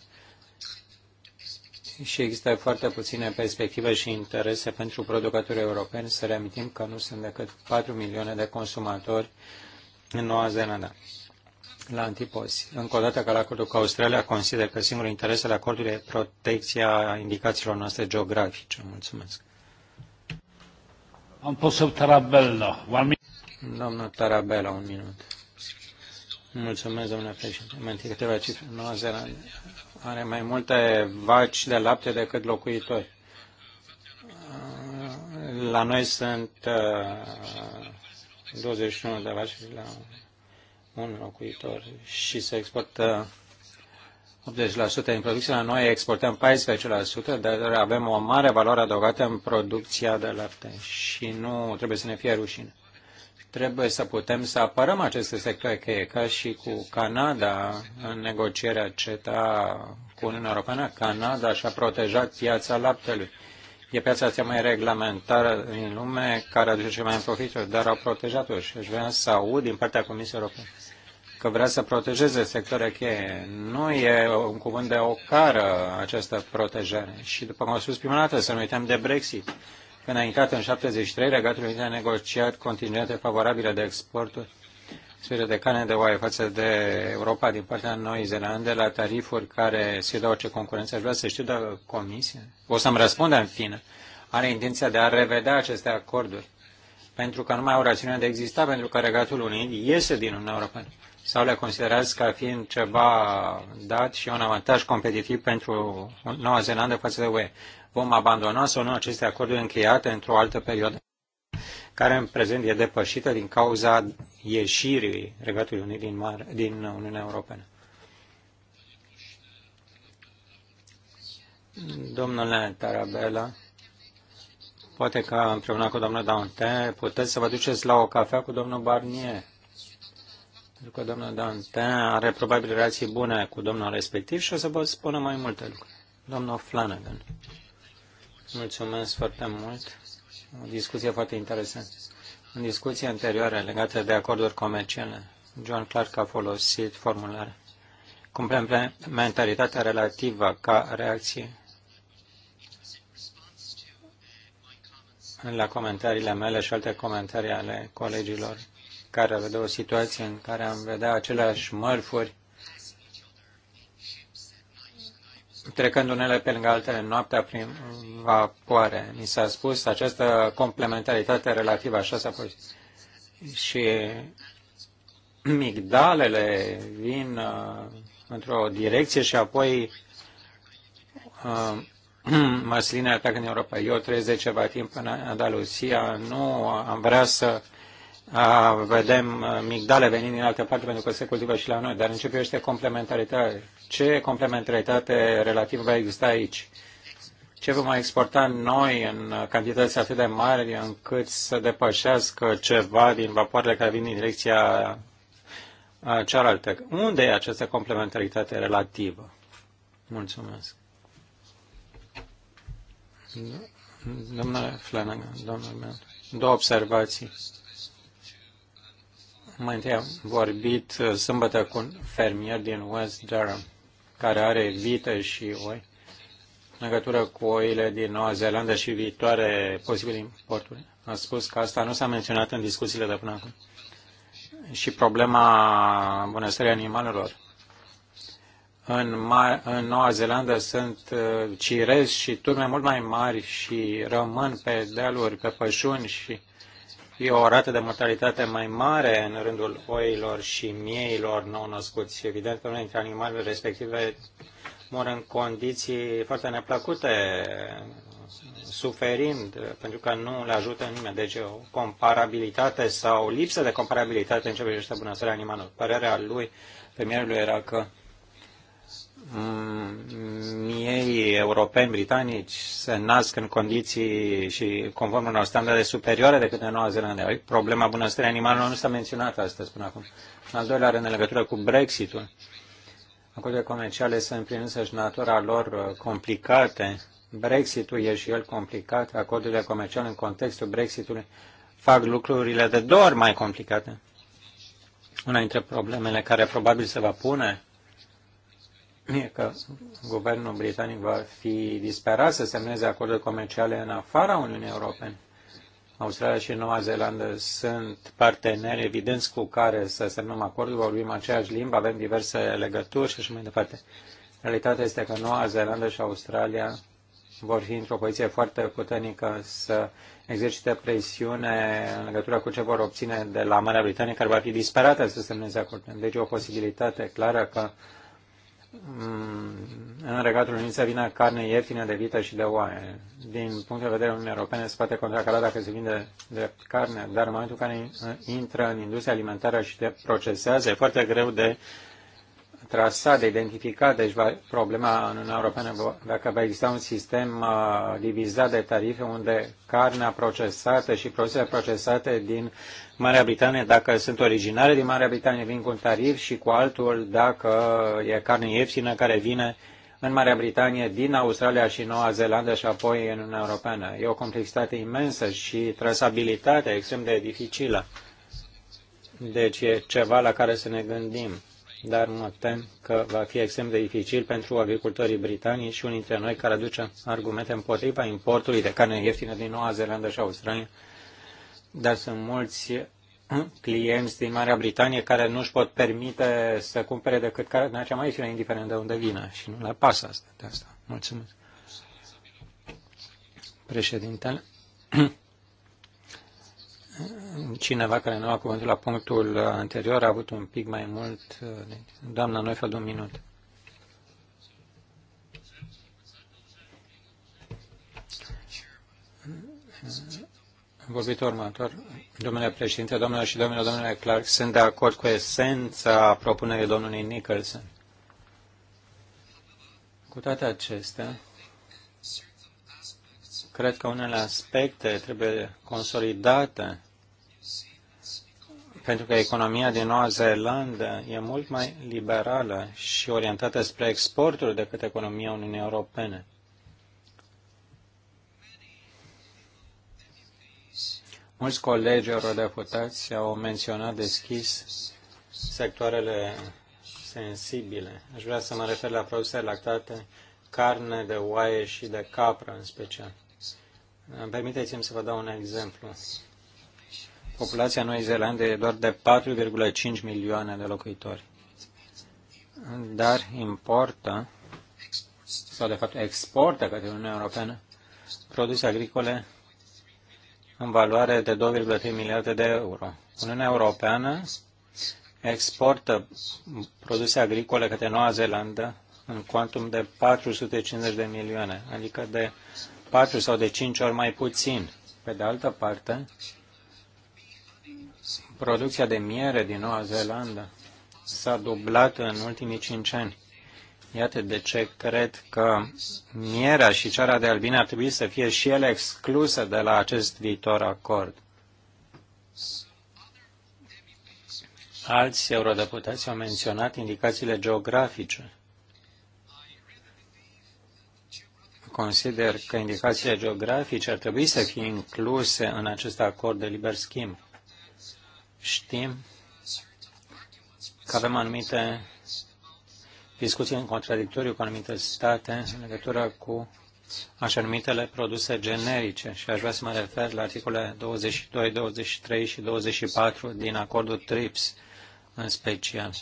[SPEAKER 3] și există foarte puține perspective și interese pentru producătorii europeni. Să reamintim că nu sunt decât 4 milioane de consumatori în Noua Zeelandă. La antipozi, încă o dată că la acordul cu Australia consider că singurul interes al acordului e protecția indicațiilor noastre geografice. Mulțumesc. Am pus Tarabella. Domnul Tarabella, un minut. Mulțumesc, domnule președinte. Mai întâi câteva cifre. Noua Zeelandă are mai multe vaci de lapte decât locuitori. La noi sunt 21 uh, de vaci la un locuitor și se exportă 80% din producție. La noi exportăm 14%, dar avem o mare valoare adăugată în producția de lapte și nu trebuie să ne fie rușine trebuie să putem să apărăm aceste sectoare cheie, ca și cu Canada în negocierea CETA cu Uniunea Europeană. Canada și-a protejat piața laptelui. E piața cea mai reglementară din lume, care aduce cel mai în profituri, dar au protejat-o și aș vrea să aud din partea Comisiei Europene că vrea să protejeze sectoarea cheie. Nu e un cuvânt de ocară această protejare. Și după cum am spus prima dată, să nu uităm de Brexit când a intrat în 73, Regatul Unit a negociat contingente favorabile de exporturi spre de carne de oaie față de Europa din partea Noi Zeelande la tarifuri care se dau ce concurență. Aș vrea să știu dacă Comisia, o să-mi răspundă în fine, are intenția de a revedea aceste acorduri pentru că nu mai au rațiunea de exista, pentru că Regatul Unit iese din Uniunea Europeană. Sau le considerați ca fiind ceva dat și un avantaj competitiv pentru Noua Zeelandă față de UE vom abandona sau nu aceste acorduri încheiate într-o altă perioadă care în prezent e depășită din cauza ieșirii Regatului Unit din, Mare, din Uniunea Europeană. Domnule Tarabella, poate că împreună cu domnul Dante puteți să vă duceți la o cafea cu domnul Barnier. Pentru că domnul Dante are probabil relații bune cu domnul respectiv și o să vă spună mai multe lucruri. Domnul Flanagan. Mulțumesc foarte mult. O discuție foarte interesantă. În discuția anterioară legată de acorduri comerciale, John Clark a folosit formularea complementaritatea relativă ca reacție la comentariile mele și alte comentarii ale colegilor care vedea o situație în care am vedea aceleași mărfuri trecând unele pe lângă altele noaptea prin vapoare. Mi s-a spus această complementaritate relativă, așa s-a pus. Și migdalele vin uh, într-o direcție și apoi uh, măsline atacă în Europa. Eu trăiesc ceva timp în Andalusia, nu am vrea să a, vedem uh, migdale venind din altă parte pentru că se cultivă și la noi, dar în ce complementaritate. complementaritatea ce complementaritate relativă va exista aici? Ce vom exporta noi în cantități atât de mari încât să depășească ceva din vapoarele care vin din direcția cealaltă? Unde e această complementaritate relativă? Mulțumesc. Domnule Flanagan, domnule, meu, două observații. Mai întâi am vorbit uh, sâmbătă cu un fermier din West Durham care are vită și oi în legătură cu oile din Noua Zeelandă și viitoare posibile importuri. A spus că asta nu s-a menționat în discuțiile de până acum. Și problema bunăstării animalelor. În, Ma- în Noua Zeelandă sunt uh, cirezi și turme mult mai mari și rămân pe dealuri, pe pășuni și E o rată de mortalitate mai mare în rândul oilor și mieilor nou-născuți. Evident că unele dintre animalele respective mor în condiții foarte neplăcute, suferind, pentru că nu le ajută nimeni. Deci o comparabilitate sau lipsă de comparabilitate în ce privește bunăstarea animalelor. Părerea lui, premierului, era că miei mm, europeni britanici se nasc în condiții și conform unor standarde superioare decât în Noua Zeelandă. Problema bunăstării animalelor nu s-a menționat astăzi până acum. În al doilea rând, în legătură cu Brexitul, acordurile comerciale sunt prin însăși natura lor complicate. Brexitul e și el complicat. Acordurile comerciale în contextul Brexitului fac lucrurile de două ori mai complicate. Una dintre problemele care probabil se va pune e că guvernul britanic va fi disperat să semneze acorduri comerciale în afara Uniunii Europene. Australia și Noua Zeelandă sunt parteneri evidenți cu care să semnăm acorduri, vorbim aceeași limbă, avem diverse legături și așa mai departe. Realitatea este că Noua Zeelandă și Australia vor fi într-o poziție foarte puternică să exercite presiune în legătură cu ce vor obține de la Marea Britanie, care va fi disperată să semneze acordul. Deci e o posibilitate clară că Mm, în Regatul unii se vină carne ieftină de vită și de oaie. Din punct de vedere Uniunii Europene se poate contracara dacă se vinde de carne, dar în momentul în care intră în industria alimentară și de procesează, e foarte greu de trasat, de identificat, deci va, problema în Uniunea Europeană dacă va exista un sistem uh, divizat de tarife unde carnea procesată și produsele procesate din Marea Britanie dacă sunt originare din Marea Britanie, vin cu un tarif și cu altul dacă e carne ieftină care vine în Marea Britanie din Australia și Noua Zeelandă și apoi în Uniunea Europeană. E o complexitate imensă și trasabilitatea extrem de dificilă. Deci e ceva la care să ne gândim. Dar mă tem că va fi extrem de dificil pentru agricultorii britanici și unii dintre noi care aduce argumente împotriva importului de carne ieftină din Noua Zeelandă și Australia dar sunt mulți clienți din Marea Britanie care nu își pot permite să cumpere decât carnea cea mai fină, indiferent de unde vină. Și nu le pasă asta, de asta. Mulțumesc. Președintele. Cineva care nu a cuvântul la punctul anterior a avut un pic mai mult. Doamna Noifel, un minut. Vorbitor următor, domnule președinte, domnilor și domnilor, domnule Clark, sunt de acord cu esența propunerii domnului Nicholson. Cu toate acestea, cred că unele aspecte trebuie consolidate pentru că economia din Noua Zeelandă e mult mai liberală și orientată spre exporturi decât economia Uniunii Europene. Mulți colegi eurodeputați au menționat deschis sectoarele sensibile. Aș vrea să mă refer la produse lactate, carne de oaie și de capră în special. Permiteți-mi să vă dau un exemplu. Populația Noii Zeelande e doar de 4,5 milioane de locuitori, dar importă, sau de fapt exportă către Uniunea Europeană, produse agricole în valoare de 2,3 miliarde de euro. Uniunea Europeană exportă produse agricole către Noua Zeelandă în cuantum de 450 de milioane, adică de 4 sau de 5 ori mai puțin. Pe de altă parte, producția de miere din Noua Zeelandă s-a dublat în ultimii 5 ani Iată de ce cred că mierea și ceara de albine ar trebui să fie și ele excluse de la acest viitor acord. Alți eurodeputați au menționat indicațiile geografice. Consider că indicațiile geografice ar trebui să fie incluse în acest acord de liber schimb. Știm că avem anumite discuții în contradictoriu cu anumite state în legătură cu așa numitele produse generice și aș vrea să mă refer la articolele 22, 23 și 24 din acordul TRIPS în special.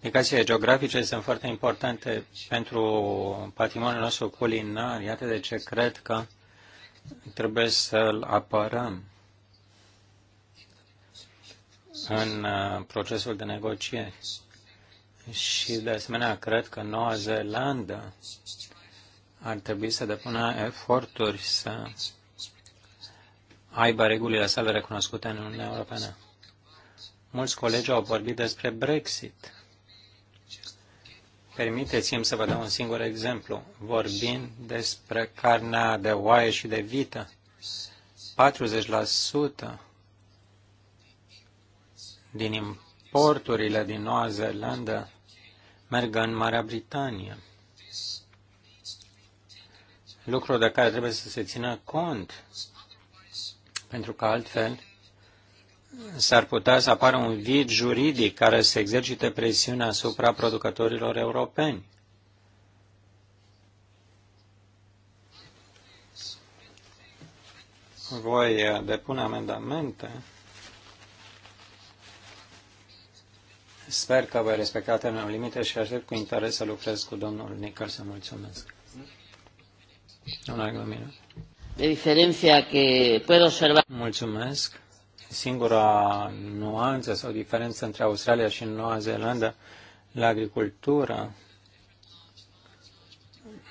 [SPEAKER 3] Indicațiile geografice sunt foarte importante pentru patrimoniul nostru culinar, iată de ce cred că trebuie să-l apărăm în uh, procesul de negocieri și, de asemenea, cred că Noua Zeelandă ar trebui să depună eforturi să aibă regulile sale recunoscute în Uniunea Europeană. Mulți colegi au vorbit despre Brexit. Permiteți-mi să vă dau un singur exemplu. Vorbind despre carnea de oaie și de vită. 40% din importurile din Noua Zeelandă merg în Marea Britanie. Lucru de care trebuie să se țină cont, pentru că altfel s-ar putea să apară un vid juridic care să exercite presiunea asupra producătorilor europeni. Voi eh, depune amendamente Sper că voi respecta termenul limite și aștept cu interes să lucrez cu domnul să Mulțumesc. Doamna Glumina. De diferenția că pot observa... Mulțumesc. Singura nuanță sau diferență între Australia și Noua Zeelandă la agricultură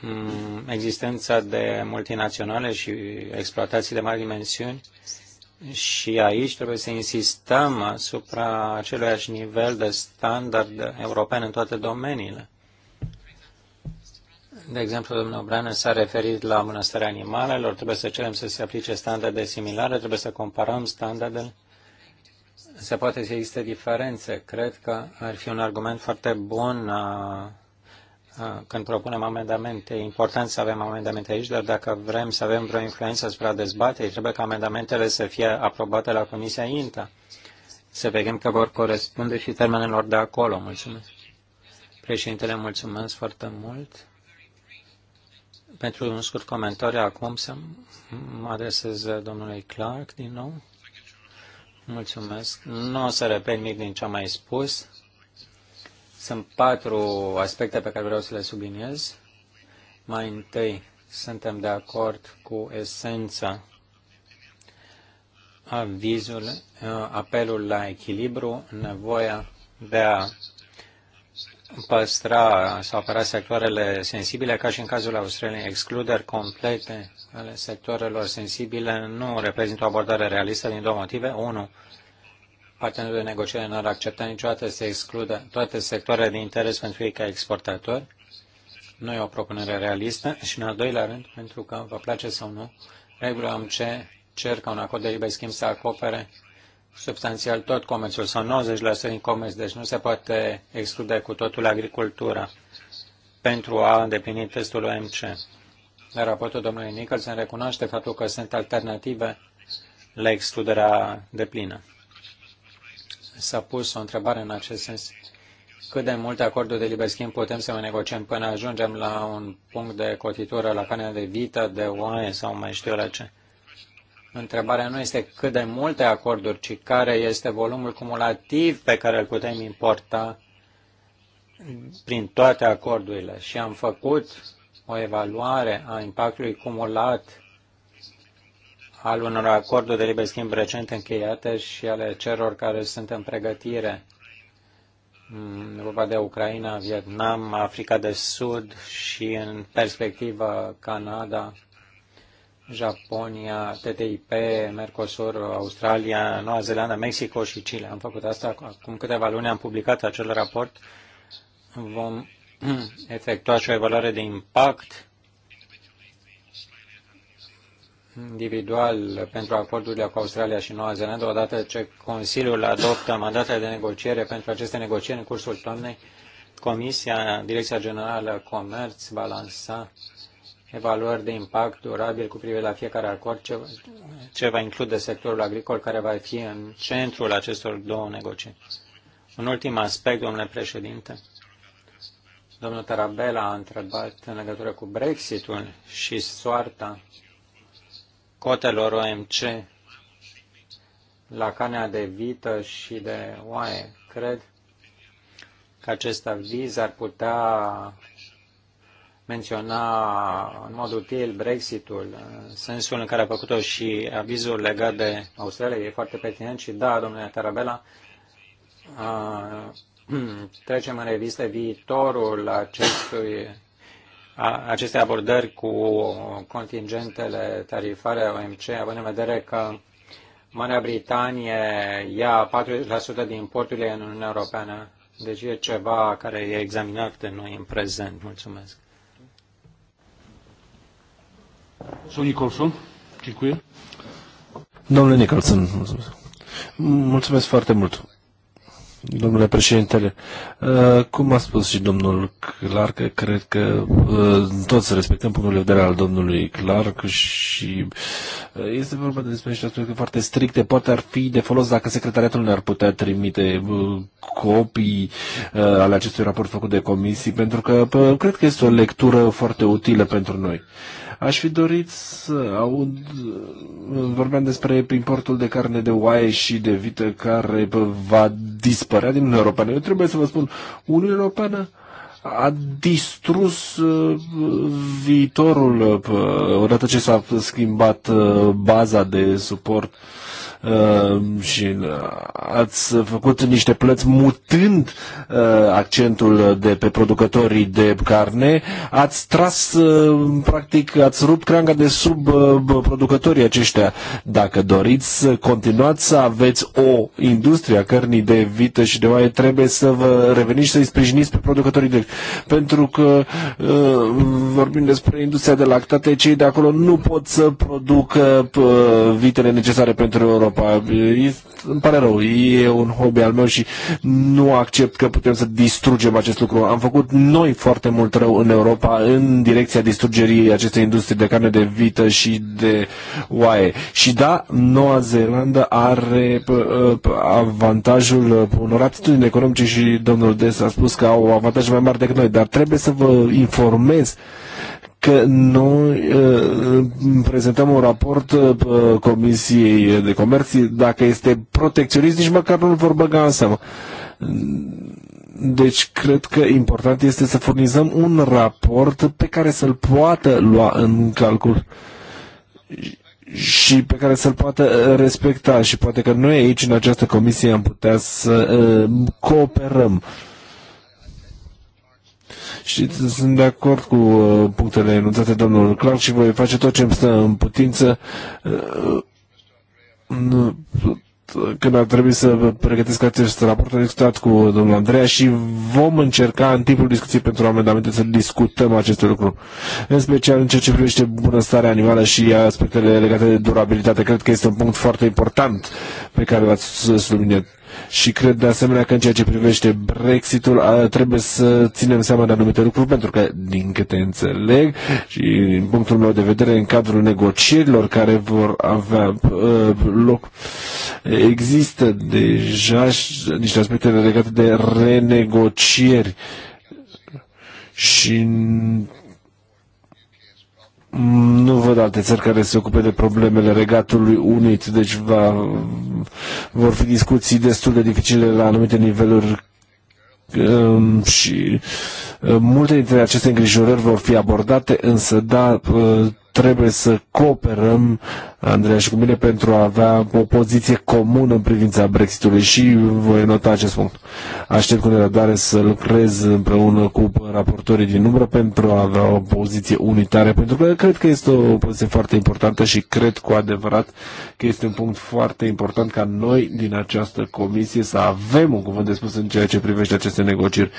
[SPEAKER 3] mm, existența de multinaționale și exploatații de mari dimensiuni și aici trebuie să insistăm asupra aceluiași nivel de standard european în toate domeniile. De exemplu, domnul Brană s-a referit la bunăstarea animalelor, trebuie să cerem să se aplice standarde similare, trebuie să comparăm standardele. Se poate să existe diferențe. Cred că ar fi un argument foarte bun uh, când propunem amendamente, e important să avem amendamente aici, dar dacă vrem să avem vreo influență asupra dezbaterii, trebuie ca amendamentele să fie aprobate la Comisia INTA. Să vedem că vor corespunde și termenelor de acolo. Mulțumesc. Președintele, mulțumesc foarte mult. Pentru un scurt comentariu acum să mă adresez domnului Clark din nou. Mulțumesc. Nu o să repet nimic din ce am mai spus sunt patru aspecte pe care vreau să le subliniez. Mai întâi, suntem de acord cu esența avizul, apelul la echilibru, nevoia de a păstra sau apăra sectoarele sensibile, ca și în cazul Australiei, excluderi complete ale sectoarelor sensibile nu reprezintă o abordare realistă din două motive. Unu, partenerul de negociere nu ar accepta niciodată să excludă toate sectoarele de interes pentru ei ca exportatori. Nu e o propunere realistă și, în al doilea rând, pentru că, vă place sau nu, regula OMC cer ca un acord de liber schimb să acopere substanțial tot comerțul sau 90% din comerț, deci nu se poate exclude cu totul agricultura pentru a îndeplini testul OMC. La raportul domnului Nicholson recunoaște faptul că sunt alternative la excluderea plină s-a pus o întrebare în acest sens. Cât de multe acorduri de liber schimb putem să negociem până ajungem la un punct de cotitură la carne de vită, de oaie sau mai știu la ce? Întrebarea nu este cât de multe acorduri, ci care este volumul cumulativ pe care îl putem importa prin toate acordurile. Și am făcut o evaluare a impactului cumulat al unor acorduri de liber schimb recent încheiate și ale celor care sunt în pregătire. Mm, vorba de Ucraina, Vietnam, Africa de Sud și în perspectivă Canada, Japonia, TTIP, Mercosur, Australia, Noua Zeelandă, Mexico și Chile. Am făcut asta acum câteva luni, am publicat acel raport. Vom efectua și o evaluare de impact individual pentru acordurile cu Australia și Noua Zeelandă, odată ce Consiliul adoptă mandatele de negociere pentru aceste negocieri în cursul toamnei, Comisia, Direcția Generală Comerț, balansa evaluări de impact durabil cu privire la fiecare acord, ce, ce va include sectorul agricol care va fi în centrul acestor două negocieri. Un ultim aspect, domnule președinte. Domnul Tarabella a întrebat în legătură cu Brexitul și soarta cotelor OMC la canea de vită și de oaie. Cred că acest aviz ar putea menționa în mod util Brexitul, în sensul în care a făcut-o și avizul legat de Australia, e foarte pertinent și da, domnule Tarabella, trecem în revistă viitorul acestui aceste abordări cu contingentele tarifare OMC, având în vedere că Marea Britanie ia 40% din porturile în Uniunea Europeană, deci e ceva care e examinat de noi în prezent. Mulțumesc. Sunt Nicholson.
[SPEAKER 1] Domnule Nicholson, mulțumesc. Mulțumesc foarte mult. Domnule președintele, uh, cum a spus și domnul Clark, cred că uh, toți respectăm punctul de vedere al domnului Clark și uh, este vorba despre niște aspecte foarte stricte. Poate ar fi de folos dacă secretariatul ne-ar putea trimite copii ale acestui raport făcut de comisii, pentru că cred că este o lectură foarte utilă pentru noi. Aș fi dorit să aud, vorbeam despre importul de carne de oaie și de vită care va dispărea din Uniunea Europeană. Eu trebuie să vă spun, Uniunea Europeană a distrus uh, viitorul uh, odată ce s-a schimbat uh, baza de suport Ehm, și uh, ați făcut niște plăți mutând uh, accentul de pe producătorii de carne, ați tras, uh, practic, ați rupt creanga de sub producătorii aceștia. Dacă doriți să continuați să aveți o industrie a cărnii de vită și de oaie, trebuie să vă reveniți și să-i sprijiniți pe producătorii de pentru că vorbim despre industria de lactate, cei de acolo nu pot să producă vitele necesare pentru Europa Europa. E, îmi pare rău, e un hobby al meu și nu accept că putem să distrugem acest lucru. Am făcut noi foarte mult rău în Europa în direcția distrugerii acestei industrie de carne de vită și de oaie. Și da, Noua Zeelandă are ă, avantajul ă, unor aptitudini economice și domnul Des a spus că au avantaje mai mari decât noi, dar trebuie să vă informez că noi uh, prezentăm un raport uh, Comisiei de Comerț, dacă este protecționist, nici măcar nu-l vor băga în seamă. Deci cred că important este să furnizăm un raport pe care să-l poată lua în calcul și pe care să-l poată uh, respecta și poate că noi aici în această comisie am putea să uh, cooperăm uh, și sunt de acord cu uh, punctele enunțate domnul Clark și voi face tot ce îmi stă în putință uh, când ar trebui să pregătesc acest raport, am discutat cu domnul Andreea și vom încerca în timpul discuției pentru amendamente să discutăm aceste lucruri. În special în ceea ce privește bunăstarea animală și aspectele legate de durabilitate. Cred că este un punct foarte important pe care l-ați subliniat și cred de asemenea că în ceea ce privește Brexitul trebuie să ținem seama de anumite lucruri pentru că, din câte înțeleg și din punctul meu de vedere, în cadrul negocierilor care vor avea uh, loc, există deja niște aspecte legate de renegocieri și Mm, nu văd alte țări care se ocupe de problemele regatului unit, deci va, vor fi discuții destul de dificile la anumite niveluri um, și uh, multe dintre aceste îngrijorări vor fi abordate, însă da, uh, trebuie să cooperăm Andreea și cu mine pentru a avea o poziție comună în privința Brexitului și voi nota acest punct. Aștept cu nerăbdare să lucrez împreună cu raportorii din umbră pentru a avea o poziție unitară, pentru că cred că este o poziție foarte importantă și cred cu adevărat că este un punct foarte important ca noi din această comisie să avem un cuvânt de spus în ceea ce privește aceste negocieri.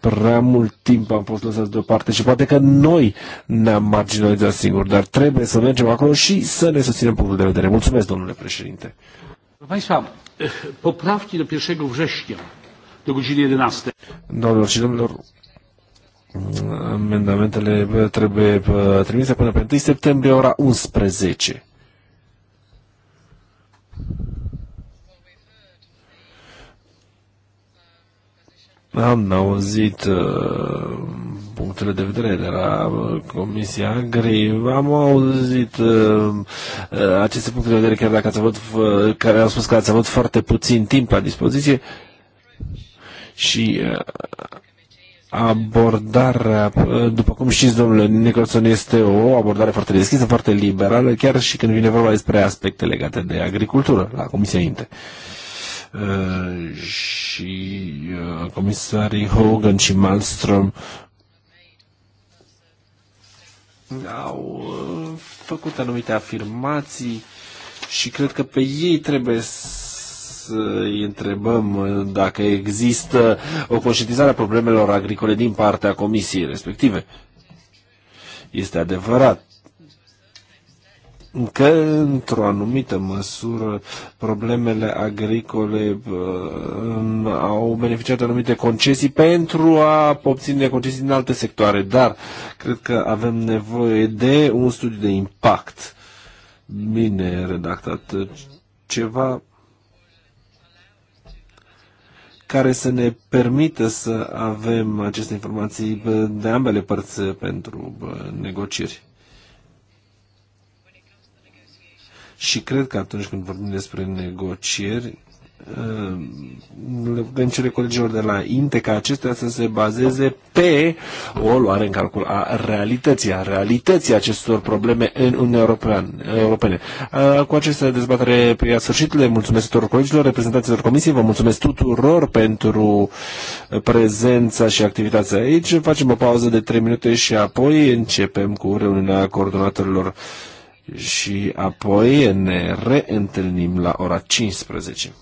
[SPEAKER 1] Prea mult timp am fost lăsați deoparte și poate că noi ne-am marginalizat singuri, dar trebuie să mergem acolo și să ne susținem susținem punctul de vedere. Mulțumesc, domnule președinte. Państwa, eh, poprawki do 1 września do godziny 11. Doamnelor și domnilor, amendamentele trebuie trimise până pe 1 septembrie ora 11. Am auzit uh, punctele de vedere de la uh, Comisia Agri, am auzit uh, uh, aceste puncte de vedere, chiar dacă ați avut, uh, care au spus că ați avut foarte puțin timp la dispoziție și uh, abordarea, uh, după cum știți, domnule Nicolson, este o abordare foarte deschisă, foarte liberală, chiar și când vine vorba despre aspecte legate de agricultură la Comisia Inter. Uh, Eh, și eh, comisarii Hogan și Malmström au eh, făcut anumite afirmații și cred că pe ei trebuie să îi întrebăm dacă există o conștientizare a problemelor agricole din partea comisiei respective. Este adevărat că într-o anumită măsură problemele agricole uh, au beneficiat de anumite concesii pentru a obține concesii din alte sectoare, dar cred că avem nevoie de un studiu de impact bine redactat, ceva care să ne permită să avem aceste informații de ambele părți pentru uh, negocieri. și cred că atunci când vorbim despre negocieri, uh, le putem cere colegilor de la INTE ca acestea să se bazeze pe o luare în calcul a realității, a realității acestor probleme în Uniunea European, Europene. Uh, cu această dezbatere pe sfârșit le mulțumesc tuturor colegilor, reprezentanților comisiei, vă mulțumesc tuturor pentru prezența și activitatea aici. Facem o pauză de 3 minute și apoi începem cu reuniunea coordonatorilor și apoi ne reîntâlnim la ora 15.